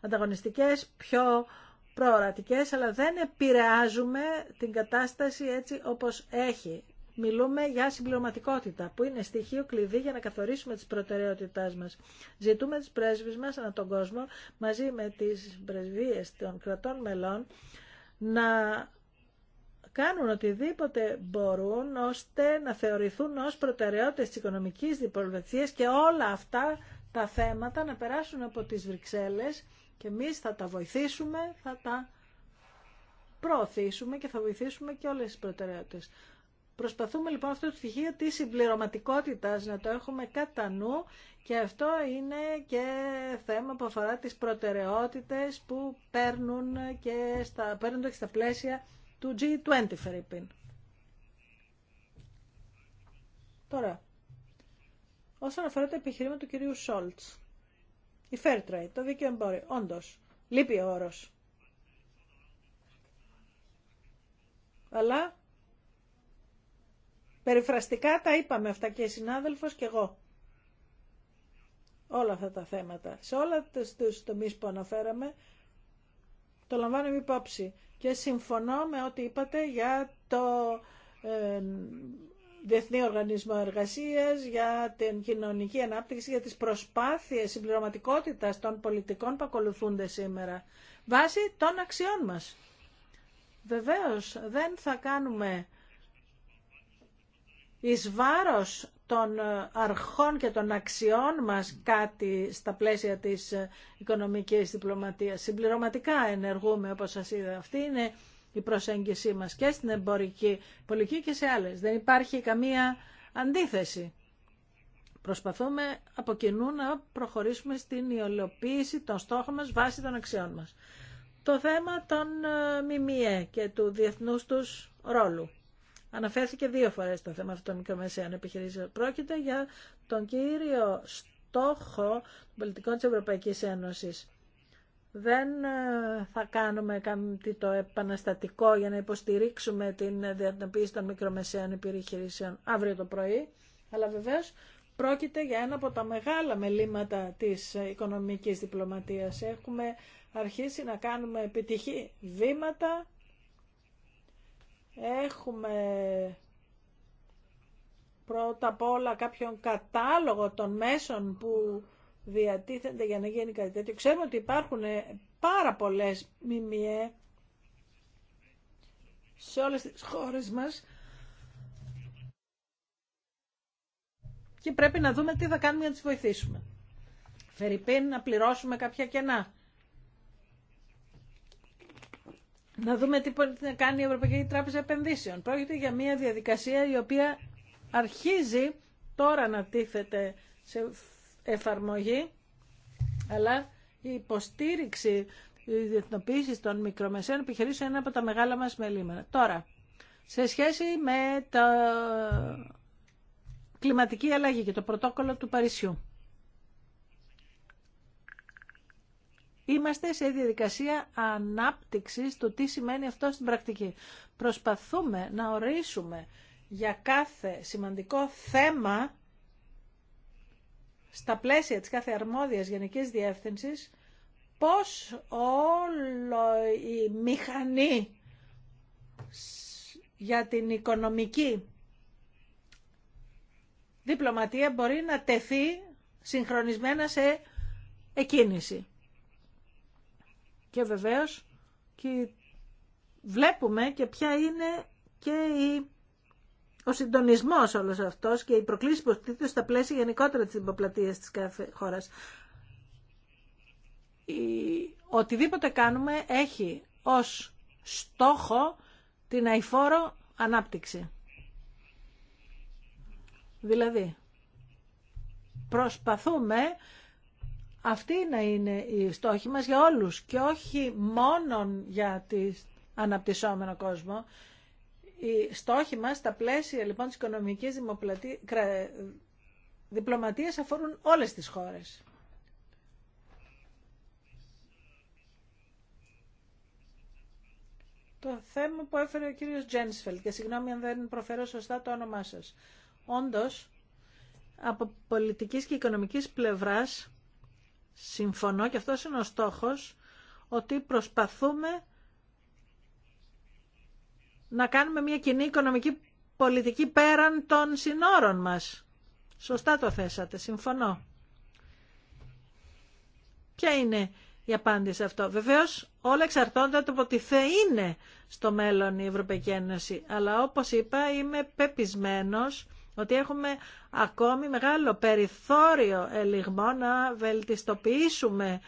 ανταγωνιστικές, πιο προορατικές, αλλά δεν επηρεάζουμε την κατάσταση έτσι όπως έχει Μιλούμε για συμπληρωματικότητα, που είναι στοιχείο κλειδί για να καθορίσουμε τις προτεραιότητάς μας. Ζητούμε τις πρέσβεις μας ανά τον κόσμο, μαζί με τις πρεσβείες των κρατών μελών, να κάνουν οτιδήποτε μπορούν ώστε να θεωρηθούν ως προτεραιότητες της οικονομικής διπολβετσίας και όλα αυτά τα θέματα να περάσουν από τις Βρυξέλλες και εμείς θα τα βοηθήσουμε, θα τα προωθήσουμε και θα βοηθήσουμε και όλες τις προτεραιότητες. Προσπαθούμε λοιπόν αυτό το στοιχείο της συμπληρωματικότητας να το έχουμε κατά νου και αυτό είναι και θέμα που αφορά τις προτεραιότητες που παίρνουν και στα, παίρνουν και στα πλαίσια του G20 Φερρυπίν. Τώρα, όσον αφορά το επιχειρήμα του κυρίου Σόλτς, η Fairtrade, το δίκαιο εμπόριο, όντως, λείπει ο όρος. Αλλά Περιφραστικά τα είπαμε αυτά και η συνάδελφος και εγώ. Όλα αυτά τα θέματα. Σε όλα τους τομείς που αναφέραμε το λαμβάνουμε υπόψη. Και συμφωνώ με ό,τι είπατε για το ε, Διεθνή Οργανισμό Εργασίας, για την κοινωνική ανάπτυξη, για τις προσπάθειες συμπληρωματικότητας των πολιτικών που ακολουθούνται σήμερα, βάσει των αξιών μας. Βεβαίως, δεν θα κάνουμε εις βάρος των ε, αρχών και των αξιών μας κάτι στα πλαίσια της ε, οικονομικής διπλωματίας. Συμπληρωματικά ενεργούμε, όπως σας είδα. Αυτή είναι η προσέγγιση μας και στην εμπορική πολιτική και σε άλλες. Δεν υπάρχει καμία αντίθεση. Προσπαθούμε από κοινού να προχωρήσουμε στην υλοποίηση των στόχων μας βάσει των αξιών μας. Το θέμα των ε, ΜΜΕ και του διεθνούς τους ρόλου. Αναφέρθηκε δύο φορέ το θέμα αυτό των μικρομεσαίων επιχειρήσεων. Πρόκειται για τον κύριο στόχο των πολιτικών τη Ευρωπαϊκή Ένωση. Δεν ε, θα κάνουμε κάτι το επαναστατικό για να υποστηρίξουμε την διατνοποίηση των μικρομεσαίων επιχειρήσεων αύριο το πρωί, αλλά βεβαίως πρόκειται για ένα από τα μεγάλα μελήματα της οικονομικής διπλωματίας. Έχουμε αρχίσει να κάνουμε επιτυχή βήματα Έχουμε πρώτα απ' όλα κάποιον κατάλογο των μέσων που διατίθενται για να γίνει κάτι τέτοιο. Ξέρουμε ότι υπάρχουν πάρα πολλές μιμιέ σε όλες τις χώρες μας και πρέπει να δούμε τι θα κάνουμε για να τις βοηθήσουμε. Φερρυπίν να πληρώσουμε κάποια κενά. να δούμε τι μπορεί να κάνει η Ευρωπαϊκή Τράπεζα Επενδύσεων. Πρόκειται για μια διαδικασία η οποία αρχίζει τώρα να τίθεται σε εφαρμογή, αλλά η υποστήριξη η διεθνοποίηση των μικρομεσαίων επιχειρήσεων είναι από τα μεγάλα μας μελήματα. Τώρα, σε σχέση με τα κλιματική αλλαγή και το πρωτόκολλο του Παρισιού. είμαστε σε διαδικασία ανάπτυξης του τι σημαίνει αυτό στην πρακτική. Προσπαθούμε να ορίσουμε για κάθε σημαντικό θέμα στα πλαίσια της κάθε αρμόδιας γενικής διεύθυνσης πώς όλο η μηχανή για την οικονομική διπλωματία μπορεί να τεθεί συγχρονισμένα σε εκκίνηση. Και βεβαίως και βλέπουμε και ποια είναι και ο συντονισμός όλος αυτός και η προκλήση που στα πλαίσια γενικότερα της υποπλατείας της κάθε χώρας. Οτιδήποτε κάνουμε έχει ως στόχο την αηφόρο ανάπτυξη. Δηλαδή, προσπαθούμε αυτή να είναι η στόχη μας για όλους και όχι μόνο για την αναπτυσσόμενο κόσμο. Η στόχη μας στα πλαίσια λοιπόν της οικονομικής διπλωματίας αφορούν όλες τις χώρες. Το θέμα που έφερε ο κύριος Τζένσφελ και συγγνώμη αν δεν προφέρω σωστά το όνομά σας. Όντως, από πολιτικής και οικονομικής πλευράς συμφωνώ και αυτός είναι ο στόχος ότι προσπαθούμε να κάνουμε μια κοινή οικονομική πολιτική πέραν των συνόρων μας. Σωστά το θέσατε, συμφωνώ. Ποια είναι η απάντηση σε αυτό. Βεβαίως όλα εξαρτώνται από τι θα είναι στο μέλλον η Ευρωπαϊκή Ένωση. Αλλά όπως είπα είμαι πεπισμένος ότι έχουμε ακόμη μεγάλο περιθώριο ελιγμό να βελτιστοποιήσουμε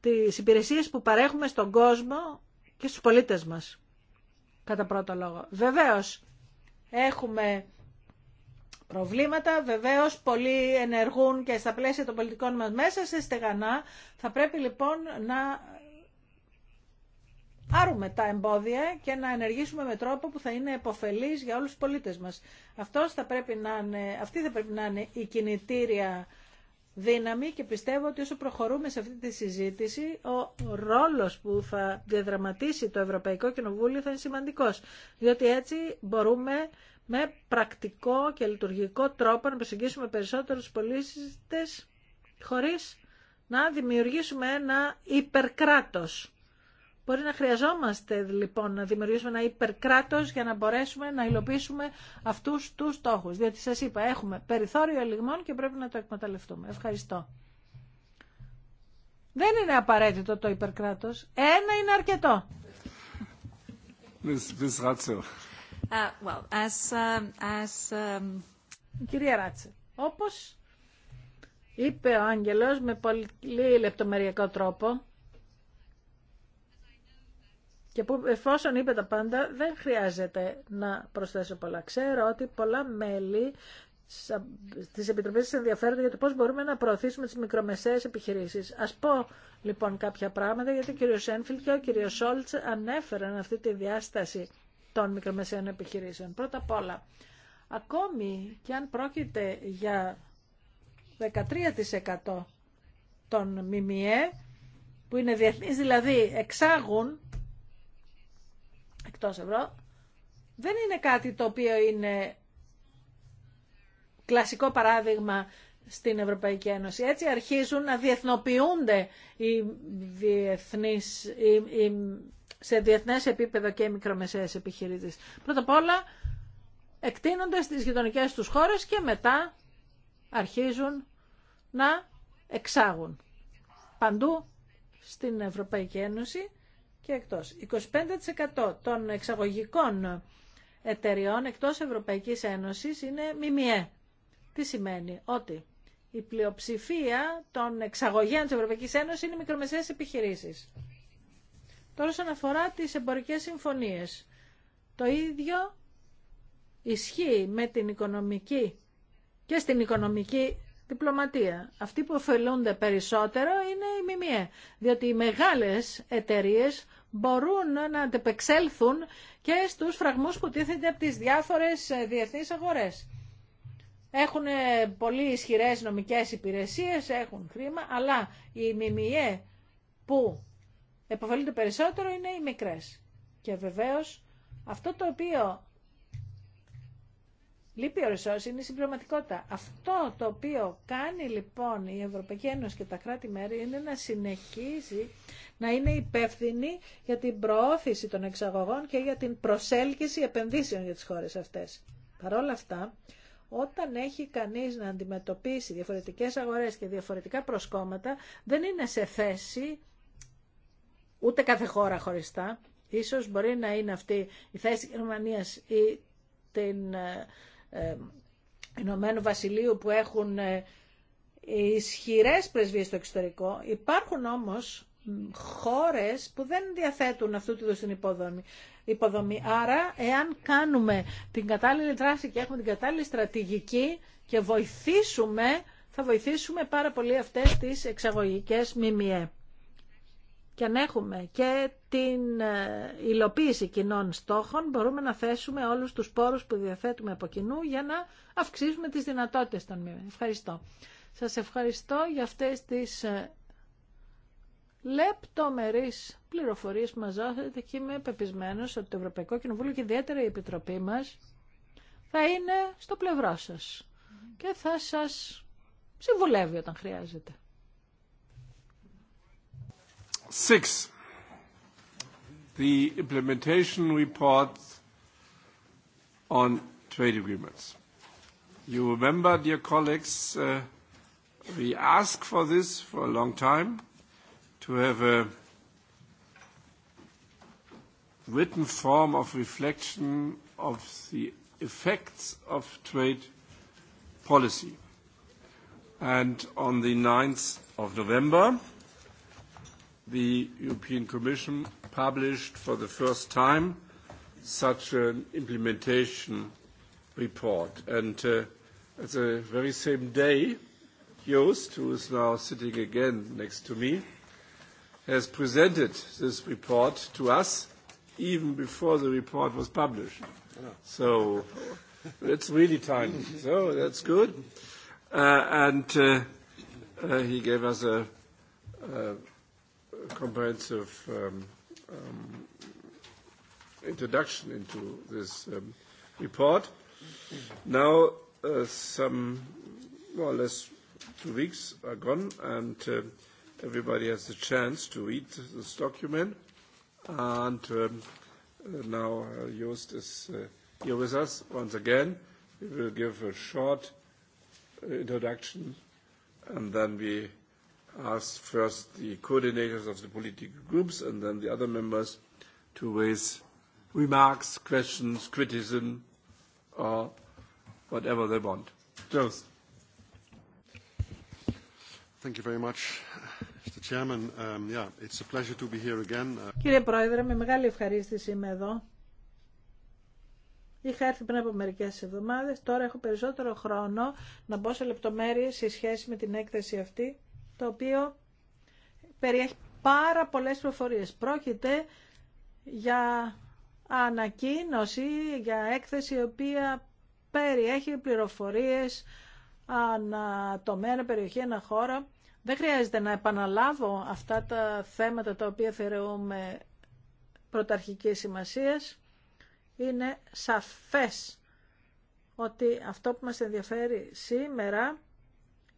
τις υπηρεσίες που παρέχουμε στον κόσμο και στους πολίτες μας. Κατά πρώτο λόγο. Βεβαίως, έχουμε προβλήματα. Βεβαίως, πολλοί ενεργούν και στα πλαίσια των πολιτικών μας μέσα σε στεγανά. Θα πρέπει λοιπόν να άρουμε τα εμπόδια και να ενεργήσουμε με τρόπο που θα είναι επωφελής για όλους τους πολίτες μας. Αυτός θα πρέπει να είναι, αυτή θα πρέπει να είναι η κινητήρια δύναμη και πιστεύω ότι όσο προχωρούμε σε αυτή τη συζήτηση, ο ρόλος που θα διαδραματίσει το Ευρωπαϊκό Κοινοβούλιο θα είναι σημαντικός. Διότι έτσι μπορούμε με πρακτικό και λειτουργικό τρόπο να προσεγγίσουμε περισσότερους πολίτες χωρίς να δημιουργήσουμε ένα υπερκράτος Μπορεί να χρειαζόμαστε λοιπόν να δημιουργήσουμε ένα υπερκράτος για να μπορέσουμε να υλοποιήσουμε αυτούς τους στόχους. Διότι σας είπα, έχουμε περιθώριο ελιγμών και πρέπει να το εκμεταλλευτούμε. Ευχαριστώ. Δεν είναι απαραίτητο το υπερκράτος. Ένα είναι αρκετό. Uh, uh, um, Κυρία Ράτσε, όπως είπε ο Άγγελος με πολύ λεπτομεριακό τρόπο, και που εφόσον είπε τα πάντα δεν χρειάζεται να προσθέσω πολλά. Ξέρω ότι πολλά μέλη τη Επιτροπή σα ενδιαφέρονται για το πώ μπορούμε να προωθήσουμε τι μικρομεσαίε επιχειρήσει. Α πω λοιπόν κάποια πράγματα, γιατί ο κ. Σένφιλ και ο κ. Σόλτ ανέφεραν αυτή τη διάσταση των μικρομεσαίων επιχειρήσεων. Πρώτα απ' όλα, ακόμη και αν πρόκειται για 13% των ΜΜΕ, που είναι διεθνείς, δηλαδή εξάγουν εκτός ευρώ, δεν είναι κάτι το οποίο είναι κλασικό παράδειγμα στην Ευρωπαϊκή Ένωση. Έτσι αρχίζουν να διεθνοποιούνται οι διεθνείς, σε διεθνές επίπεδο και οι μικρομεσαίες επιχειρήσεις. Πρώτα απ' όλα εκτείνονται στις γειτονικέ τους χώρες και μετά αρχίζουν να εξάγουν παντού στην Ευρωπαϊκή Ένωση και εκτός. 25% των εξαγωγικών εταιριών εκτός Ευρωπαϊκής Ένωσης είναι μιμιέ. Τι σημαίνει ότι η πλειοψηφία των εξαγωγέων της Ευρωπαϊκής Ένωσης είναι μικρομεσαίες επιχειρήσεις. Τώρα όσον αφορά τις εμπορικές συμφωνίες, το ίδιο ισχύει με την οικονομική και στην οικονομική διπλωματία. Αυτοί που ωφελούνται περισσότερο είναι οι ΜΜΕ, διότι οι μεγάλες εταιρείες μπορούν να αντεπεξέλθουν και στους φραγμούς που τίθενται από τις διάφορες ε, διεθνείς αγορές. Έχουν ε, πολύ ισχυρές νομικές υπηρεσίες, έχουν χρήμα, αλλά οι μιμιέ που επωφελούνται περισσότερο είναι οι μικρές. Και βεβαίως αυτό το οποίο λείπει ο ρησός είναι η συμπληρωματικότητα. Αυτό το οποίο κάνει λοιπόν η Ευρωπαϊκή Ένωση και τα κράτη-μέρη είναι να συνεχίζει να είναι υπεύθυνη για την προώθηση των εξαγωγών και για την προσέλκυση επενδύσεων για τις χώρες αυτές. Παρ' όλα αυτά, όταν έχει κανείς να αντιμετωπίσει διαφορετικές αγορές και διαφορετικά προσκόμματα, δεν είναι σε θέση ούτε κάθε χώρα χωριστά. Ίσως μπορεί να είναι αυτή η θέση της Γερμανίας ή την ε, ε, Ηνωμένου Βασιλείου που έχουν ε, ισχυρές πρεσβείες στο εξωτερικό. Υπάρχουν όμως χώρες που δεν διαθέτουν αυτού του είδους την υποδομή. υποδομή. Άρα, εάν κάνουμε την κατάλληλη δράση και έχουμε την κατάλληλη στρατηγική και βοηθήσουμε, θα βοηθήσουμε πάρα πολύ αυτές τις εξαγωγικές μιμιέ και αν έχουμε και την ε, υλοποίηση κοινών στόχων, μπορούμε να θέσουμε όλους τους πόρους που διαθέτουμε από κοινού για να αυξήσουμε τις δυνατότητες των μήμων. Ευχαριστώ. Σας ευχαριστώ για αυτές τις ε, λεπτομερείς πληροφορίες που μας δώσατε και είμαι πεπισμένος ότι το Ευρωπαϊκό Κοινοβούλιο και ιδιαίτερα η Επιτροπή μας θα είναι στο πλευρό σας και θα σας συμβουλεύει όταν χρειάζεται. Six, the implementation report on trade agreements. You remember, dear colleagues, we asked for this for a long time, to have a written form of reflection of the effects of trade policy. And on the 9th of November, the European Commission published for the first time such an implementation report. And at the very same day, Joost, who is now sitting again next to me, has presented this report to us even before the report was published. So it's really timely. So that's good. And he gave us a comprehensive introduction into this report. Now some more or less two weeks are gone and everybody has the chance to read this document. And now Joost is here with us once again. We will give a short introduction and then we ask first the coordinators of the political groups and then the other members to raise remarks, questions, criticism, or whatever they want. Joseph. Thank you very much, Chairman. Um, yeah, it's a pleasure to be here again. Κύριε Πρόεδρε, με μεγάλη ευχαρίστηση είμαι εδώ. Είχα έρθει πριν από μερικές εβδομάδες, τώρα έχω περισσότερο χρόνο να μπω σε λεπτομέρειες σε σχέση με την έκθεση αυτή το οποίο περιέχει πάρα πολλές πληροφορίες. Πρόκειται για ανακοίνωση, για έκθεση η οποία περιέχει πληροφορίες ανα τομέα, περιοχή, ένα χώρα. Δεν χρειάζεται να επαναλάβω αυτά τα θέματα τα οποία θεωρούμε πρωταρχικής σημασίας. Είναι σαφές ότι αυτό που μας ενδιαφέρει σήμερα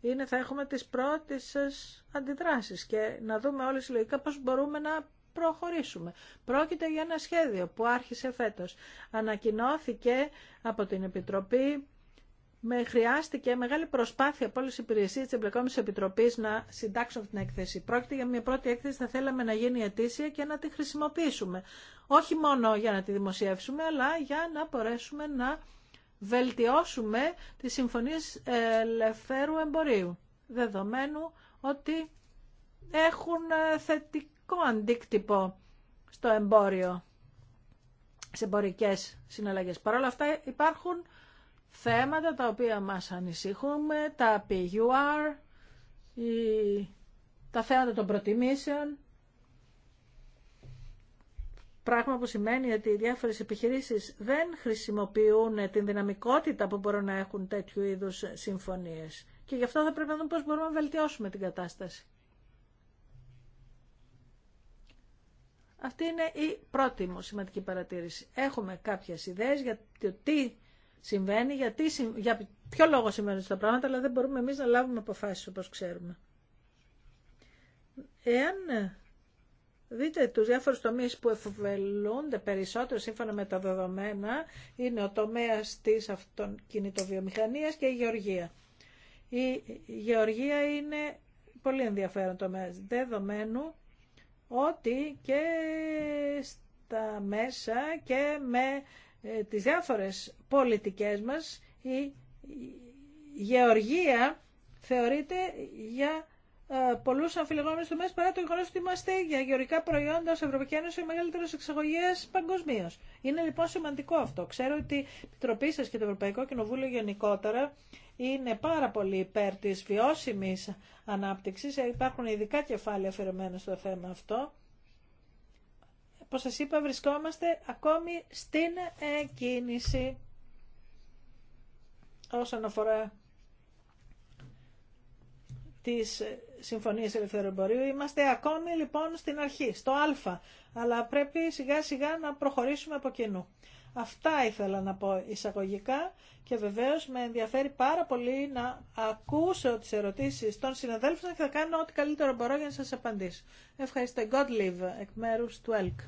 είναι θα έχουμε τις πρώτες σας αντιδράσεις και να δούμε όλοι συλλογικά πώς μπορούμε να προχωρήσουμε. Πρόκειται για ένα σχέδιο που άρχισε φέτος. Ανακοινώθηκε από την Επιτροπή με χρειάστηκε μεγάλη προσπάθεια από όλε τι υπηρεσίε τη Εμπλεκόμενη Επιτροπή να συντάξουν την έκθεση. Πρόκειται για μια πρώτη έκθεση, θα θέλαμε να γίνει αιτήσια και να τη χρησιμοποιήσουμε. Όχι μόνο για να τη δημοσιεύσουμε, αλλά για να μπορέσουμε να βελτιώσουμε τη συμφωνία ελευθέρου εμπορίου, δεδομένου ότι έχουν ε, θετικό αντίκτυπο στο εμπόριο, σε εμπορικέ συναλλαγές. Παρ' όλα αυτά υπάρχουν θέματα τα οποία μας ανησύχουμε, τα PUR, τα θέματα των προτιμήσεων, Πράγμα που σημαίνει ότι οι διάφορες επιχειρήσεις δεν χρησιμοποιούν την δυναμικότητα που μπορούν να έχουν τέτοιου είδους συμφωνίες. Και γι' αυτό θα πρέπει να δούμε πώς μπορούμε να βελτιώσουμε την κατάσταση. Αυτή είναι η πρώτη μου σημαντική παρατήρηση. Έχουμε κάποιες ιδέες για το τι συμβαίνει, για, τι, για ποιο λόγο συμβαίνουν τα πράγματα, αλλά δεν μπορούμε εμείς να λάβουμε αποφάσεις όπως ξέρουμε. Εάν δείτε τους διάφορους τομείς που εφοβελούνται περισσότερο σύμφωνα με τα δεδομένα είναι ο τομέας της αυτοκινητοβιομηχανίας και η γεωργία. Η γεωργία είναι πολύ ενδιαφέρον τομέας δεδομένου ότι και στα μέσα και με ε, τις διάφορες πολιτικές μας η γεωργία θεωρείται για ε, πολλού αμφιλεγόμενου τομεί παρά το γεγονό ότι είμαστε για γεωρικά προϊόντα ω Ευρωπαϊκή Ένωση οι μεγαλύτερο εξαγωγέ παγκοσμίω. Είναι λοιπόν σημαντικό αυτό. Ξέρω ότι η Επιτροπή σα και το Ευρωπαϊκό Κοινοβούλιο γενικότερα είναι πάρα πολύ υπέρ τη βιώσιμη ανάπτυξη. Ε, υπάρχουν ειδικά κεφάλαια αφιερωμένα στο θέμα αυτό. Όπω σα είπα, βρισκόμαστε ακόμη στην εκκίνηση όσον αφορά τις συμφωνίες εμπορίου. Είμαστε ακόμη λοιπόν στην αρχή, στο α, αλλά πρέπει σιγά σιγά να προχωρήσουμε από κοινού. Αυτά ήθελα να πω εισαγωγικά και βεβαίως με ενδιαφέρει πάρα πολύ να ακούσω τις ερωτήσεις των συναδέλφων και θα κάνω ό,τι καλύτερο μπορώ για να σας απαντήσω. Ευχαριστώ. God live εκ μέρους του ΕΛΚ.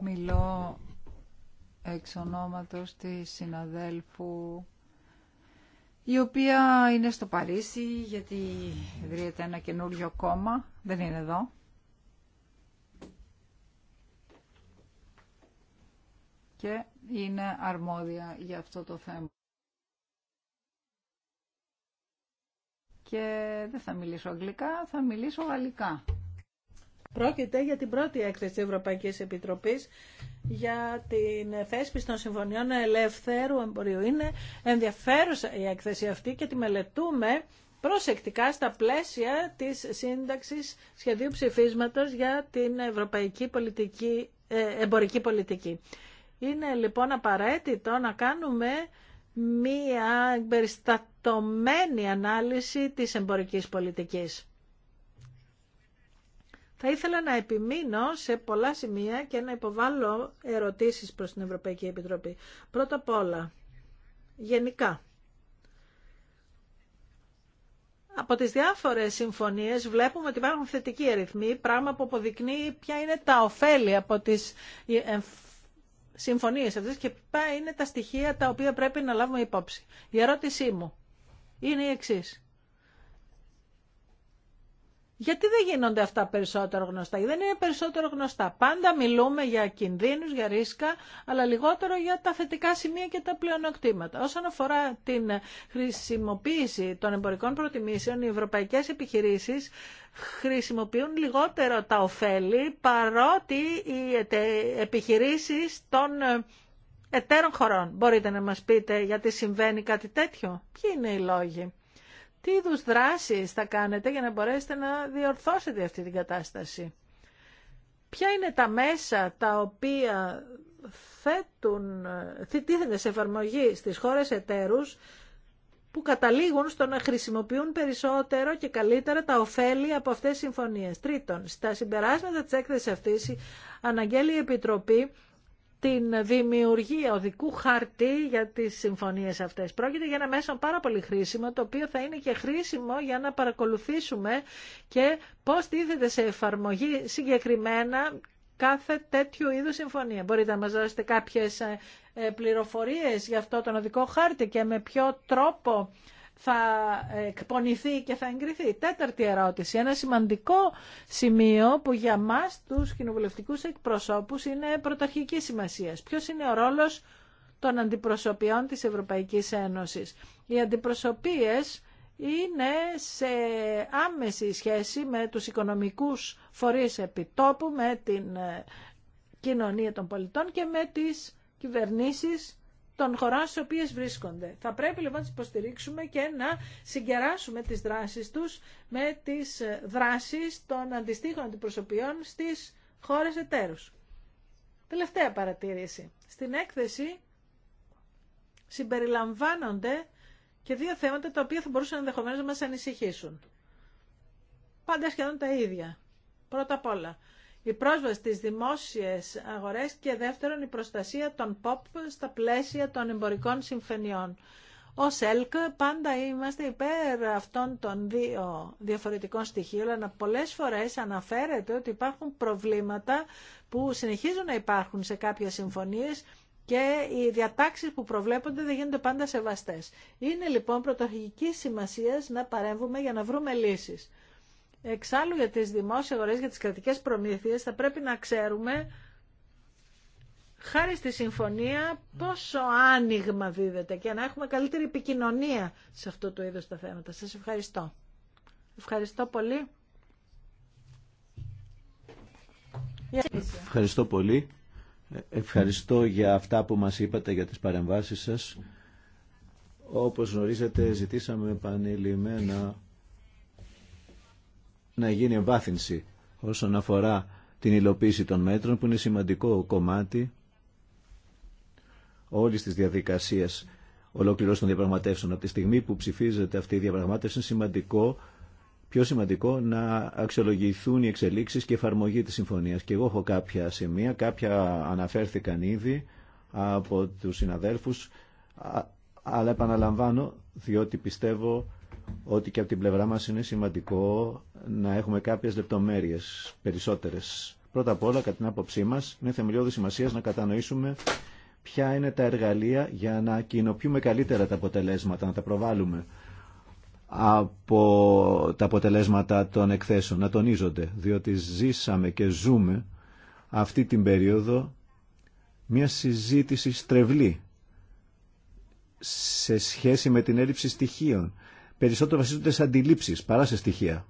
Μιλώ εξ ονόματος της συναδέλφου η οποία είναι στο Παρίσι γιατί ιδρύεται ένα καινούριο κόμμα, δεν είναι εδώ. Και είναι αρμόδια για αυτό το θέμα. Και δεν θα μιλήσω αγγλικά, θα μιλήσω γαλλικά. Πρόκειται για την πρώτη έκθεση Ευρωπαϊκής Επιτροπής για την θέσπιση των συμφωνιών ελευθέρου εμπορίου. Είναι ενδιαφέρουσα η έκθεση αυτή και τη μελετούμε προσεκτικά στα πλαίσια της σύνταξης σχεδίου ψηφίσματος για την ευρωπαϊκή ε, εμπορική πολιτική. Είναι λοιπόν απαραίτητο να κάνουμε μία περιστατωμένη ανάλυση της εμπορικής πολιτικής. Θα ήθελα να επιμείνω σε πολλά σημεία και να υποβάλω ερωτήσεις προς την Ευρωπαϊκή Επιτροπή. Πρώτα απ' όλα, γενικά, από τις διάφορες συμφωνίες βλέπουμε ότι υπάρχουν θετικοί αριθμοί, πράγμα που αποδεικνύει ποια είναι τα ωφέλη από τις ε, ε, συμφωνίες αυτές και ποια είναι τα στοιχεία τα οποία πρέπει να λάβουμε υπόψη. Η ερώτησή μου είναι η εξής. Γιατί δεν γίνονται αυτά περισσότερο γνωστά, δεν είναι περισσότερο γνωστά. Πάντα μιλούμε για κινδύνους, για ρίσκα, αλλά λιγότερο για τα θετικά σημεία και τα πλεονεκτήματα. Όσον αφορά την χρησιμοποίηση των εμπορικών προτιμήσεων, οι ευρωπαϊκές επιχειρήσεις χρησιμοποιούν λιγότερο τα ωφέλη, παρότι οι επιχειρήσεις των ε, εταίρων χωρών. Μπορείτε να μας πείτε γιατί συμβαίνει κάτι τέτοιο. Ποιοι είναι οι λόγοι. Τι είδους δράσεις θα κάνετε για να μπορέσετε να διορθώσετε αυτή την κατάσταση. Ποια είναι τα μέσα τα οποία θέτουν, θητίθενται σε εφαρμογή στις χώρες εταίρους που καταλήγουν στο να χρησιμοποιούν περισσότερο και καλύτερα τα ωφέλη από αυτές τις συμφωνίες. Τρίτον, στα συμπεράσματα της έκθεσης αυτής αναγγέλει η Επιτροπή την δημιουργία οδικού χαρτί για τις συμφωνίες αυτές. Πρόκειται για ένα μέσο πάρα πολύ χρήσιμο, το οποίο θα είναι και χρήσιμο για να παρακολουθήσουμε και πώς τίθεται σε εφαρμογή συγκεκριμένα κάθε τέτοιου είδους συμφωνία. Μπορείτε να μας δώσετε κάποιες ε, πληροφορίες για αυτό τον οδικό χάρτη και με ποιο τρόπο θα εκπονηθεί και θα εγκριθεί. Τέταρτη ερώτηση. Ένα σημαντικό σημείο που για μας τους κοινοβουλευτικούς εκπροσώπους είναι πρωταρχική σημασία. Ποιος είναι ο ρόλος των αντιπροσωπιών της Ευρωπαϊκής Ένωσης. Οι αντιπροσωπίες είναι σε άμεση σχέση με τους οικονομικούς φορείς επιτόπου, με την ε, κοινωνία των πολιτών και με τις κυβερνήσεις των χωρών στις οποίες βρίσκονται. Θα πρέπει λοιπόν να τι υποστηρίξουμε και να συγκεράσουμε τις δράσεις τους με τις δράσεις των αντιστοίχων αντιπροσωπιών στις χώρες εταίρους. Τελευταία παρατήρηση. Στην έκθεση συμπεριλαμβάνονται και δύο θέματα τα οποία θα μπορούσαν ενδεχομένω να μας ανησυχήσουν. Πάντα σχεδόν τα ίδια. Πρώτα απ' όλα, η πρόσβαση στις δημόσιες αγορές και δεύτερον η προστασία των ΠΟΠ στα πλαίσια των εμπορικών συμφωνιών. Ως ΕΛΚ πάντα είμαστε υπέρ αυτών των δύο διαφορετικών στοιχείων, αλλά πολλές φορές αναφέρεται ότι υπάρχουν προβλήματα που συνεχίζουν να υπάρχουν σε κάποιες συμφωνίες και οι διατάξεις που προβλέπονται δεν γίνονται πάντα σεβαστές. Είναι λοιπόν πρωτορχική σημασία να παρέμβουμε για να βρούμε λύσεις. Εξάλλου για τις δημόσιες αγορές, για τις κρατικές προμήθειες θα πρέπει να ξέρουμε χάρη στη συμφωνία πόσο άνοιγμα δίδεται και να έχουμε καλύτερη επικοινωνία σε αυτό το είδος τα θέματα. Σας ευχαριστώ. Ευχαριστώ πολύ. Ευχαριστώ πολύ. Ευχαριστώ για αυτά που μας είπατε για τις παρεμβάσεις σας. Όπως γνωρίζετε ζητήσαμε επανειλημμένα να γίνει εμβάθυνση όσον αφορά την υλοποίηση των μέτρων που είναι σημαντικό κομμάτι όλης της διαδικασίας ολοκληρώσεων των διαπραγματεύσεων. Από τη στιγμή που ψηφίζεται αυτή η διαπραγμάτευση είναι σημαντικό, πιο σημαντικό να αξιολογηθούν οι εξελίξεις και η εφαρμογή της συμφωνίας. Και εγώ έχω κάποια σημεία, κάποια αναφέρθηκαν ήδη από τους συναδέλφους, αλλά επαναλαμβάνω διότι πιστεύω ότι και από την πλευρά μας είναι σημαντικό να έχουμε κάποιες λεπτομέρειες περισσότερες. Πρώτα απ' όλα, κατά την άποψή μας, είναι θεμελιώδη σημασία να κατανοήσουμε ποια είναι τα εργαλεία για να κοινοποιούμε καλύτερα τα αποτελέσματα, να τα προβάλλουμε από τα αποτελέσματα των εκθέσεων, να τονίζονται, διότι ζήσαμε και ζούμε αυτή την περίοδο μια συζήτηση στρεβλή σε σχέση με την έλλειψη στοιχείων περισσότερο βασίζονται σε αντιλήψεις παρά σε στοιχεία.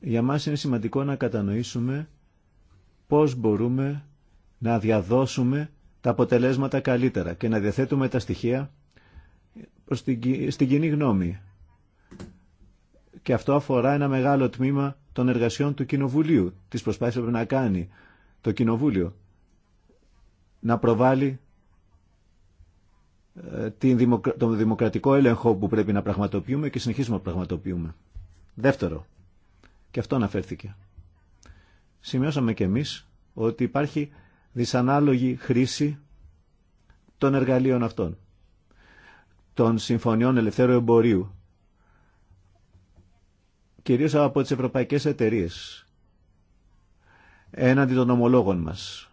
Για μας είναι σημαντικό να κατανοήσουμε πώς μπορούμε να διαδώσουμε τα αποτελέσματα καλύτερα και να διαθέτουμε τα στοιχεία στην κοινή γνώμη. Και αυτό αφορά ένα μεγάλο τμήμα των εργασιών του Κοινοβουλίου, Της προσπάθειας που να κάνει το Κοινοβούλιο, να προβάλλει τον δημοκρατικό έλεγχο που πρέπει να πραγματοποιούμε και συνεχίζουμε να πραγματοποιούμε. Δεύτερο, και αυτό αναφέρθηκε. Σημειώσαμε και εμείς ότι υπάρχει δυσανάλογη χρήση των εργαλείων αυτών, των συμφωνιών ελευθέρου εμπορίου, κυρίως από τις ευρωπαϊκές εταιρείες, έναντι των ομολόγων μας.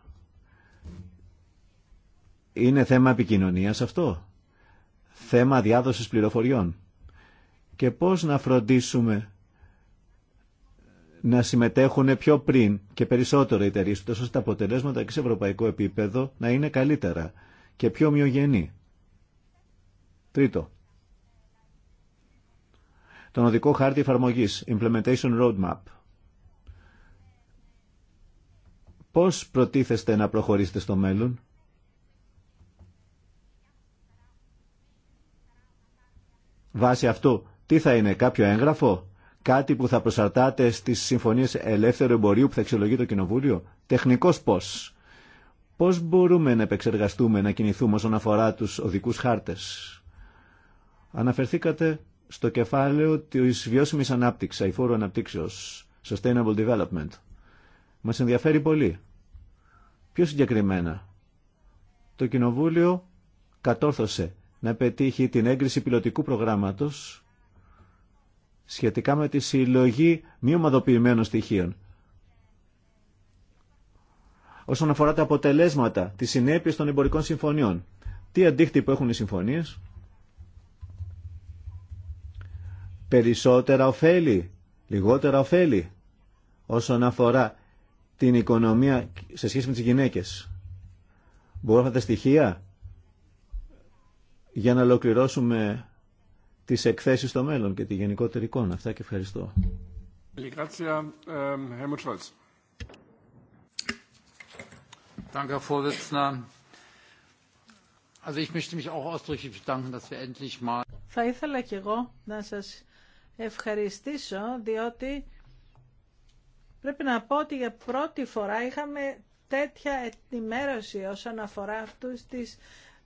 Είναι θέμα επικοινωνίας αυτό. Θέμα διάδοσης πληροφοριών. Και πώς να φροντίσουμε να συμμετέχουν πιο πριν και περισσότερο οι εταιρείε, ώστε τα αποτελέσματα και σε ευρωπαϊκό επίπεδο να είναι καλύτερα και πιο ομοιογενή. Τρίτο. Τον οδικό χάρτη εφαρμογή, Implementation Roadmap. Πώς προτίθεστε να προχωρήσετε στο μέλλον, Βάσει αυτού, τι θα είναι, κάποιο έγγραφο, κάτι που θα προσαρτάται στις συμφωνίες ελεύθερου εμπορίου που θα εξελογεί το Κοινοβούλιο. Τεχνικός πώς. Πώς μπορούμε να επεξεργαστούμε, να κινηθούμε όσον αφορά τους οδικούς χάρτες. Αναφερθήκατε στο κεφάλαιο της βιώσιμης ανάπτυξης, αηφόρου αναπτύξεως, sustainable development. Μας ενδιαφέρει πολύ. Πιο συγκεκριμένα, το Κοινοβούλιο κατόρθωσε να πετύχει την έγκριση πιλωτικού προγράμματος σχετικά με τη συλλογή μη ομαδοποιημένων στοιχείων. Όσον αφορά τα αποτελέσματα, τις συνέπειες των εμπορικών συμφωνιών, τι αντίκτυπο έχουν οι συμφωνίες, περισσότερα ωφέλη, λιγότερα ωφέλη, όσον αφορά την οικονομία σε σχέση με τις γυναίκες. Μπορούν αυτά τα στοιχεία για να ολοκληρώσουμε τις εκθέσεις στο μέλλον και τη γενικότερη εικόνα. Αυτά και ευχαριστώ. Ehm, Θα ήθελα κι εγώ να σας ευχαριστήσω, διότι πρέπει να πω ότι για πρώτη φορά είχαμε τέτοια ενημέρωση όσον αφορά αυτούς τις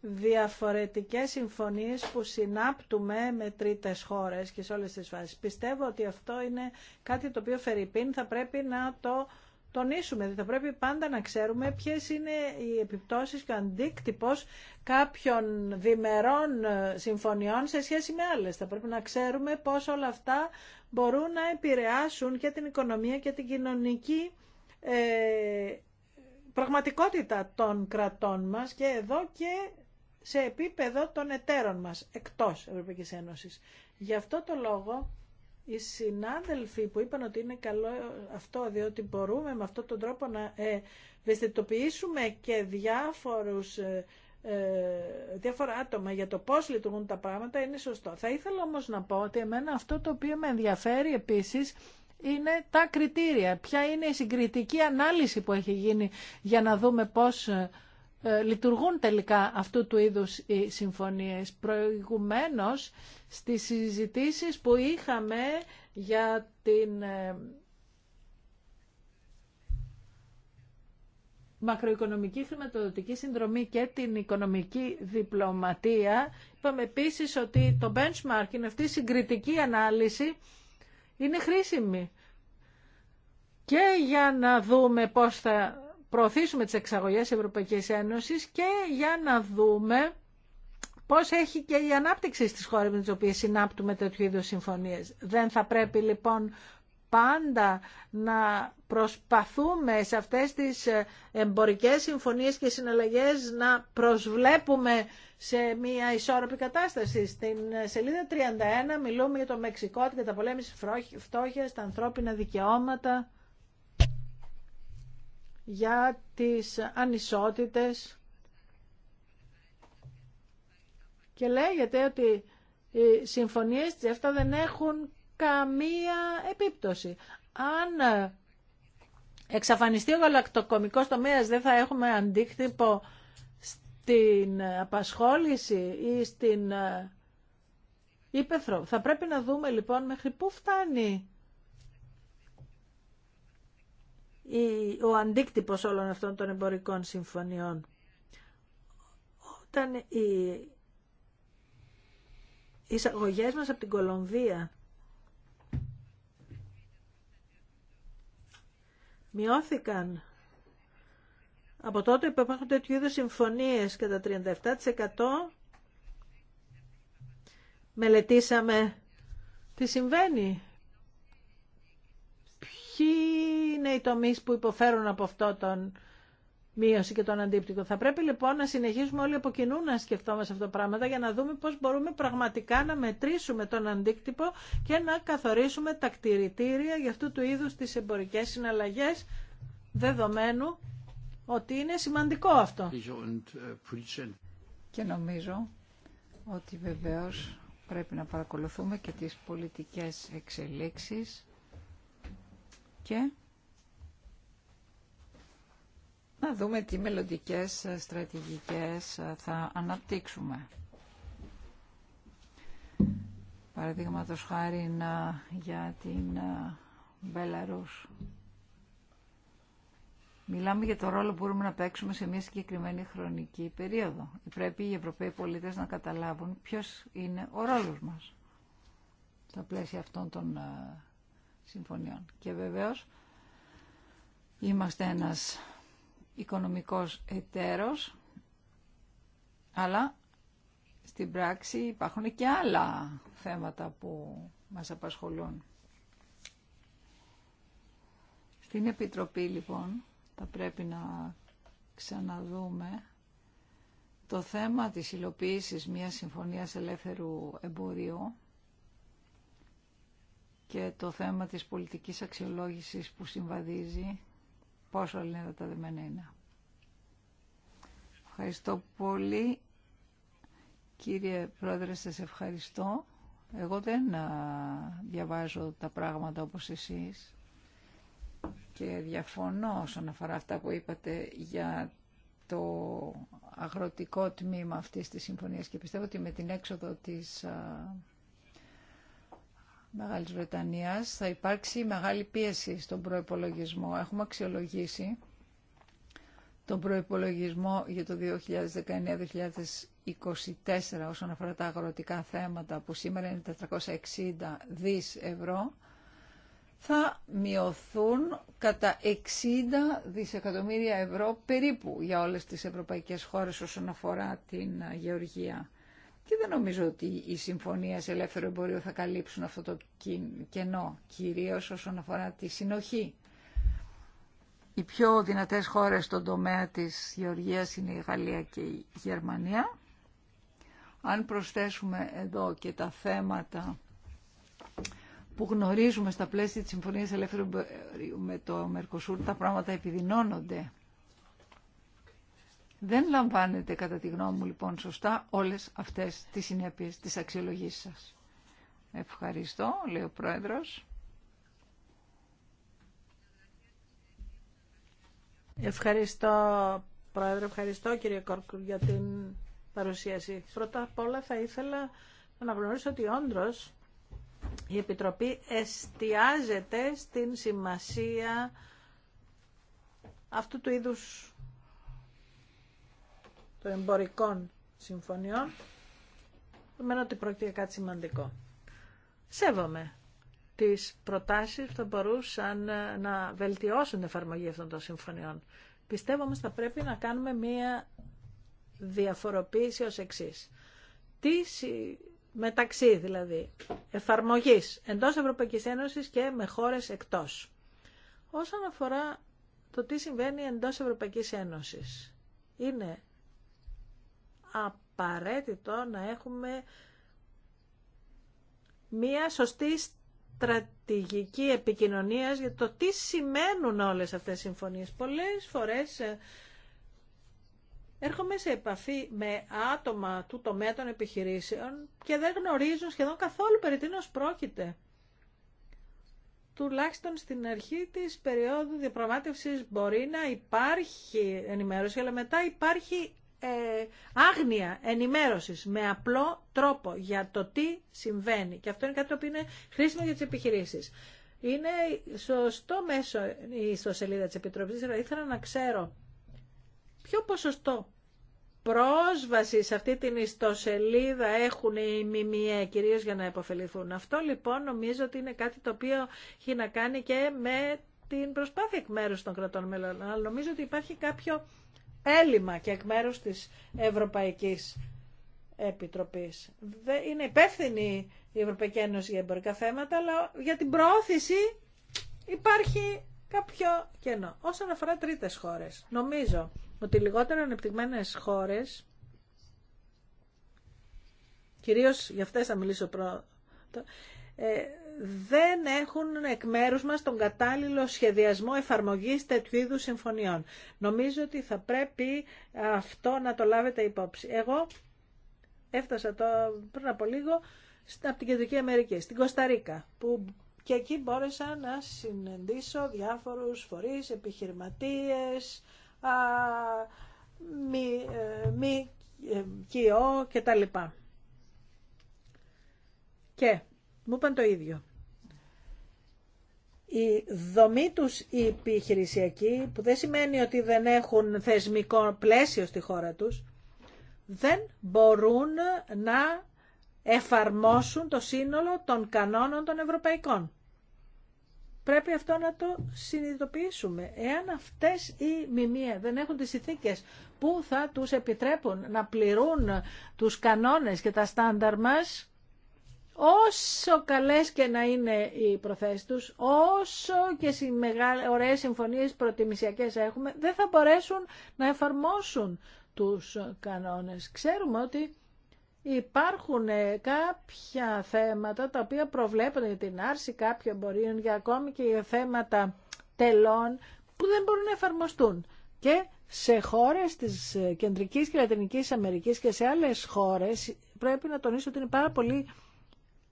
διαφορετικές συμφωνίες που συνάπτουμε με τρίτες χώρες και σε όλες τις φάσεις. Πιστεύω ότι αυτό είναι κάτι το οποίο Φερρυπίν θα πρέπει να το τονίσουμε. Δηλαδή, θα πρέπει πάντα να ξέρουμε ποιες είναι οι επιπτώσεις και ο αντίκτυπος κάποιων διμερών ε, συμφωνιών σε σχέση με άλλες. Θα πρέπει να ξέρουμε πώς όλα αυτά μπορούν να επηρεάσουν και την οικονομία και την κοινωνική ε, πραγματικότητα των κρατών μας και εδώ και σε επίπεδο των εταίρων μας εκτός Ευρωπαϊκής Ένωσης. Γι' αυτό το λόγο οι συνάδελφοι που είπαν ότι είναι καλό αυτό διότι μπορούμε με αυτόν τον τρόπο να ε, ευαισθητοποιήσουμε και διάφορους, ε, ε, διάφορα άτομα για το πώς λειτουργούν τα πράγματα είναι σωστό. Θα ήθελα όμως να πω ότι εμένα αυτό το οποίο με ενδιαφέρει επίσης είναι τα κριτήρια. Ποια είναι η συγκριτική ανάλυση που έχει γίνει για να δούμε πώς ε, ε, λειτουργούν τελικά αυτού του είδους οι συμφωνίες. Προηγουμένως στις συζητήσεις που είχαμε για την ε, μακροοικονομική χρηματοδοτική συνδρομή και την οικονομική διπλωματία. Είπαμε επίσης ότι το benchmarking, αυτή η συγκριτική ανάλυση είναι χρήσιμη και για να δούμε πώς θα προωθήσουμε τις εξαγωγές Ευρωπαϊκής Ένωσης και για να δούμε πώς έχει και η ανάπτυξη στις χώρες με τις οποίες συνάπτουμε τέτοιου είδους συμφωνίες. Δεν θα πρέπει λοιπόν πάντα να προσπαθούμε σε αυτές τις εμπορικές συμφωνίες και συναλλαγές να προσβλέπουμε σε μια ισόρροπη κατάσταση. Στην σελίδα 31 μιλούμε για το Μεξικό, την καταπολέμηση φτώχεια, τα ανθρώπινα δικαιώματα για τις ανισότητες και λέγεται ότι οι συμφωνίες της ΕΦΤΑ δεν έχουν καμία επίπτωση. Αν εξαφανιστεί ο γαλακτοκομικός τομέας δεν θα έχουμε αντίκτυπο στην απασχόληση ή στην ε, ύπεθρο. Θα πρέπει να δούμε λοιπόν μέχρι πού φτάνει ο αντίκτυπος όλων αυτών των εμπορικών συμφωνιών. Όταν οι εισαγωγές μας από την Κολομβία μειώθηκαν από τότε που υπάρχουν τέτοιου είδους συμφωνίες κατά 37% μελετήσαμε τι συμβαίνει. Ποιοι είναι οι τομείς που υποφέρουν από αυτό τον μείωση και τον αντίπτυκο. Θα πρέπει λοιπόν να συνεχίσουμε όλοι από κοινού να σκεφτόμαστε αυτό πράγματα για να δούμε πώς μπορούμε πραγματικά να μετρήσουμε τον αντίκτυπο και να καθορίσουμε τα κτηριτήρια για αυτού του είδους τις εμπορικές συναλλαγές δεδομένου ότι είναι σημαντικό αυτό. Και νομίζω ότι βεβαίως πρέπει να παρακολουθούμε και τις πολιτικές εξελίξεις και να δούμε τι μελλοντικές ε, στρατηγικές ε, θα αναπτύξουμε. Παραδείγματο χάρη για την ε, Μπελαρούς. Μιλάμε για το ρόλο που μπορούμε να παίξουμε σε μια συγκεκριμένη χρονική περίοδο. Πρέπει οι Ευρωπαίοι πολίτες να καταλάβουν ποιος είναι ο ρόλος μας στα πλαίσια αυτών των συμφωνιών. Και βεβαίως είμαστε ένας οικονομικός εταίρος, αλλά στην πράξη υπάρχουν και άλλα θέματα που μας απασχολούν. Στην Επιτροπή λοιπόν θα πρέπει να ξαναδούμε το θέμα της υλοποίησης μιας συμφωνίας ελεύθερου εμπορίου και το θέμα της πολιτικής αξιολόγησης που συμβαδίζει πόσο λένε τα δεμένα είναι. Ευχαριστώ πολύ. Κύριε Πρόεδρε, σας ευχαριστώ. Εγώ δεν διαβάζω τα πράγματα όπως εσείς και διαφωνώ όσον αφορά αυτά που είπατε για το αγροτικό τμήμα αυτής της συμφωνίας και πιστεύω ότι με την έξοδο της Μεγάλης Βρετανίας θα υπάρξει μεγάλη πίεση στον προϋπολογισμό. Έχουμε αξιολογήσει τον προϋπολογισμό για το 2019-2024 όσον αφορά τα αγροτικά θέματα που σήμερα είναι 460 δις ευρώ θα μειωθούν κατά 60 δισεκατομμύρια ευρώ περίπου για όλες τις ευρωπαϊκές χώρες όσον αφορά την ε, γεωργία. Και δεν νομίζω ότι οι συμφωνίε ελεύθερου εμπορίου θα καλύψουν αυτό το κενό, κυρίως όσον αφορά τη συνοχή. Οι πιο δυνατές χώρες στον τομέα της γεωργίας είναι η Γαλλία και η Γερμανία. Αν προσθέσουμε εδώ και τα θέματα που γνωρίζουμε στα πλαίσια της Συμφωνίας Ελεύθερου με το Μερκοσούρ, τα πράγματα επιδεινώνονται. Δεν λαμβάνετε κατά τη γνώμη μου λοιπόν σωστά όλες αυτές τις συνέπειες της αξιολογής σας. Ευχαριστώ, λέει ο Πρόεδρος. Ευχαριστώ, Πρόεδρε. Ευχαριστώ, κύριε Κόρκου, για την παρουσίαση. Πρώτα απ' όλα θα ήθελα να γνωρίσω ότι όντω η Επιτροπή εστιάζεται στην σημασία αυτού του είδους των εμπορικών συμφωνιών, δεδομένου ότι πρόκειται για κάτι σημαντικό. Σέβομαι τις προτάσεις που θα μπορούσαν ε, να βελτιώσουν την εφαρμογή αυτών των συμφωνιών. Πιστεύω ότι θα πρέπει να κάνουμε μία διαφοροποίηση ως εξή. Τι μεταξύ δηλαδή εφαρμογής εντός Ευρωπαϊκής Ένωσης και με χώρες εκτός. Όσον αφορά το τι συμβαίνει εντός Ευρωπαϊκής Ένωσης, είναι απαραίτητο να έχουμε μία σωστή στρατηγική επικοινωνίας για το τι σημαίνουν όλες αυτές οι συμφωνίες. Πολλές φορές ε, έρχομαι σε επαφή με άτομα του τομέα των επιχειρήσεων και δεν γνωρίζουν σχεδόν καθόλου περί τίνος πρόκειται. Τουλάχιστον στην αρχή της περίοδου διαπραγμάτευσης μπορεί να υπάρχει ενημέρωση, αλλά μετά υπάρχει ε, άγνοια ενημέρωσης με απλό τρόπο για το τι συμβαίνει. Και αυτό είναι κάτι που είναι χρήσιμο για τις επιχειρήσεις. Είναι σωστό μέσο η ιστοσελίδα της Επιτροπής, αλλά ήθελα να ξέρω ποιο ποσοστό πρόσβαση σε αυτή την ιστοσελίδα έχουν οι ΜΜΕ, κυρίως για να υποφεληθούν. Αυτό λοιπόν νομίζω ότι είναι κάτι το οποίο έχει να κάνει και με την προσπάθεια εκ μέρους των κρατών μελών. Αλλά νομίζω ότι υπάρχει κάποιο έλλειμμα και εκ μέρους της Ευρωπαϊκής Επιτροπής. Δεν είναι υπεύθυνη η Ευρωπαϊκή Ένωση για εμπορικά θέματα, αλλά για την προώθηση υπάρχει κάποιο κενό. Όσον αφορά τρίτες χώρες, νομίζω ότι λιγότερο ανεπτυγμένες χώρες, κυρίως για αυτές θα μιλήσω πρώτα, ε, δεν έχουν εκ μέρους μας τον κατάλληλο σχεδιασμό εφαρμογής τέτοιου είδους συμφωνιών. Νομίζω ότι θα πρέπει αυτό να το λάβετε υπόψη. Εγώ έφτασα το πριν από λίγο από την Κεντρική Αμερική, στην Κοσταρίκα, που και εκεί μπόρεσα να συναντήσω διάφορους φορείς, επιχειρηματίες, α, μη, ε, ε, κοιό και τα λοιπά. Και μου είπαν το ίδιο η δομή τους η επιχειρησιακή, που δεν σημαίνει ότι δεν έχουν θεσμικό πλαίσιο στη χώρα τους, δεν μπορούν να εφαρμόσουν το σύνολο των κανόνων των ευρωπαϊκών. Πρέπει αυτό να το συνειδητοποιήσουμε. Εάν αυτές οι μιμίε δεν έχουν τις ηθίκες που θα τους επιτρέπουν να πληρούν τους κανόνες και τα στάνταρ μας, όσο καλές και να είναι οι προθέσεις τους, όσο και οι ωραίες συμφωνίες προτιμησιακές έχουμε, δεν θα μπορέσουν να εφαρμόσουν τους κανόνες. Ξέρουμε ότι υπάρχουν ε, κάποια θέματα τα οποία προβλέπονται για την άρση κάποιων εμπορίων για ακόμη και για θέματα τελών που δεν μπορούν να εφαρμοστούν. Και σε χώρες της Κεντρικής και Λατινικής Αμερικής και σε άλλες χώρες πρέπει να τονίσω ότι είναι πάρα πολύ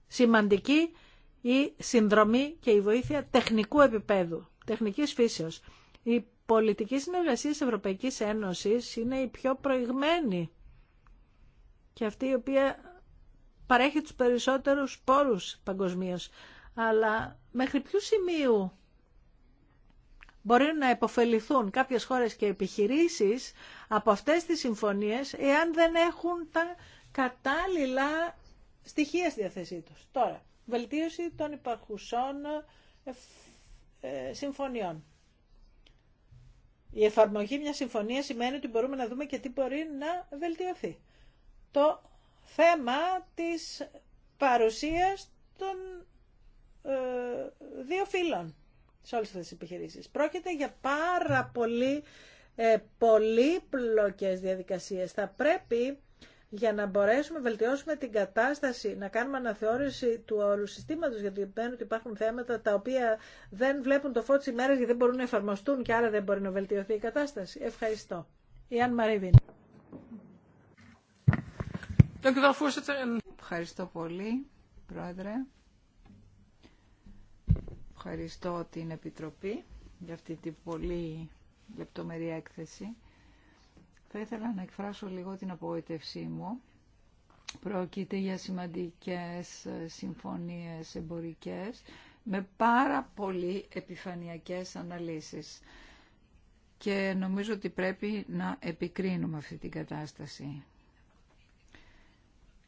σημαντική η συνδρομή και η βοήθεια τεχνικού επίπεδου, τεχνικής φύσεως. Η πολιτική συνεργασία της Ευρωπαϊκής Ένωσης είναι η πιο προηγμένη και αυτή η οποία παρέχει τους περισσότερους πόρους παγκοσμίως. Αλλά μέχρι ποιου σημείου μπορεί να υποφεληθούν κάποιες χώρες και επιχειρήσεις από αυτές τις συμφωνίες εάν δεν έχουν τα κατάλληλα στοιχεία στη διαθέσή τους. Τώρα, βελτίωση των υπαρχουσών ε, ε, συμφωνιών. Η εφαρμογή μια συμφωνία σημαίνει ότι μπορούμε να δούμε και τι μπορεί να βελτιωθεί. Το θέμα της παρουσίας των ε, δύο φύλων σε όλες αυτές τις επιχειρήσεις. Πρόκειται για πάρα πολύ ε, πολύπλοκες διαδικασίες. Θα πρέπει για να μπορέσουμε να βελτιώσουμε την κατάσταση, να κάνουμε αναθεώρηση του όλου συστήματος, γιατί μπαίνουν ότι υπάρχουν θέματα τα οποία δεν βλέπουν το φως της γιατί δεν μπορούν να εφαρμοστούν και άρα δεν μπορεί να βελτιωθεί η κατάσταση. Ευχαριστώ. Ιαν Μαρίβιν. Ευχαριστώ πολύ, Πρόεδρε. Ευχαριστώ την Επιτροπή για αυτή την πολύ λεπτομερή έκθεση. Θα ήθελα να εκφράσω λίγο την απογοητευσή μου. Πρόκειται για σημαντικές ε, συμφωνίες εμπορικές με πάρα πολύ επιφανειακές αναλύσεις. Και νομίζω ότι πρέπει να επικρίνουμε αυτή την κατάσταση.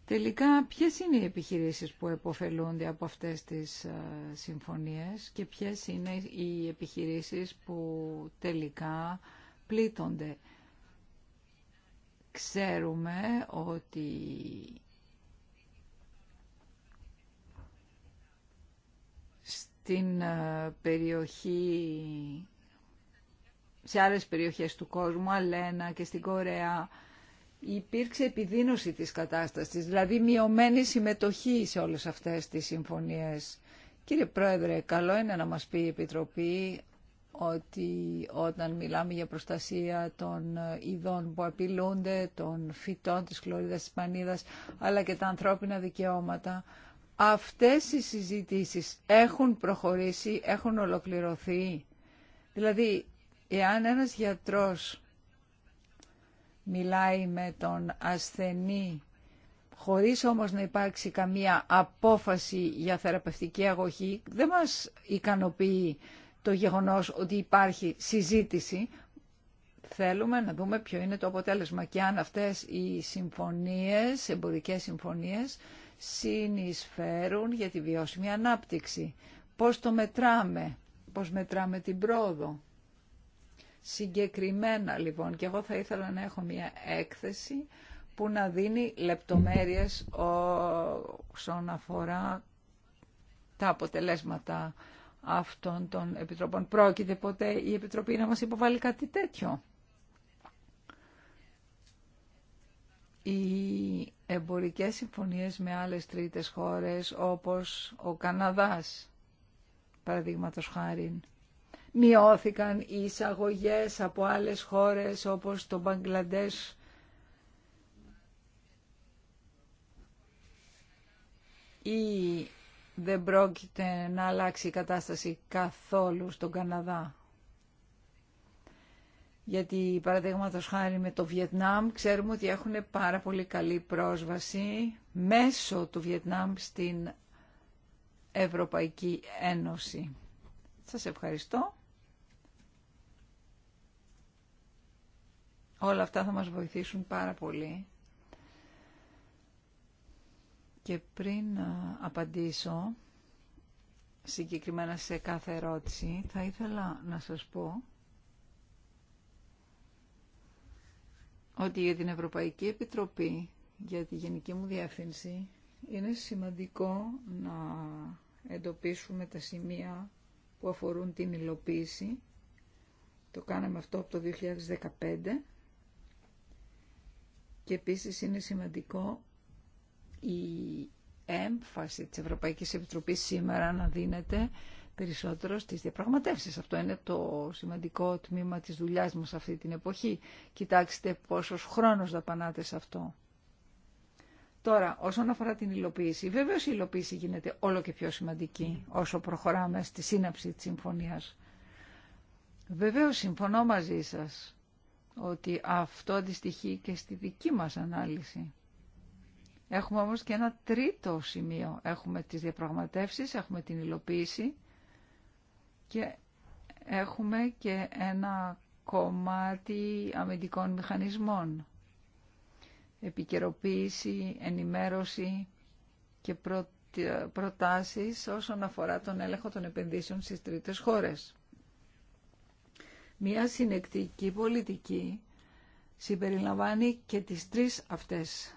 Τελικά, ποιες είναι οι επιχειρήσεις που εποφελούνται από αυτές τις ε, συμφωνίες και ποιες είναι οι επιχειρήσεις που τελικά πλήττονται. Ξέρουμε ότι στην ε, περιοχή, σε άλλες περιοχές του κόσμου, Αλένα και στην Κορέα, υπήρξε επιδείνωση της κατάστασης, δηλαδή μειωμένη συμμετοχή σε όλες αυτές τις συμφωνίες. Κύριε Πρόεδρε, καλό είναι να μας πει η Επιτροπή ότι όταν μιλάμε για προστασία των ειδών που απειλούνται, των φυτών της χλωρίδας της πανίδας, αλλά και τα ανθρώπινα δικαιώματα, αυτές οι συζητήσεις έχουν προχωρήσει, έχουν ολοκληρωθεί. Δηλαδή, εάν ένας γιατρός μιλάει με τον ασθενή χωρίς όμως να υπάρξει καμία απόφαση για θεραπευτική αγωγή, δεν μας ικανοποιεί το γεγονός ότι υπάρχει συζήτηση. Θέλουμε να δούμε ποιο είναι το αποτέλεσμα και αν αυτές οι συμφωνίες, εμπορικές συμφωνίες, συνεισφέρουν για τη βιώσιμη ανάπτυξη. Πώς το μετράμε, πώς μετράμε την πρόοδο. Συγκεκριμένα λοιπόν και εγώ θα ήθελα να έχω μια έκθεση που να δίνει λεπτομέρειες όσον αφορά τα αποτελέσματα αυτών των επιτροπών. Πρόκειται ποτέ η Επιτροπή να μας υποβάλει κάτι τέτοιο. Οι εμπορικές συμφωνίες με άλλες τρίτες χώρες όπως ο Καναδάς, παραδείγματος χάρη, μειώθηκαν οι εισαγωγές από άλλες χώρες όπως το Μπαγκλαντές, η δεν πρόκειται να αλλάξει η κατάσταση καθόλου στον Καναδά. Γιατί παραδείγματος χάρη με το Βιετνάμ ξέρουμε ότι έχουν πάρα πολύ καλή πρόσβαση μέσω του Βιετνάμ στην Ευρωπαϊκή Ένωση. Σας ευχαριστώ. Όλα αυτά θα μας βοηθήσουν πάρα πολύ. Και πριν απαντήσω συγκεκριμένα σε κάθε ερώτηση, θα ήθελα να σας πω ότι για την Ευρωπαϊκή Επιτροπή, για τη Γενική μου Διεύθυνση, είναι σημαντικό να εντοπίσουμε τα σημεία που αφορούν την υλοποίηση. Το κάναμε αυτό από το 2015 και επίσης είναι σημαντικό η έμφαση της Ευρωπαϊκής Επιτροπής σήμερα να δίνεται περισσότερο στις διαπραγματεύσεις. Αυτό είναι το σημαντικό τμήμα της δουλειάς μας αυτή την εποχή. Κοιτάξτε πόσος χρόνος δαπανάτε σε αυτό. Τώρα, όσον αφορά την υλοποίηση, βεβαίως η υλοποίηση γίνεται όλο και πιο σημαντική όσο προχωράμε στη σύναψη της συμφωνίας. Βεβαίως συμφωνώ μαζί σας ότι αυτό αντιστοιχεί και στη δική μας ανάλυση. Έχουμε όμως και ένα τρίτο σημείο. Έχουμε τις διαπραγματεύσεις, έχουμε την υλοποίηση και έχουμε και ένα κομμάτι αμυντικών μηχανισμών. Επικαιροποίηση, ενημέρωση και προτάσεις όσον αφορά τον έλεγχο των επενδύσεων στις τρίτες χώρες. Μία συνεκτική πολιτική συμπεριλαμβάνει και τις τρεις αυτές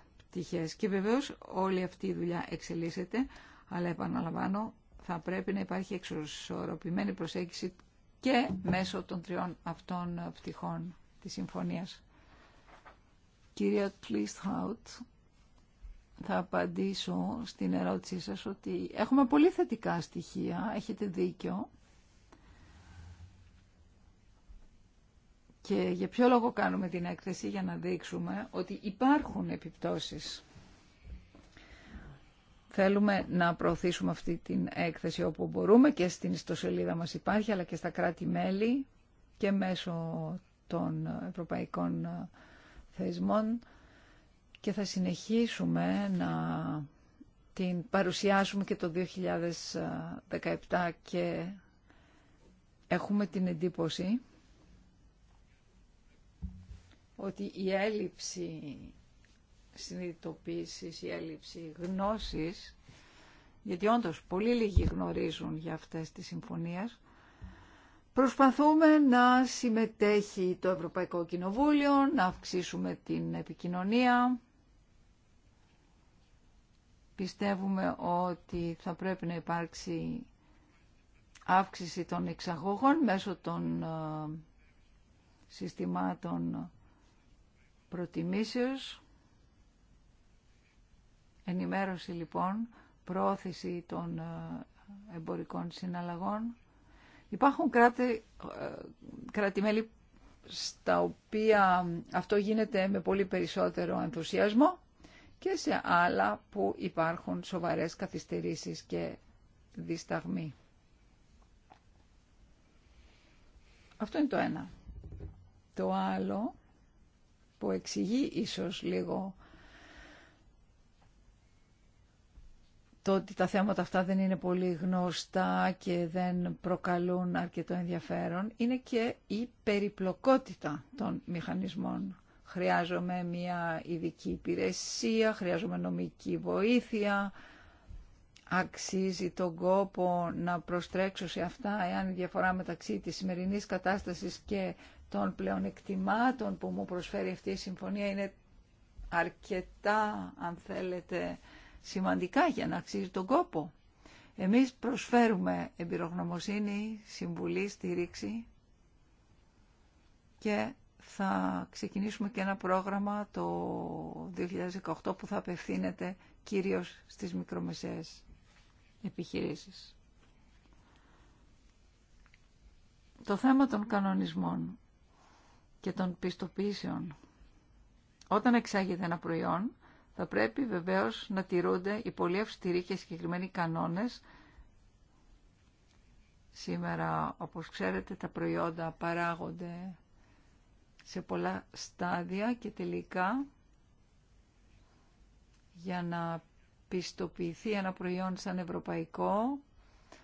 και βεβαίως όλη αυτή η δουλειά εξελίσσεται, αλλά επαναλαμβάνω θα πρέπει να υπάρχει εξορροπημένη προσέγγιση και μέσω των τριών αυτών πτυχών της συμφωνίας. Κυρία Πλίστχαουτ, θα απαντήσω στην ερώτησή σας ότι έχουμε πολύ θετικά στοιχεία, έχετε δίκιο. Και για ποιο λόγο κάνουμε την έκθεση για να δείξουμε ότι υπάρχουν επιπτώσεις. Θέλουμε να προωθήσουμε αυτή την έκθεση όπου μπορούμε και στην ιστοσελίδα μας υπάρχει, αλλά και στα κράτη-μέλη και μέσω των ευρωπαϊκών θεσμών και θα συνεχίσουμε να την παρουσιάσουμε και το 2017 και έχουμε την εντύπωση ότι η έλλειψη συνειδητοποίησης, η έλλειψη γνώσης, γιατί όντως πολύ λίγοι γνωρίζουν για αυτές τις συμφωνίες, Προσπαθούμε να συμμετέχει το Ευρωπαϊκό Κοινοβούλιο, να αυξήσουμε την επικοινωνία. Πιστεύουμε ότι θα πρέπει να υπάρξει αύξηση των εξαγωγών μέσω των ε, συστημάτων προτιμήσεως, ενημέρωση λοιπόν, πρόθεση των ε, εμπορικών συναλλαγών. Υπάρχουν κράτη, ε, κράτη-μέλη στα οποία αυτό γίνεται με πολύ περισσότερο ενθουσιασμό και σε άλλα που υπάρχουν σοβαρές καθυστερήσεις και δισταγμοί. Αυτό είναι το ένα. Το άλλο που εξηγεί ίσως λίγο το ότι τα θέματα αυτά δεν είναι πολύ γνωστά και δεν προκαλούν αρκετό ενδιαφέρον είναι και η περιπλοκότητα των μηχανισμών. Χρειάζομαι μια ειδική υπηρεσία, χρειάζομαι νομική βοήθεια. Αξίζει τον κόπο να προστρέξω σε αυτά εάν η διαφορά μεταξύ της σημερινής κατάστασης και των πλεονεκτημάτων που μου προσφέρει αυτή η συμφωνία είναι αρκετά, αν θέλετε, σημαντικά για να αξίζει τον κόπο. Εμείς προσφέρουμε εμπειρογνωμοσύνη, συμβουλή, στήριξη και θα ξεκινήσουμε και ένα πρόγραμμα το 2018 που θα απευθύνεται κυρίως στις μικρομεσαίες επιχειρήσεις. Το θέμα των κανονισμών και των πιστοποιήσεων. Όταν εξάγεται ένα προϊόν, θα πρέπει βεβαίως να τηρούνται οι πολύ αυστηροί και συγκεκριμένοι κανόνες. Σήμερα, όπως ξέρετε, τα προϊόντα παράγονται σε πολλά στάδια και τελικά για να πιστοποιηθεί ένα προϊόν σαν ευρωπαϊκό,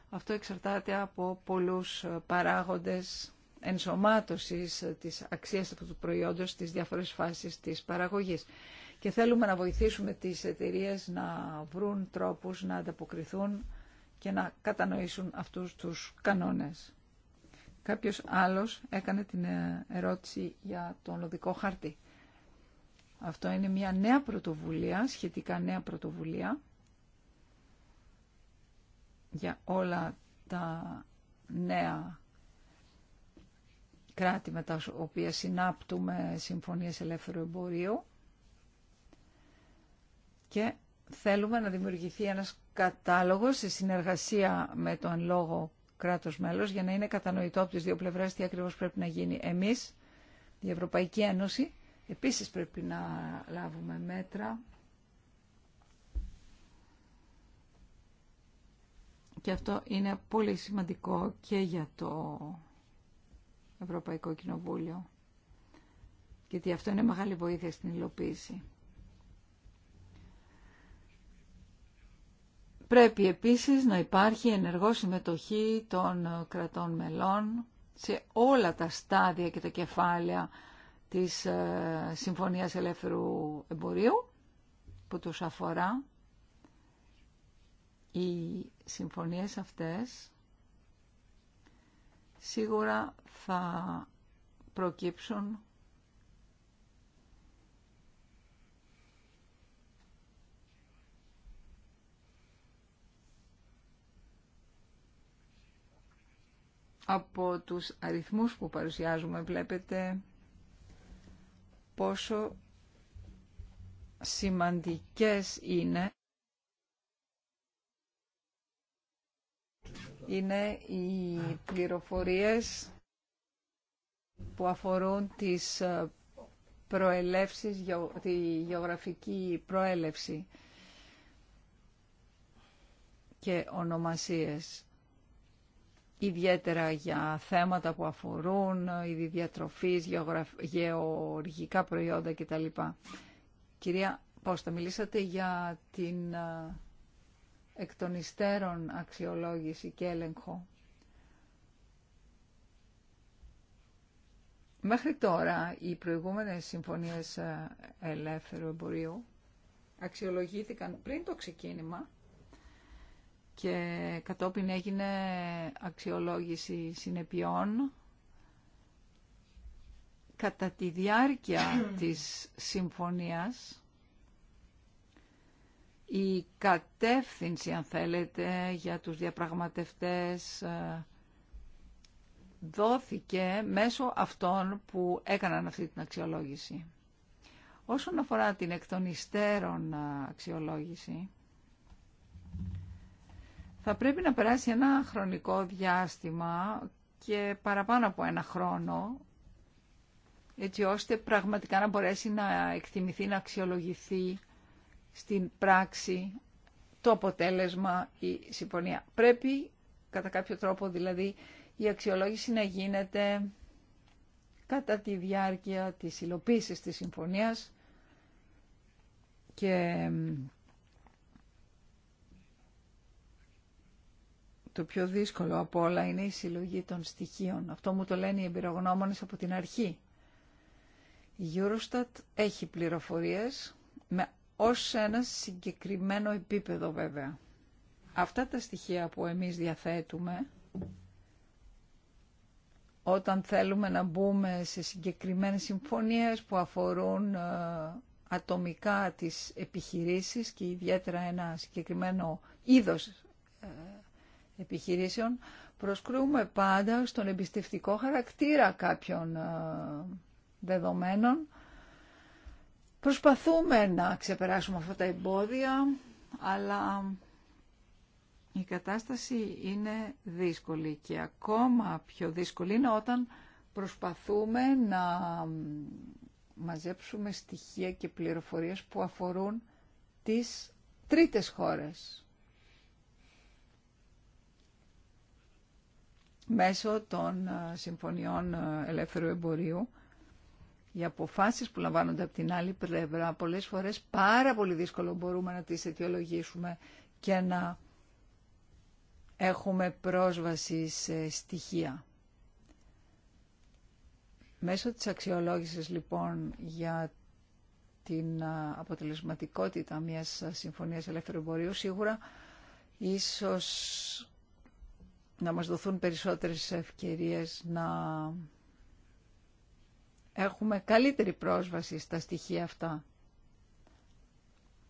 αυτό εξαρτάται από πολλούς παράγοντες ενσωμάτωσης της αξίας αυτού του προϊόντος στις διάφορες φάσεις της παραγωγής. Και θέλουμε να βοηθήσουμε τις εταιρείες να βρουν τρόπους να ανταποκριθούν και να κατανοήσουν αυτούς τους κανόνες. Κάποιος άλλος έκανε την ε, ερώτηση για τον οδικό χαρτί. Αυτό είναι μια νέα πρωτοβουλία, σχετικά νέα πρωτοβουλία για όλα τα νέα κράτη με τα οποία συνάπτουμε συμφωνίες ελεύθερου εμπορίου και θέλουμε να δημιουργηθεί ένας κατάλογος σε συνεργασία με τον λόγο κράτος μέλος για να είναι κατανοητό από τις δύο πλευρές τι ακριβώς πρέπει να γίνει. Εμείς, η Ευρωπαϊκή Ένωση, επίσης πρέπει να λάβουμε μέτρα και αυτό είναι πολύ σημαντικό και για το Ευρωπαϊκό Κοινοβούλιο. Γιατί αυτό είναι μεγάλη βοήθεια στην υλοποίηση. Πρέπει επίσης να υπάρχει ενεργό συμμετοχή των κρατών μελών σε όλα τα στάδια και τα κεφάλαια της ε, Συμφωνίας Ελεύθερου Εμπορίου που τους αφορά. Οι συμφωνίες αυτές σίγουρα θα προκύψουν από τους αριθμούς που παρουσιάζουμε βλέπετε πόσο σημαντικές είναι είναι οι πληροφορίες που αφορούν τις ε, προελεύσεις, τη γεωγραφική προέλευση και ονομασίες. Ιδιαίτερα για θέματα που αφορούν ε, είδη διατροφής, γεωργικά προϊόντα κτλ. Κυρία Πόστα, μιλήσατε για την ε, εκ των υστέρων αξιολόγηση και έλεγχο. Μέχρι τώρα οι προηγούμενες συμφωνίες ε, ελεύθερου εμπορίου αξιολογήθηκαν πριν το ξεκίνημα και κατόπιν έγινε αξιολόγηση συνεπειών κατά τη διάρκεια της συμφωνίας η κατεύθυνση, αν θέλετε, για τους διαπραγματευτές ε, δόθηκε μέσω αυτών που έκαναν αυτή την αξιολόγηση. Όσον αφορά την εκ των υστέρων ε, αξιολόγηση, θα πρέπει να περάσει ένα χρονικό διάστημα και παραπάνω από ένα χρόνο, έτσι ώστε πραγματικά να μπορέσει να εκτιμηθεί, να αξιολογηθεί στην πράξη το αποτέλεσμα η συμφωνία. Πρέπει κατά κάποιο τρόπο δηλαδή η αξιολόγηση να γίνεται κατά τη διάρκεια της υλοποίηση της συμφωνίας και το πιο δύσκολο από όλα είναι η συλλογή των στοιχείων. Αυτό μου το λένε οι εμπειρογνώμονες από την αρχή. Η Eurostat έχει πληροφορίες με ως ένα συγκεκριμένο επίπεδο βέβαια. Αυτά τα στοιχεία που εμείς διαθέτουμε όταν θέλουμε να μπούμε σε συγκεκριμένες συμφωνίες που αφορούν ε, ατομικά τις επιχειρήσεις και ιδιαίτερα ένα συγκεκριμένο είδος ε, επιχειρήσεων, προσκρούμε πάντα στον εμπιστευτικό χαρακτήρα κάποιων ε, δεδομένων Προσπαθούμε να ξεπεράσουμε αυτά τα εμπόδια, αλλά η κατάσταση είναι δύσκολη και ακόμα πιο δύσκολη είναι όταν προσπαθούμε να μαζέψουμε στοιχεία και πληροφορίες που αφορούν τις τρίτες χώρες. Μέσω των ε, συμφωνιών ε, ελεύθερου εμπορίου οι αποφάσεις που λαμβάνονται από την άλλη πλευρά πολλές φορές πάρα πολύ δύσκολο μπορούμε να τις αιτιολογήσουμε και να έχουμε πρόσβαση σε στοιχεία. Μέσω της αξιολόγησης λοιπόν για την αποτελεσματικότητα μιας συμφωνίας ελεύθερου εμπορίου σίγουρα ίσως να μας δοθούν περισσότερες ευκαιρίες να έχουμε καλύτερη πρόσβαση στα στοιχεία αυτά.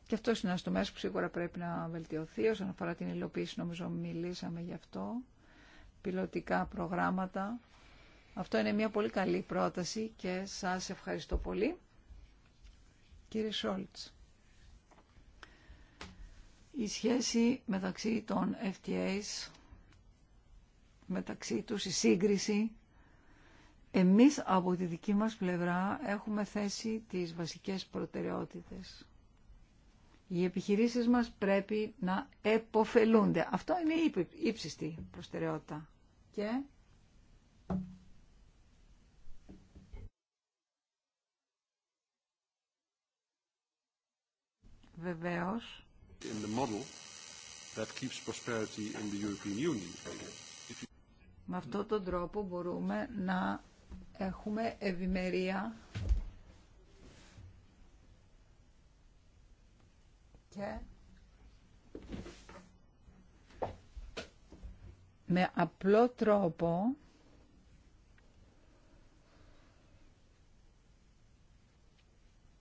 Και αυτό είναι ένα τομέα που σίγουρα πρέπει να βελτιωθεί. Όσον αφορά την υλοποίηση, νομίζω μιλήσαμε γι' αυτό. Πιλωτικά προγράμματα. Αυτό είναι μια πολύ καλή πρόταση και σας ευχαριστώ πολύ. Κύριε Σόλτς, η σχέση μεταξύ των FTAs, μεταξύ τους, η σύγκριση εμείς από τη δική μας πλευρά έχουμε θέσει τις βασικές προτεραιότητες. Οι επιχειρήσεις μας πρέπει να εποφελούνται. Αυτό είναι η ύψιστη προτεραιότητα. Και... Βεβαίως. In the model that keeps prosperity in the European Με αυτόν τον τρόπο μπορούμε να έχουμε ευημερία και με απλό τρόπο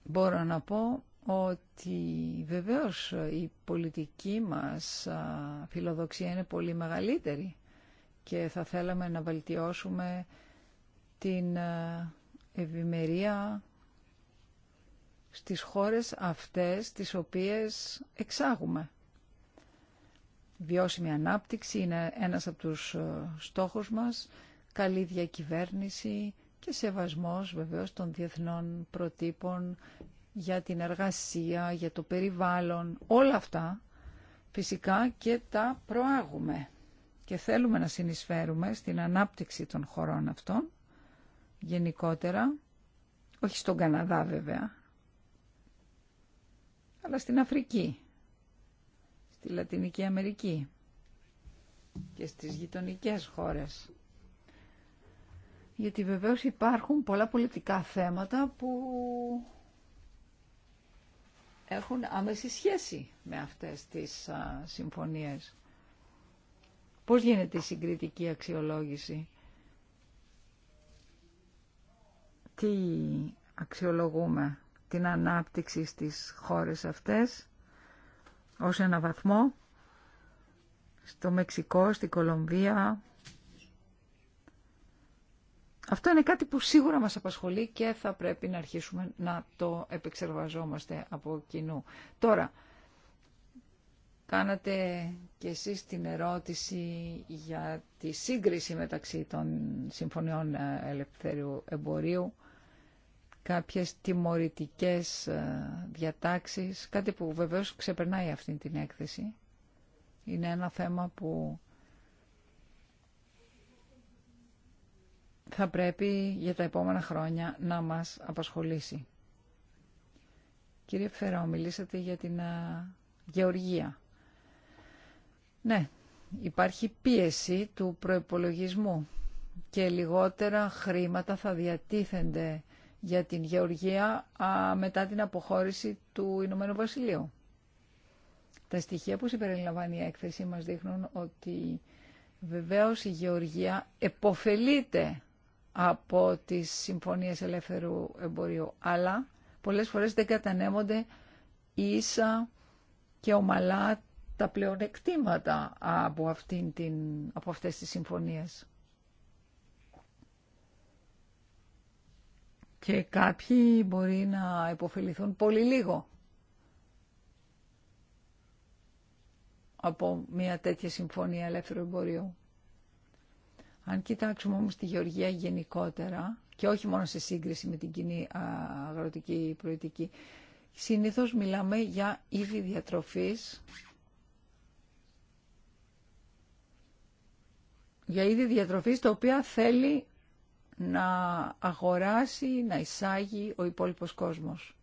μπορώ να πω ότι βεβαίως η πολιτική μας φιλοδοξία είναι πολύ μεγαλύτερη και θα θέλαμε να βελτιώσουμε την ε, ευημερία στις χώρες αυτές τις οποίες εξάγουμε. Βιώσιμη ανάπτυξη είναι ένας από τους ε, στόχους μας, καλή διακυβέρνηση και σεβασμός βεβαίως των διεθνών προτύπων για την εργασία, για το περιβάλλον, όλα αυτά φυσικά και τα προάγουμε και θέλουμε να συνεισφέρουμε στην ανάπτυξη των χωρών αυτών γενικότερα, όχι στον Καναδά βέβαια, αλλά στην Αφρική, στη Λατινική Αμερική και στις γειτονικές χώρες. Γιατί βεβαίως υπάρχουν πολλά πολιτικά θέματα που έχουν άμεση σχέση με αυτές τις συμφωνίες. Πώς γίνεται η συγκριτική αξιολόγηση. τι αξιολογούμε την ανάπτυξη στις χώρες αυτές ως ένα βαθμό στο Μεξικό, στην Κολομβία. Αυτό είναι κάτι που σίγουρα μας απασχολεί και θα πρέπει να αρχίσουμε να το επεξεργαζόμαστε από κοινού. Τώρα, κάνατε και εσείς την ερώτηση για τη σύγκριση μεταξύ των Συμφωνιών Ελευθερίου Εμπορίου κάποιες τιμωρητικές ε, διατάξεις, κάτι που βεβαίως ξεπερνάει αυτή την έκθεση. Είναι ένα θέμα που θα πρέπει για τα επόμενα χρόνια να μας απασχολήσει. Κύριε Φεράου, μιλήσατε για την ε, γεωργία. Ναι, υπάρχει πίεση του προϋπολογισμού και λιγότερα χρήματα θα διατίθενται για την γεωργία μετά την αποχώρηση του Ηνωμένου Βασιλείου. Τα στοιχεία που συμπεριλαμβάνει η έκθεση μας δείχνουν ότι βεβαίως η γεωργία εποφελείται από τις συμφωνίες ελεύθερου εμπορίου, αλλά πολλές φορές δεν κατανέμονται ίσα και ομαλά τα πλεονεκτήματα από, αυτήν την, από αυτές τις συμφωνίες. και κάποιοι μπορεί να υποφεληθούν πολύ λίγο από μια τέτοια συμφωνία ελεύθερου εμπορίου. Αν κοιτάξουμε όμως τη γεωργία γενικότερα και όχι μόνο σε σύγκριση με την κοινή αγροτική προητική, συνήθως μιλάμε για είδη διατροφής, για είδη διατροφής το οποία θέλει να αγοράσει, να εισάγει ο υπόλοιπος κόσμος.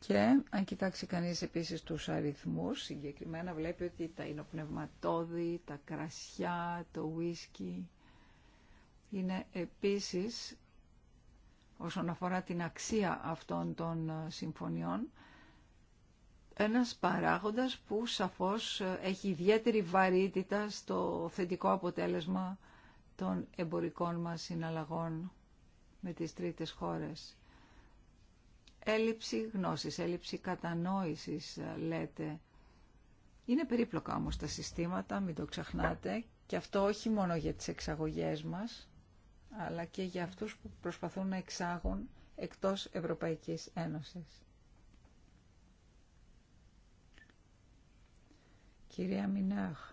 Και αν κοιτάξει κανείς επίσης τους αριθμούς, συγκεκριμένα βλέπει ότι τα υνοπνευματόδη, τα κρασιά, το ουίσκι είναι επίσης όσον αφορά την αξία αυτών των συμφωνιών ένας παράγοντας που σαφώς ε, έχει ιδιαίτερη βαρύτητα στο θετικό αποτέλεσμα των εμπορικών μας συναλλαγών με τις τρίτες χώρες. Έλλειψη γνώσης, έλλειψη κατανόησης ε, λέτε. Είναι περίπλοκα όμως τα συστήματα, μην το ξεχνάτε, και αυτό όχι μόνο για τις εξαγωγές μας, αλλά και για αυτούς που προσπαθούν να εξάγουν εκτός Ευρωπαϊκής Ένωσης. κυρία Μινάχ.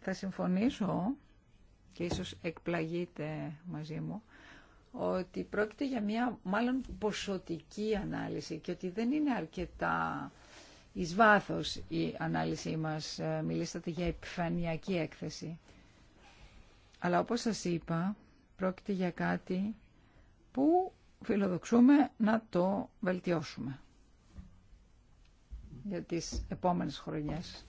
Θα συμφωνήσω και ίσως εκπλαγείτε μαζί μου ότι πρόκειται για μια μάλλον ποσοτική ανάλυση και ότι δεν είναι αρκετά εις βάθος η ανάλυση μας. Ε, μιλήσατε για επιφανειακή έκθεση. Αλλά όπως σας είπα, πρόκειται για κάτι που φιλοδοξούμε να το βελτιώσουμε για τις επόμενες χρονιές.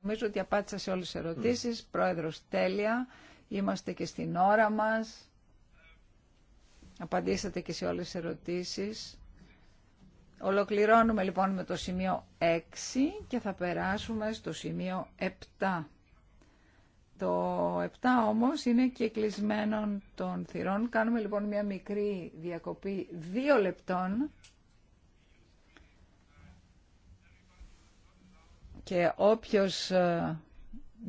Νομίζω ότι απάντησα σε όλες τις ερωτήσεις. Ναι. Πρόεδρος, τέλεια. Είμαστε και στην ώρα μας. Απαντήσατε και σε όλες τις ερωτήσεις. Ολοκληρώνουμε λοιπόν με το σημείο 6 και θα περάσουμε στο σημείο 7. Το 7 όμως είναι και κλεισμένων των θυρών. Κάνουμε λοιπόν μια μικρή διακοπή δύο λεπτών και όποιος ε,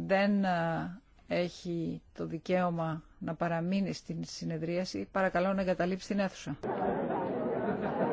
δεν ε, έχει το δικαίωμα να παραμείνει στην συνεδρίαση, παρακαλώ να εγκαταλείψει την αίθουσα.